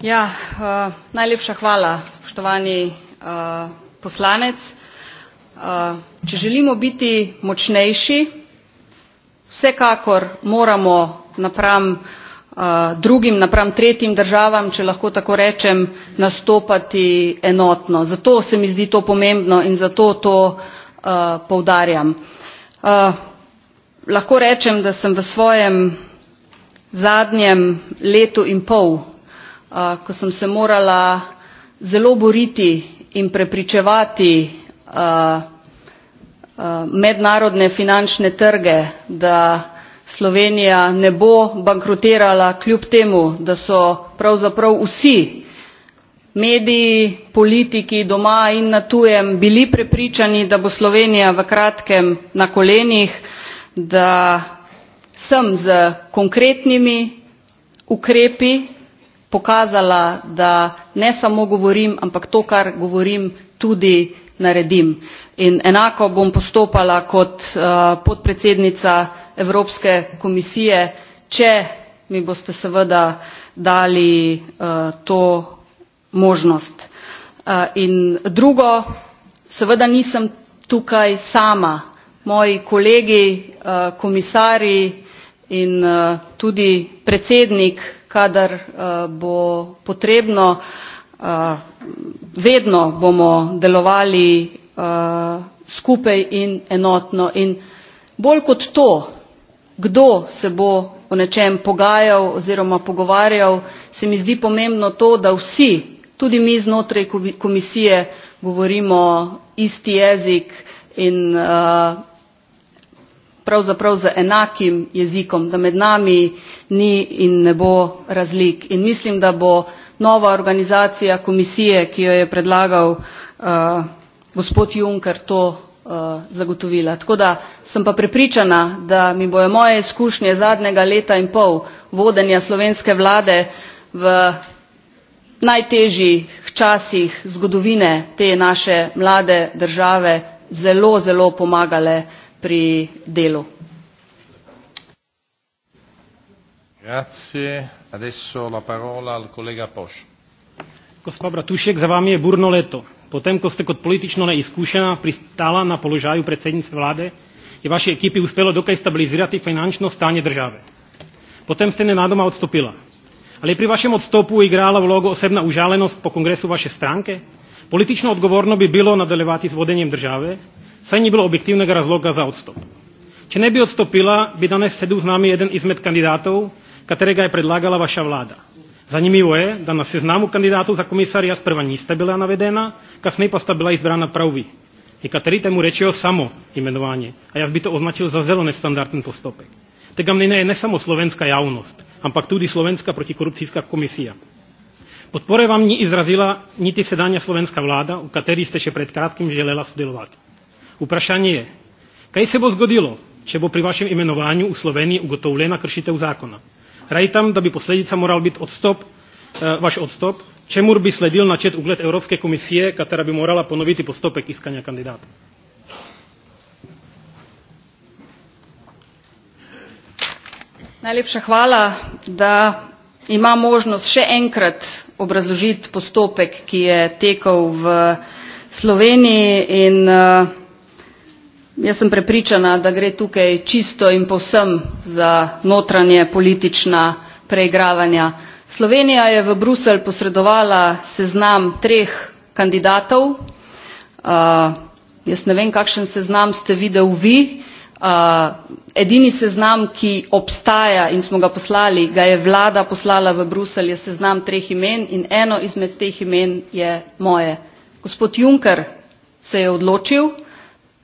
Ja, äh, najlepša hvala, spoštovani äh, poslanec. Äh, če želimo biti močnejši, vsekakor moramo napram äh, drugim napram tretjim državam, če lahko tako rečem, nastopati enotno. Zato se mi zdi to pomembno in zato to poudarjam. lahko rečem, da sem v svojem zadnjem letu in pol, ko sem se morala zelo boriti in prepričevati mednarodne finančne trge, da Slovenija ne bo bankrotirala kljub temu, da so pravzaprav vsi mediji, politiki doma in na tujem bili prepričani, da bo Slovenija v kratkem na kolenih, da sem z konkretnimi ukrepi pokazala, da ne samo govorim, ampak to, kar govorim, tudi naredim. In enako bom postopala kot eh, podpredsednica Evropske komisije, če mi boste seveda dali eh, to možnost. Eh, in drugo, seveda nisem tukaj sama. Moji kolegi, komisari in tudi predsednik, kadar bo potrebno, vedno bomo delovali uh, skupaj in enotno. In bolj kot to, kdo se bo o nečem pogajal oziroma pogovarjal, se mi zdi pomembno to, da vsi, tudi mi znotraj komisije, govorimo isti jezik in uh, pravzaprav z enakim jezikom, da med nami ni in ne bo razlik. In mislim, da bo nova organizacija komisije, ki jo je predlagal uh, gospod Juncker to eh, zagotovila. Tako da sem pa prepričana, da mi bojo moje izkušnje zadnjega leta in pol vodenja slovenske vlade v najtežjih časih zgodovine te naše mlade države zelo, zelo pomagale pri delu.
Grazie. Adesso la parola al collega Posch.
Gospod Bratušek, za vami je burno leto. Potem, ko ste kot politično neizkušena pristala na položaju predsednice vlade, je vaše ekipi uspelo dokaj stabilizirati finančno stanje države. Potem ste nenadoma odstopila. Ali pri vašem odstopu igrala vlogu osebna užálenost po kongresu vaše stránke? Politično odgovorno bi bilo nadaljevati s vodenjem države, saj ni bilo objektivnega razloga za odstop. Če ne bi odstopila, bi danes sedel z nami jeden izmed kandidátov, katerega je predlagala vaša vláda. Za nimi je, da na seznamu kandidátů za komisaria z první jste byla navedena, kasnej posta byla izbrána pravý. I Katerite mu rečeho samo jmenování a já bych to označil za zelo nestandardný postupek. Tega mnenja je ne samo slovenska javnost, ampak tudi slovenska protikorupcijska komisija. Podpore vam ni izrazila niti sedanja slovenska vlada, v kateri ste še pred kratkim želela sodelovati. Vprašanje je, kaj se bo zgodilo, če bo pri vašem imenovanju v Sloveniji ugotovljena kršitev zakona? Rajtam, da by poslednica moral bit odstop, uh, vaš odstop, čemur bi sledil načet ugled Evropske komisije, katera bi morala ponoviti postopek iskanja kandidata.
Najlepša hvala, da ima možnost še enkrat obrazložiti postopek, ki je tekel v Sloveniji in uh, Jaz sem prepričana, da gre tukaj čisto in povsem za notranje politična preigravanja. Slovenija je v Bruselj posredovala seznam treh kandidatov. Uh, jaz ne vem, kakšen seznam ste videl vi. Uh, edini seznam, ki obstaja in smo ga poslali, ga je vlada poslala v Bruselj, je seznam treh imen in eno izmed teh imen je moje. Gospod Juncker se je odločil,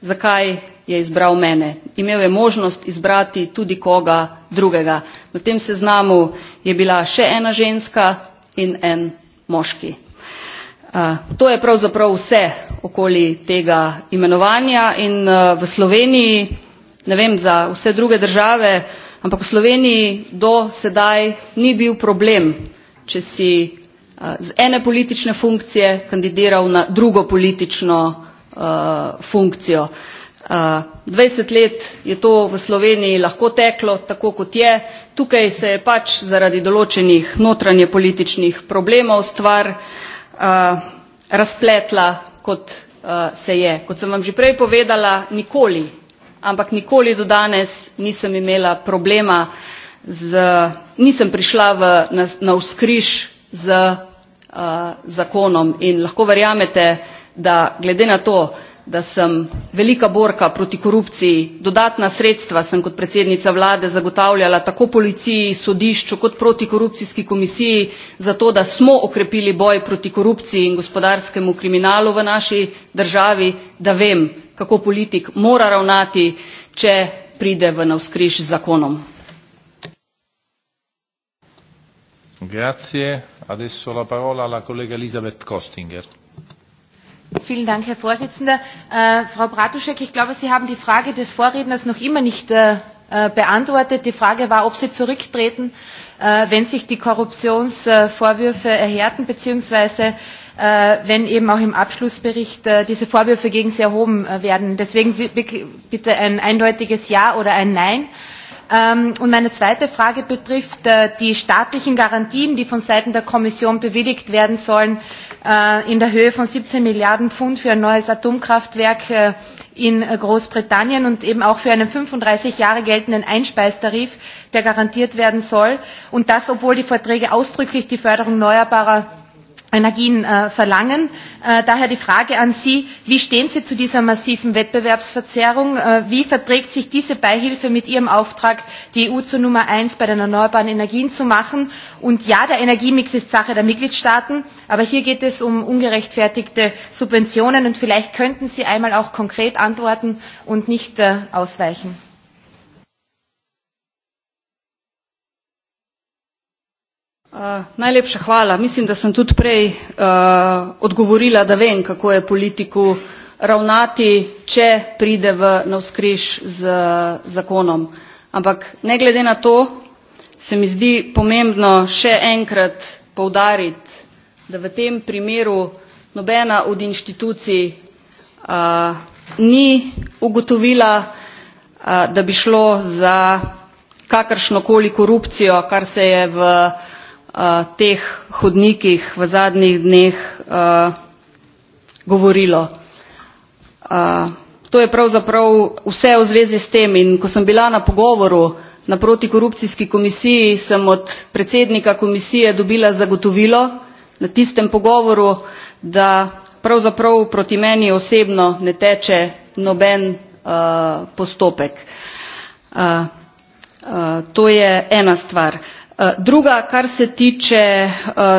zakaj je izbral mene. Imel je možnost izbrati tudi koga drugega. Na tem seznamu je bila še ena ženska in en moški. to je pravzaprav vse okoli tega imenovanja in v Sloveniji, ne vem za vse druge države, ampak v Sloveniji do sedaj ni bil problem, če si z ene politične funkcije kandidiral na drugo politično Eh, funkcijo. 20 eh, let je to v Sloveniji lahko teklo tako kot je. Tukaj se je pač zaradi določenih notranje političnih problemov stvar eh, razpletla kot se je. Kot sem vam že prej povedala, nikoli, ampak nikoli do danes nisem imela problema z, nisem prišla v, na, na vzkriž z uh, zakonom in lahko verjamete, da glede na to, da sem velika borka proti korupciji, dodatna sredstva sem kot predsednica vlade zagotavljala tako policiji, sodišču kot protikorupcijski komisiji, zato da smo okrepili boj proti korupciji in gospodarskemu kriminalu v naši državi, da vem, kako politik mora ravnati, če pride v navskriž z zakonom.
Grazie. Adesso la parola alla collega Elisabeth Kostinger.
Vielen
Dank, Herr Vorsitzender. Äh, Frau Bratuschek, ich glaube, Sie haben die Frage des Vorredners noch immer nicht äh, äh beantwortet. Die Frage war, ob Sie zurücktreten, äh, wenn sich die Korruptionsvorwürfe äh, erhärten, beziehungsweise äh, wenn eben auch im Abschlussbericht äh, diese Vorwürfe gegen Sie erhoben äh, werden. Deswegen bitte ein eindeutiges Ja oder ein Nein. Ähm, und meine zweite Frage betrifft äh, die staatlichen Garantien, die von Seiten der Kommission bewilligt werden sollen äh, in der Höhe von 17 Milliarden Pfund für ein neues Atomkraftwerk äh, in äh, Großbritannien und eben auch für einen 35 Jahre geltenden Einspeistarif, der garantiert werden soll. Und das, obwohl die Verträge ausdrücklich die Förderung erneuerbarer Energien äh, verlangen. Äh, daher die Frage an Sie, wie stehen Sie zu dieser massiven Wettbewerbsverzerrung? Äh, wie verträgt sich diese Beihilfe mit Ihrem Auftrag, die EU zur Nummer eins bei den erneuerbaren Energien zu machen? Und ja, der Energiemix ist Sache der Mitgliedstaaten, aber hier geht es um ungerechtfertigte Subventionen und vielleicht könnten Sie einmal auch konkret antworten und nicht äh, ausweichen.
najlepša hvala. Mislim, da sem tudi prej uh, odgovorila, da vem, kako je politiku ravnati, če pride v navskriž z zakonom. Ampak ne glede na to, se mi zdi pomembno še enkrat poudariti, da v tem primeru nobena od inštitucij uh, ni ugotovila, uh, da bi šlo za kakršnokoli korupcijo, kar se je v Eh, teh hodnikih v zadnjih dneh eh, govorilo. Eh, to je pravzaprav vse v zvezi s tem in ko sem bila na pogovoru na protikorupcijski komisiji, sem od predsednika komisije dobila zagotovilo na tistem pogovoru, da pravzaprav proti meni osebno ne teče noben uh, postopek. Uh, uh, to je ena stvar. Eh, druga, kar se tiče eh,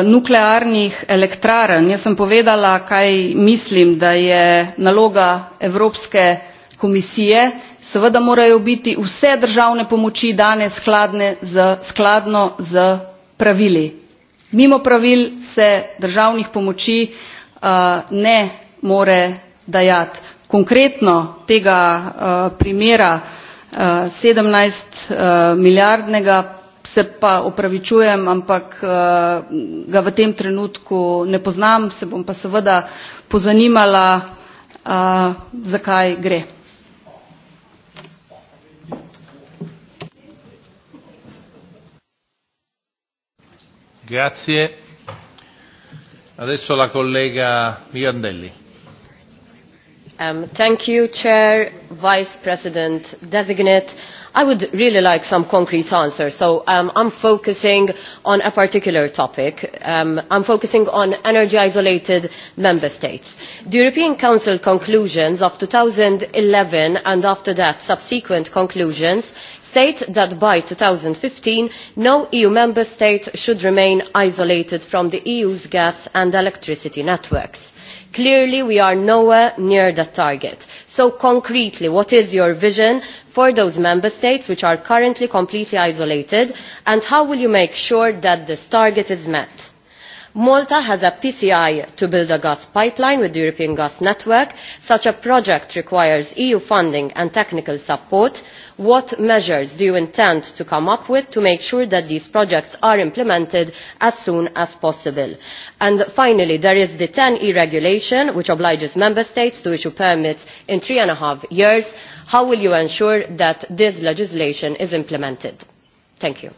nuklearnih elektraren, jaz sem povedala, kaj mislim, da je naloga Evropske komisije. Seveda morajo biti vse državne pomoči danes skladne z, skladno z pravili. Mimo pravil se državnih pomoči uh, ne more dajati. Konkretno tega uh, primera 17 milijardnega se pa opravičujem, ampak uh, ga v tem trenutku ne poznam, se bom pa seveda pozanimala, uh, zakaj gre.
Grazie. Adesso la collega Mirandelli.
Um, thank you, Chair, Vice President, Designate. I would really like some concrete answers. So um, I'm focusing on a particular topic. Um, I'm focusing on energy-isolated member states. The European Council conclusions of 2011 and after that subsequent conclusions state that by 2015 no EU member state should remain isolated from the EU's gas and electricity networks Clearly, we are nowhere near that target. So concretely, what is your vision for those member states which are currently completely isolated, and how will you make sure that this target is met? Malta has a PCI to build a gas pipeline with the European Gas Network. Such a project requires EU funding and technical support What measures do you intend to come up with to make sure that these projects are implemented as soon as possible? And finally, there is the 10E regulation, which obliges member states to issue permits in three and a half years. How will you ensure that this legislation is implemented? Thank you.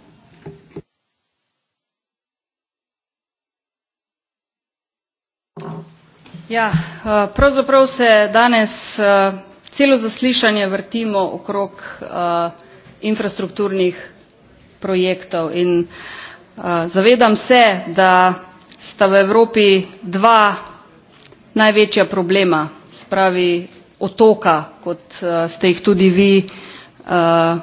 Ja, eh, pravzaprav se danes eh, Celo zaslišanje vrtimo okrog uh, infrastrukturnih projektov in uh, zavedam se, da sta v Evropi dva največja problema, spravi otoka, kot uh, ste jih tudi vi uh,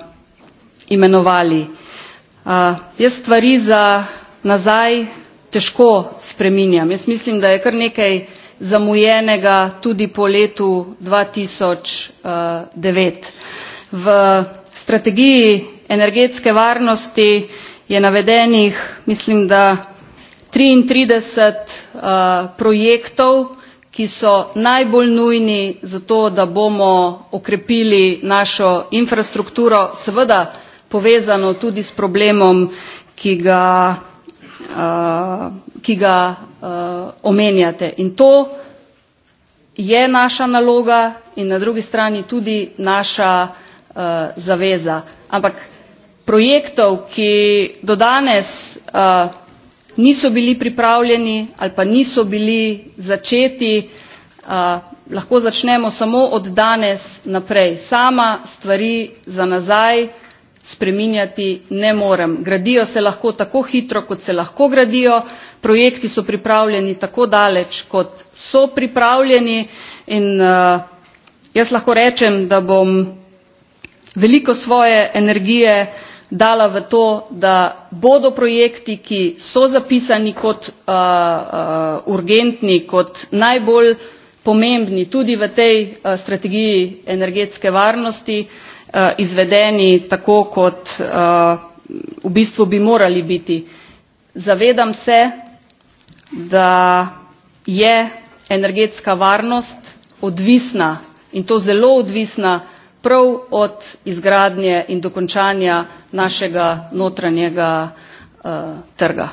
imenovali. Uh, jaz stvari za nazaj težko spreminjam. Jaz mislim, da je kar nekaj zamujenega tudi po letu 2009. Eh, v strategiji energetske varnosti je navedenih, mislim, da 33 eh, projektov, ki so najbolj nujni za to, da bomo okrepili našo infrastrukturo, seveda povezano tudi s problemom, ki ga Eh, ki ga eh, omenjate. In to je naša naloga in na drugi strani tudi naša eh, zaveza. Ampak projektov, ki do danes uh, niso bili pripravljeni ali pa niso bili začeti, uh, lahko začnemo samo od danes naprej. Sama stvari za nazaj spreminjati ne morem. Gradijo se lahko tako hitro, kot se lahko gradijo, projekti so pripravljeni tako daleč, kot so pripravljeni in uh, jaz lahko rečem, da bom veliko svoje energije dala v to, da bodo projekti, ki so zapisani kot uh, uh, urgentni, kot najbolj pomembni tudi v tej uh, strategiji energetske varnosti, uh, Eh, izvedeni tako, kot eh, v bistvu bi morali biti. Zavedam se, da je energetska varnost odvisna in to zelo odvisna prav od izgradnje in dokončanja našega notranjega uh, trga.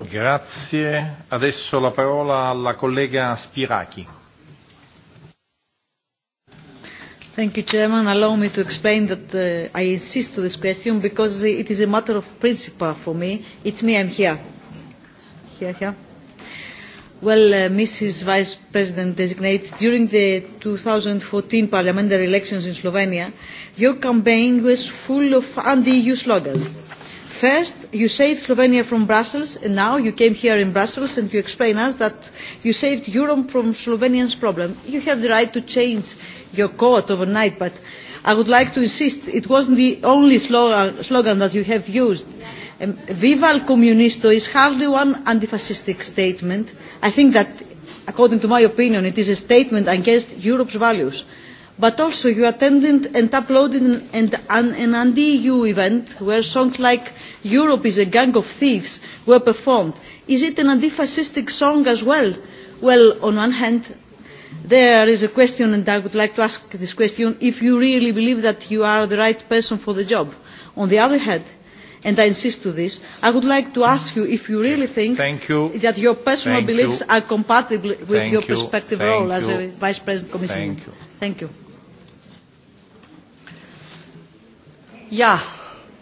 Grazie. Adesso la parola alla collega Spiraki.
Thank you, Chairman.
Allow me to explain that uh, I insist to this question because it is a matter of principle for me. It's me, I'm here. Here, here. Well, uh, Mrs. Vice President designate, during the 2014 parliamentary elections in Slovenia, your campaign was full of anti-EU slogans first, you saved Slovenia from Brussels, and now you came here in Brussels and you explain us that you saved Europe from Slovenians' problem. You have the right to change your court overnight, but I would like to insist it wasn't the only slogan, slogan that you have used. Um, Viva il Comunisto is hardly one anti-fascistic statement. I think that, according to my opinion, it is a statement against Europe's values but also you attended and uploaded an, an, an, an EU event where songs like Europe is a gang of thieves were performed. Is it an anti-fascistic song as well? Well, on one hand, there is a question and I would like to ask this question if you really believe that you are the right person for the job. On the other hand, and I insist to this, I would like to ask you if you really think Thank you. that your personal Thank beliefs you. are compatible
with Thank your prospective you. role you. as a Vice
President Commissioner. Thank you. Thank you.
Ja,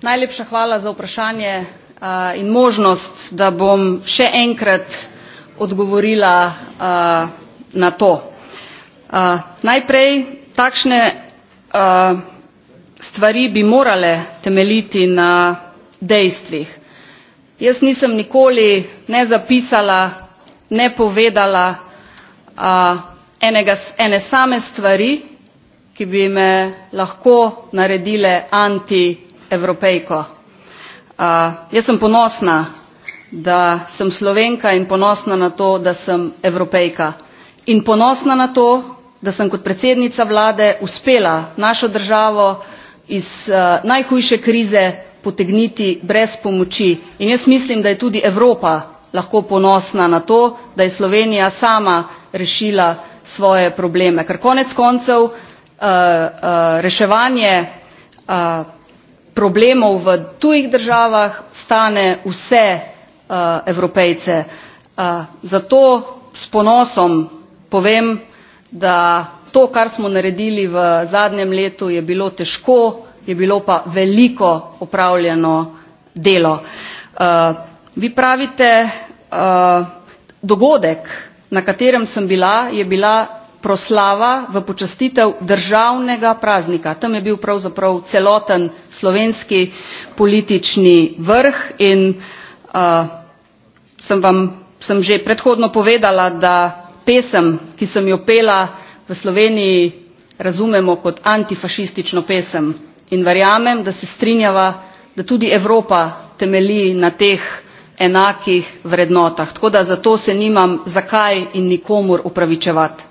najlepša hvala za vprašanje uh, in možnost, da bom še enkrat odgovorila uh, na to. Uh, najprej takšne uh, stvari bi morale temeljiti na dejstvih. Jaz nisem nikoli ne zapisala, ne povedala a, enega, ene same stvari, ki bi me lahko naredile anti-evropejko. Jaz sem ponosna, da sem slovenka in ponosna na to, da sem evropejka. In ponosna na to, da sem kot predsednica vlade uspela našo državo iz a, najhujše krize potegniti brez pomoči. In jaz mislim, da je tudi Evropa lahko ponosna na to, da je Slovenija sama rešila svoje probleme. Ker konec koncev uh, uh, reševanje uh, problemov v tujih državah stane vse uh, evropejce. Uh, zato s ponosom povem, da to, kar smo naredili v zadnjem letu, je bilo težko, je bilo pa veliko upravljeno delo. Uh, vi pravite, uh, dogodek, na katerem sem bila, je bila proslava v počastitev državnega praznika. Tam je bil pravzaprav celoten slovenski politični vrh in uh, sem vam sem že predhodno povedala, da pesem, ki sem jo pela v Sloveniji, razumemo kot antifašistično pesem in verjamem, da se strinjava, da tudi Evropa temelji na teh enakih vrednotah. Tako da zato se nimam zakaj in nikomur upravičevati.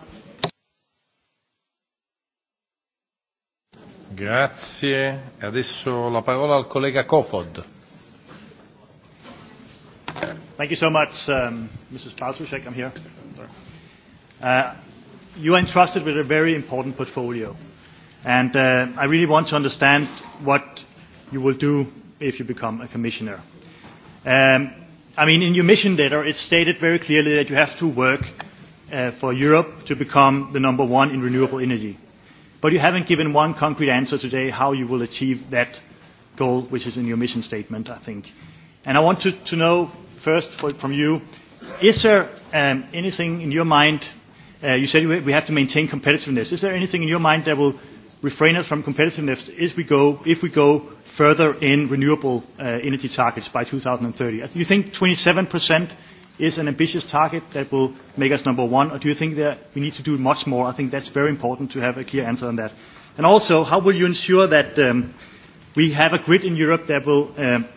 Grazie. Adesso la parola al collega Kofod.
Thank you so much, um, Mrs. Paltrushek. I'm here. Uh, you are entrusted with a very important portfolio. And uh, I really want to understand what you will do if you become a commissioner. Um, I mean, in your mission letter, it's stated very clearly that you have to work uh, for Europe to become the number one in renewable energy. But you haven't given one concrete answer today how you will achieve that goal, which is in your mission statement, I think. And I want to, to know first for, from you, is there um, anything in your mind, uh, you said we have to maintain competitiveness, is there anything in your mind that will refrain us from competitiveness if we go, if we go further in renewable uh, energy targets by 2030? Uh, do you think 27% is an ambitious target that will make us number one, or do you think that we need to do much more? I think that's very important to have a clear answer on that. And also, how will you ensure that um, we have a grid in Europe that will um,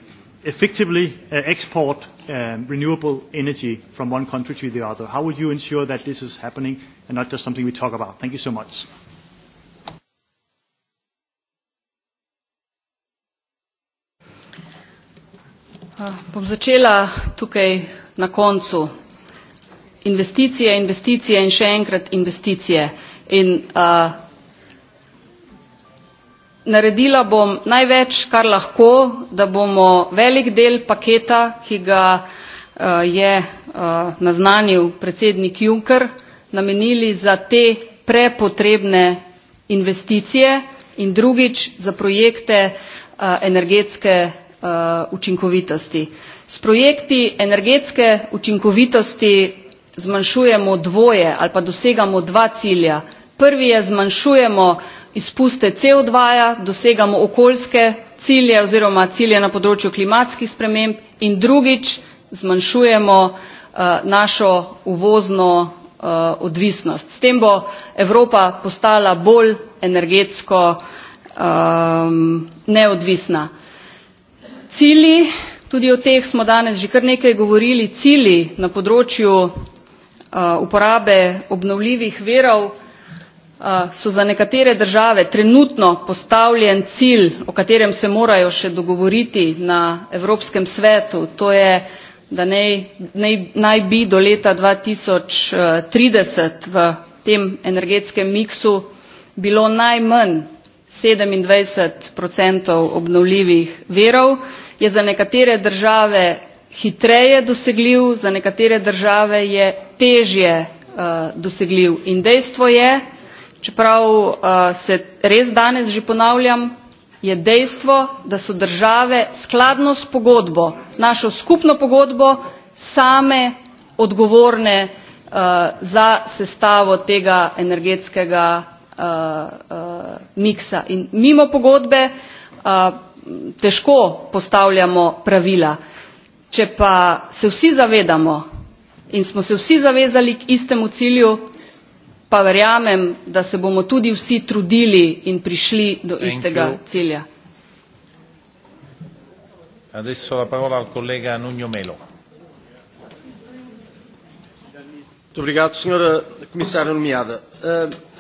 effectively uh, export um, renewable energy from one country to the other? How will you ensure that this is happening and not just something we talk about? Thank you so much.
Ah, bom začela tukaj na koncu. Investicije, investicije in še enkrat investicije. In ah, naredila bom največ, kar lahko, da bomo velik del paketa, ki ga ah, je uh, naznanil predsednik Juncker, namenili za te prepotrebne investicije in drugič za projekte energetske Eh, učinkovitosti. S projekti energetske učinkovitosti zmanjšujemo dvoje ali pa dosegamo dva cilja. Prvi je zmanjšujemo izpuste CO2, -ja, dosegamo okoljske cilje oziroma cilje na področju klimatskih sprememb in drugič zmanjšujemo uh, našo uvozno uh, odvisnost. S tem bo Evropa postala bolj energetsko um, neodvisna. Cili, tudi o teh smo danes že kar nekaj govorili, cili na področju uh, uporabe obnovljivih verov uh, so za nekatere države trenutno postavljen cilj, o katerem se morajo še dogovoriti na Evropskem svetu, to je da nej, nej, naj bi do leta 2030 uh, v tem energetskem miksu bilo najmanj 27 obnovljivih verov je za nekatere države hitreje dosegljiv, za nekatere države je težje uh, dosegljiv. In dejstvo je, čeprav uh, se res danes že ponavljam, je dejstvo, da so države skladno s pogodbo, našo skupno pogodbo, same odgovorne uh, za sestavo tega energetskega uh, uh, miksa. In mimo pogodbe uh, težko postavljamo pravila. Če pa se vsi zavedamo in smo se vsi zavezali k istemu cilju, pa verjamem, da se bomo tudi vsi trudili in prišli do Thank istega you. cilja.
Adesso la parola al collega Nuno Melo. Muito obrigado, Sra.
Comissária nomeada. Uh,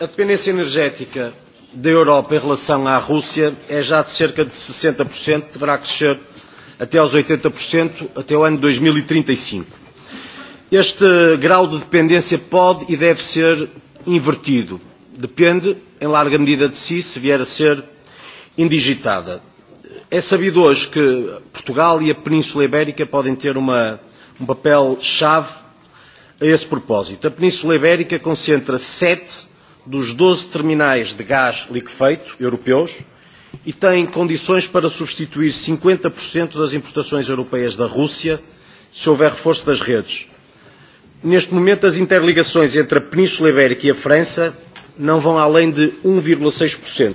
a dependência energética da Europa em relação à Rússia é já de cerca de 60%, poderá crescer até aos 80% até o ano 2035. E e este grau de dependência pode e deve ser invertido. Depende, em larga medida, de si, se vier a ser indigitada. É sabido hoje que Portugal e a Península Ibérica podem ter uma, um papel-chave a esse propósito. A Península Ibérica concentra sete dos 12 terminais de gás liquefeito europeus e têm condições para substituir 50% das importações europeias da Rússia se houver reforço das redes. Neste momento, as interligações entre a Península Ibérica e a França não vão além de 1,6%, um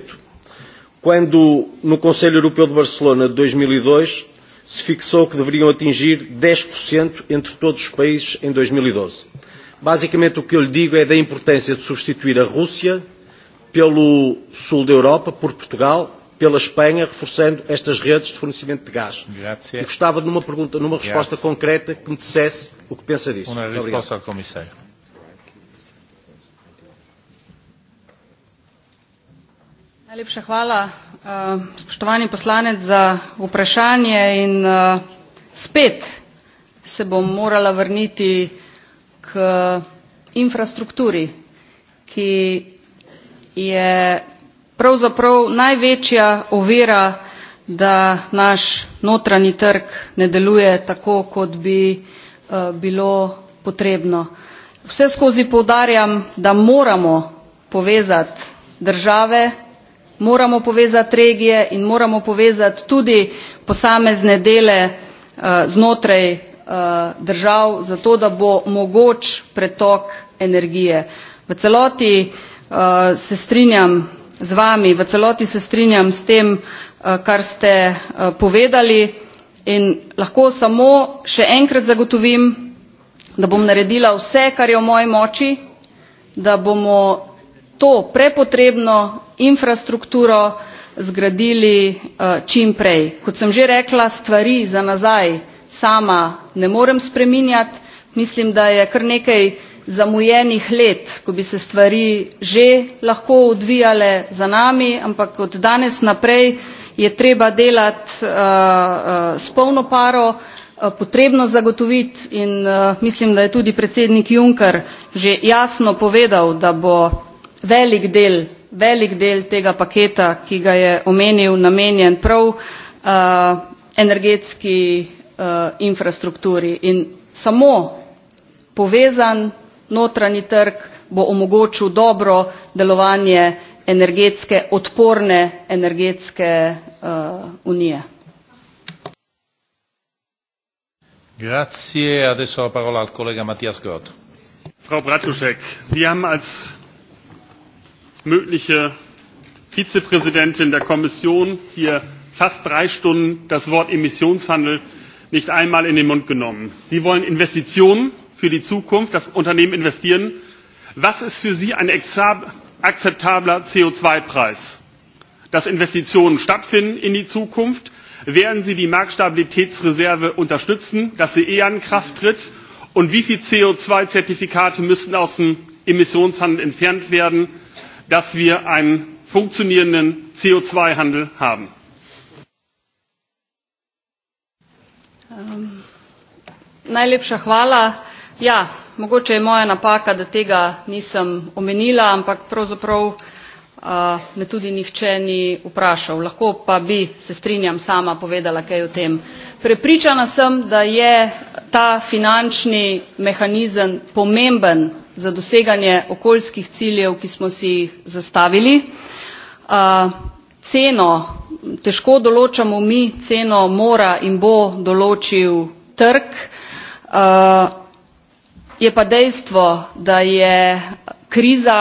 quando no Conselho Europeu de Barcelona de 2002 e se fixou que deveriam atingir 10% entre todos os países em 2012. Basicamente o que eu lhe digo é da importância de substituir a Rússia pelo sul da Europa, por Portugal, pela Espanha, reforçando estas redes de fornecimento de gás. Grazie. E gostava de uma pergunta, numa resposta Grazie. concreta que me dissesse o que pensa disso. Uma resposta Obrigado. ao
Comissário.
Najlepša hvala, uh, spoštovani poslanec, za vprašanje in uh, spet se bom morala vrniti Eh, infrastrukturi, ki je pravzaprav največja ovira, da naš notranji trg ne deluje tako, kot bi uh, bilo potrebno. Vse skozi povdarjam, da moramo povezati države, moramo povezati regije in moramo povezati tudi posamezne dele uh, znotraj Eh, držav, zato da bo mogoč pretok energije. V celoti eh, se strinjam z vami, v celoti se strinjam s tem, eh, kar ste povedali in lahko samo še enkrat zagotovim, da bom naredila vse, kar je v moji moči, da bomo to prepotrebno infrastrukturo zgradili čim prej. Kot sem že rekla, stvari za nazaj sama ne morem spreminjati. Mislim, da je kar nekaj zamujenih let, ko bi se stvari že lahko odvijale za nami, ampak od danes naprej je treba delati uh, eh, uh, eh, s polno paro, uh, potrebno zagotoviti in uh, mislim, da je tudi predsednik Juncker že jasno povedal, da bo velik del, velik del tega paketa, ki ga je omenil, namenjen prav uh, energetski Eh, infrastrukturi in samo povezan notranji trg bo omogočil dobro delovanje energetske, odporne energetske uh, unije.
Grazie, adesso la parola al collega Mattias Gott. Frau Bratuszek,
Sie haben als mögliche Vizepräsidentin der Kommission hier fast drei Stunden das Wort Emissionshandel nicht einmal in den Mund genommen. Sie wollen Investitionen für die Zukunft, dass Unternehmen investieren. Was ist für Sie ein akzeptabler CO2-Preis? Dass Investitionen stattfinden in die Zukunft? Werden Sie die Marktstabilitätsreserve unterstützen, dass sie eher in Kraft tritt? Und wie viele CO2-Zertifikate müssen aus dem Emissionshandel entfernt werden, dass wir einen funktionierenden CO2-Handel haben?
Um, najlepša hvala. Ja, mogoče je moja napaka, da tega nisem omenila, ampak pravzaprav uh, me tudi nihče ni vprašal. Lahko pa bi, se strinjam, sama povedala kaj o tem. Prepričana sem, da je ta finančni mehanizem pomemben za doseganje okoljskih ciljev, ki smo si jih zastavili. Uh, ceno, težko določamo mi, ceno mora in bo določil trg. Eh, je pa dejstvo, da je kriza,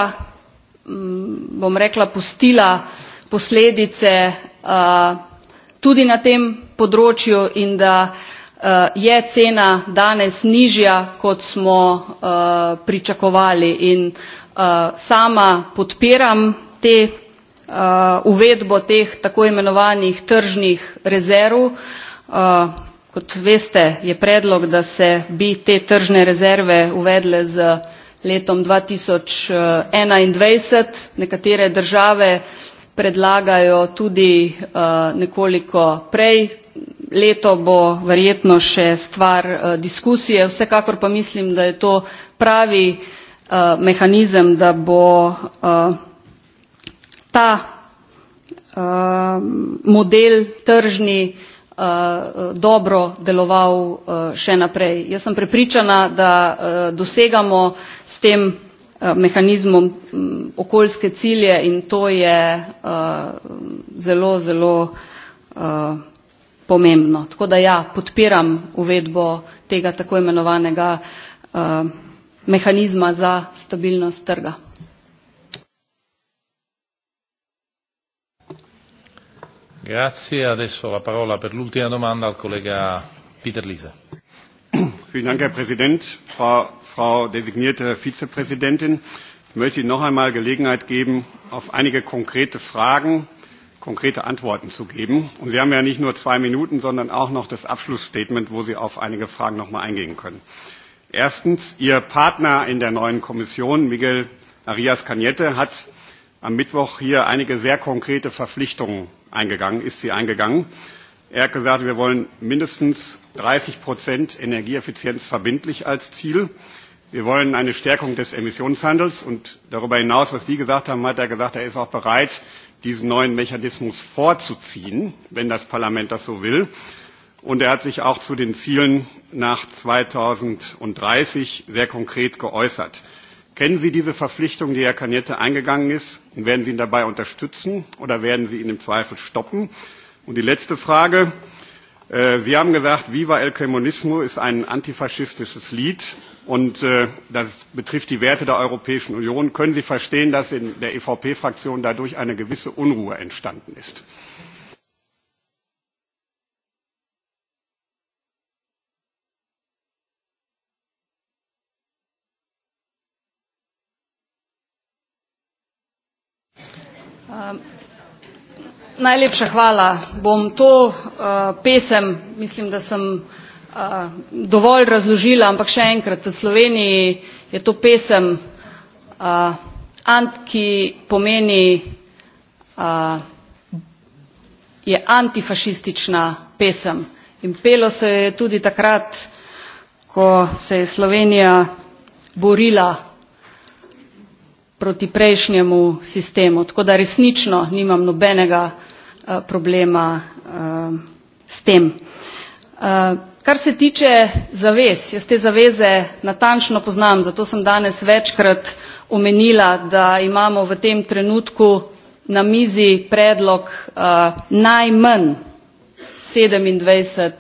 mm, bom rekla, pustila posledice eh, tudi na tem področju in da eh, je cena danes nižja, kot smo pričakovali. In sama podpiram te Uh, uvedbo teh tako imenovanih tržnih rezerv. Uh, kot veste, je predlog, da se bi te tržne rezerve uvedle z letom 2021. Eh, Nekatere države predlagajo tudi eh, nekoliko prej. Leto bo verjetno še stvar eh, diskusije, vsekakor pa mislim, da je to pravi mehanizem, da bo ta uh, model tržni uh, dobro deloval uh, še naprej. Jaz sem prepričana, da uh, dosegamo s tem uh, mehanizmom um, okoljske cilje in to je uh, zelo, zelo uh, pomembno. Tako da ja, podpiram uvedbo tega tako imenovanega uh, mehanizma za stabilnost trga.
Grazie, adesso la parola per l'ultima domanda al collega Peter Lisa.
Vielen Dank, Herr Präsident, Frau, Frau designierte Vizepräsidentin. Ich möchte Ihnen noch einmal Gelegenheit geben, auf einige konkrete Fragen konkrete Antworten zu geben. Und Sie haben ja nicht nur zwei Minuten, sondern auch noch das Abschlussstatement, wo Sie auf einige Fragen noch einmal eingehen können. Erstens, Ihr Partner in der neuen Kommission, Miguel Arias Cañete, hat am Mittwoch hier einige sehr konkrete Verpflichtungen eingegangen, ist sie eingegangen. Er hat gesagt, wir wollen mindestens 30 Prozent Energieeffizienz verbindlich als Ziel. Wir wollen eine Stärkung des Emissionshandels und darüber hinaus, was die gesagt haben, hat er gesagt, er ist auch bereit, diesen neuen Mechanismus vorzuziehen, wenn das Parlament das so will. Und er hat sich auch zu den Zielen nach 2030 sehr konkret geäußert. Kennen Sie diese Verpflichtung, die Herr Cagnette eingegangen ist? Und werden Sie ihn dabei unterstützen oder werden Sie ihn im Zweifel stoppen? Und die letzte Frage. Äh, Sie haben gesagt, Viva el Comunismo ist ein antifaschistisches Lied und äh, das betrifft die Werte der Europäischen Union. Können Sie verstehen, dass in der EVP-Fraktion dadurch eine gewisse Unruhe entstanden ist?
Najlepša hvala. Bom to uh, pesem, mislim, da sem uh, dovolj razložila, ampak še enkrat, v Sloveniji je to pesem uh, ant, ki pomeni, uh, je antifašistična pesem. In pelo se je tudi takrat, ko se je Slovenija borila proti prejšnjemu sistemu. Tako da resnično nimam nobenega Eh, problema eh, s tem. Eh, kar se tiče zavez, jaz te zaveze natančno poznam, zato sem danes večkrat omenila, da imamo v tem trenutku na mizi predlog najmanj 27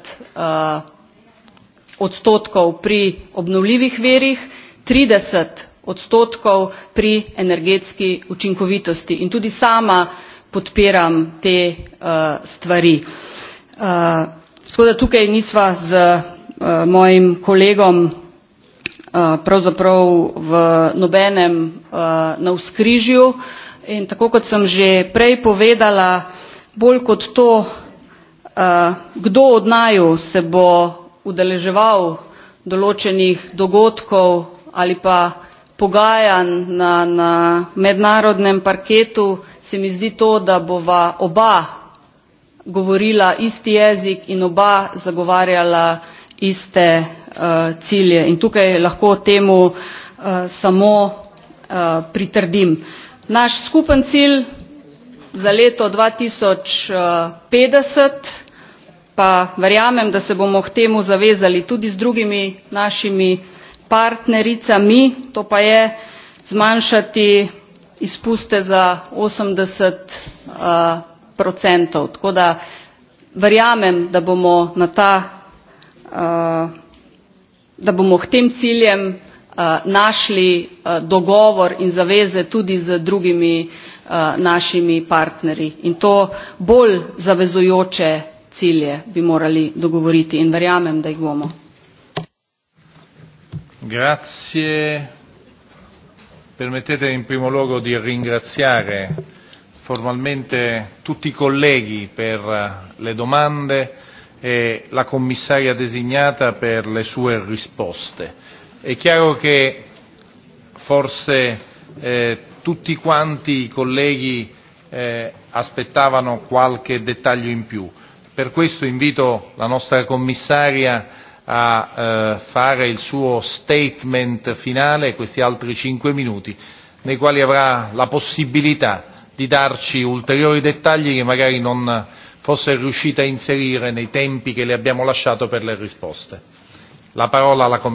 odstotkov pri obnovljivih verjih, 30 odstotkov pri energetski učinkovitosti. In tudi sama podpiram te uh, stvari. Uh, tako da tukaj nisva z uh, mojim kolegom uh, pravzaprav v nobenem uh, navskrižju in tako kot sem že prej povedala, bolj kot to, uh, kdo od naju se bo udeleževal določenih dogodkov ali pa pogajanj na, na mednarodnem parketu, se mi zdi to, da bova oba govorila isti jezik in oba zagovarjala iste uh, cilje. In tukaj lahko temu uh, samo uh, pritrdim. Naš skupen cilj za leto 2050 pa verjamem, da se bomo k temu zavezali tudi z drugimi našimi partnericami, to pa je zmanjšati izpuste za 80 uh, Tako da verjamem, da bomo na ta, uh, da bomo k tem ciljem uh, našli uh, dogovor in zaveze tudi z drugimi uh, našimi partnerji. In to bolj zavezujoče cilje bi morali dogovoriti in verjamem, da jih bomo.
Grazie. Permettete in primo luogo di ringraziare formalmente tutti i colleghi per le domande e la commissaria designata per le sue risposte. È chiaro che forse eh, tutti quanti i colleghi eh, aspettavano qualche dettaglio in più. Per questo invito la nostra commissaria a eh, fare il suo statement finale, questi altri cinque minuti, nei quali avrà la possibilità di darci ulteriori dettagli che magari non fosse riuscita a inserire nei tempi che le abbiamo lasciato per le risposte. La parola alla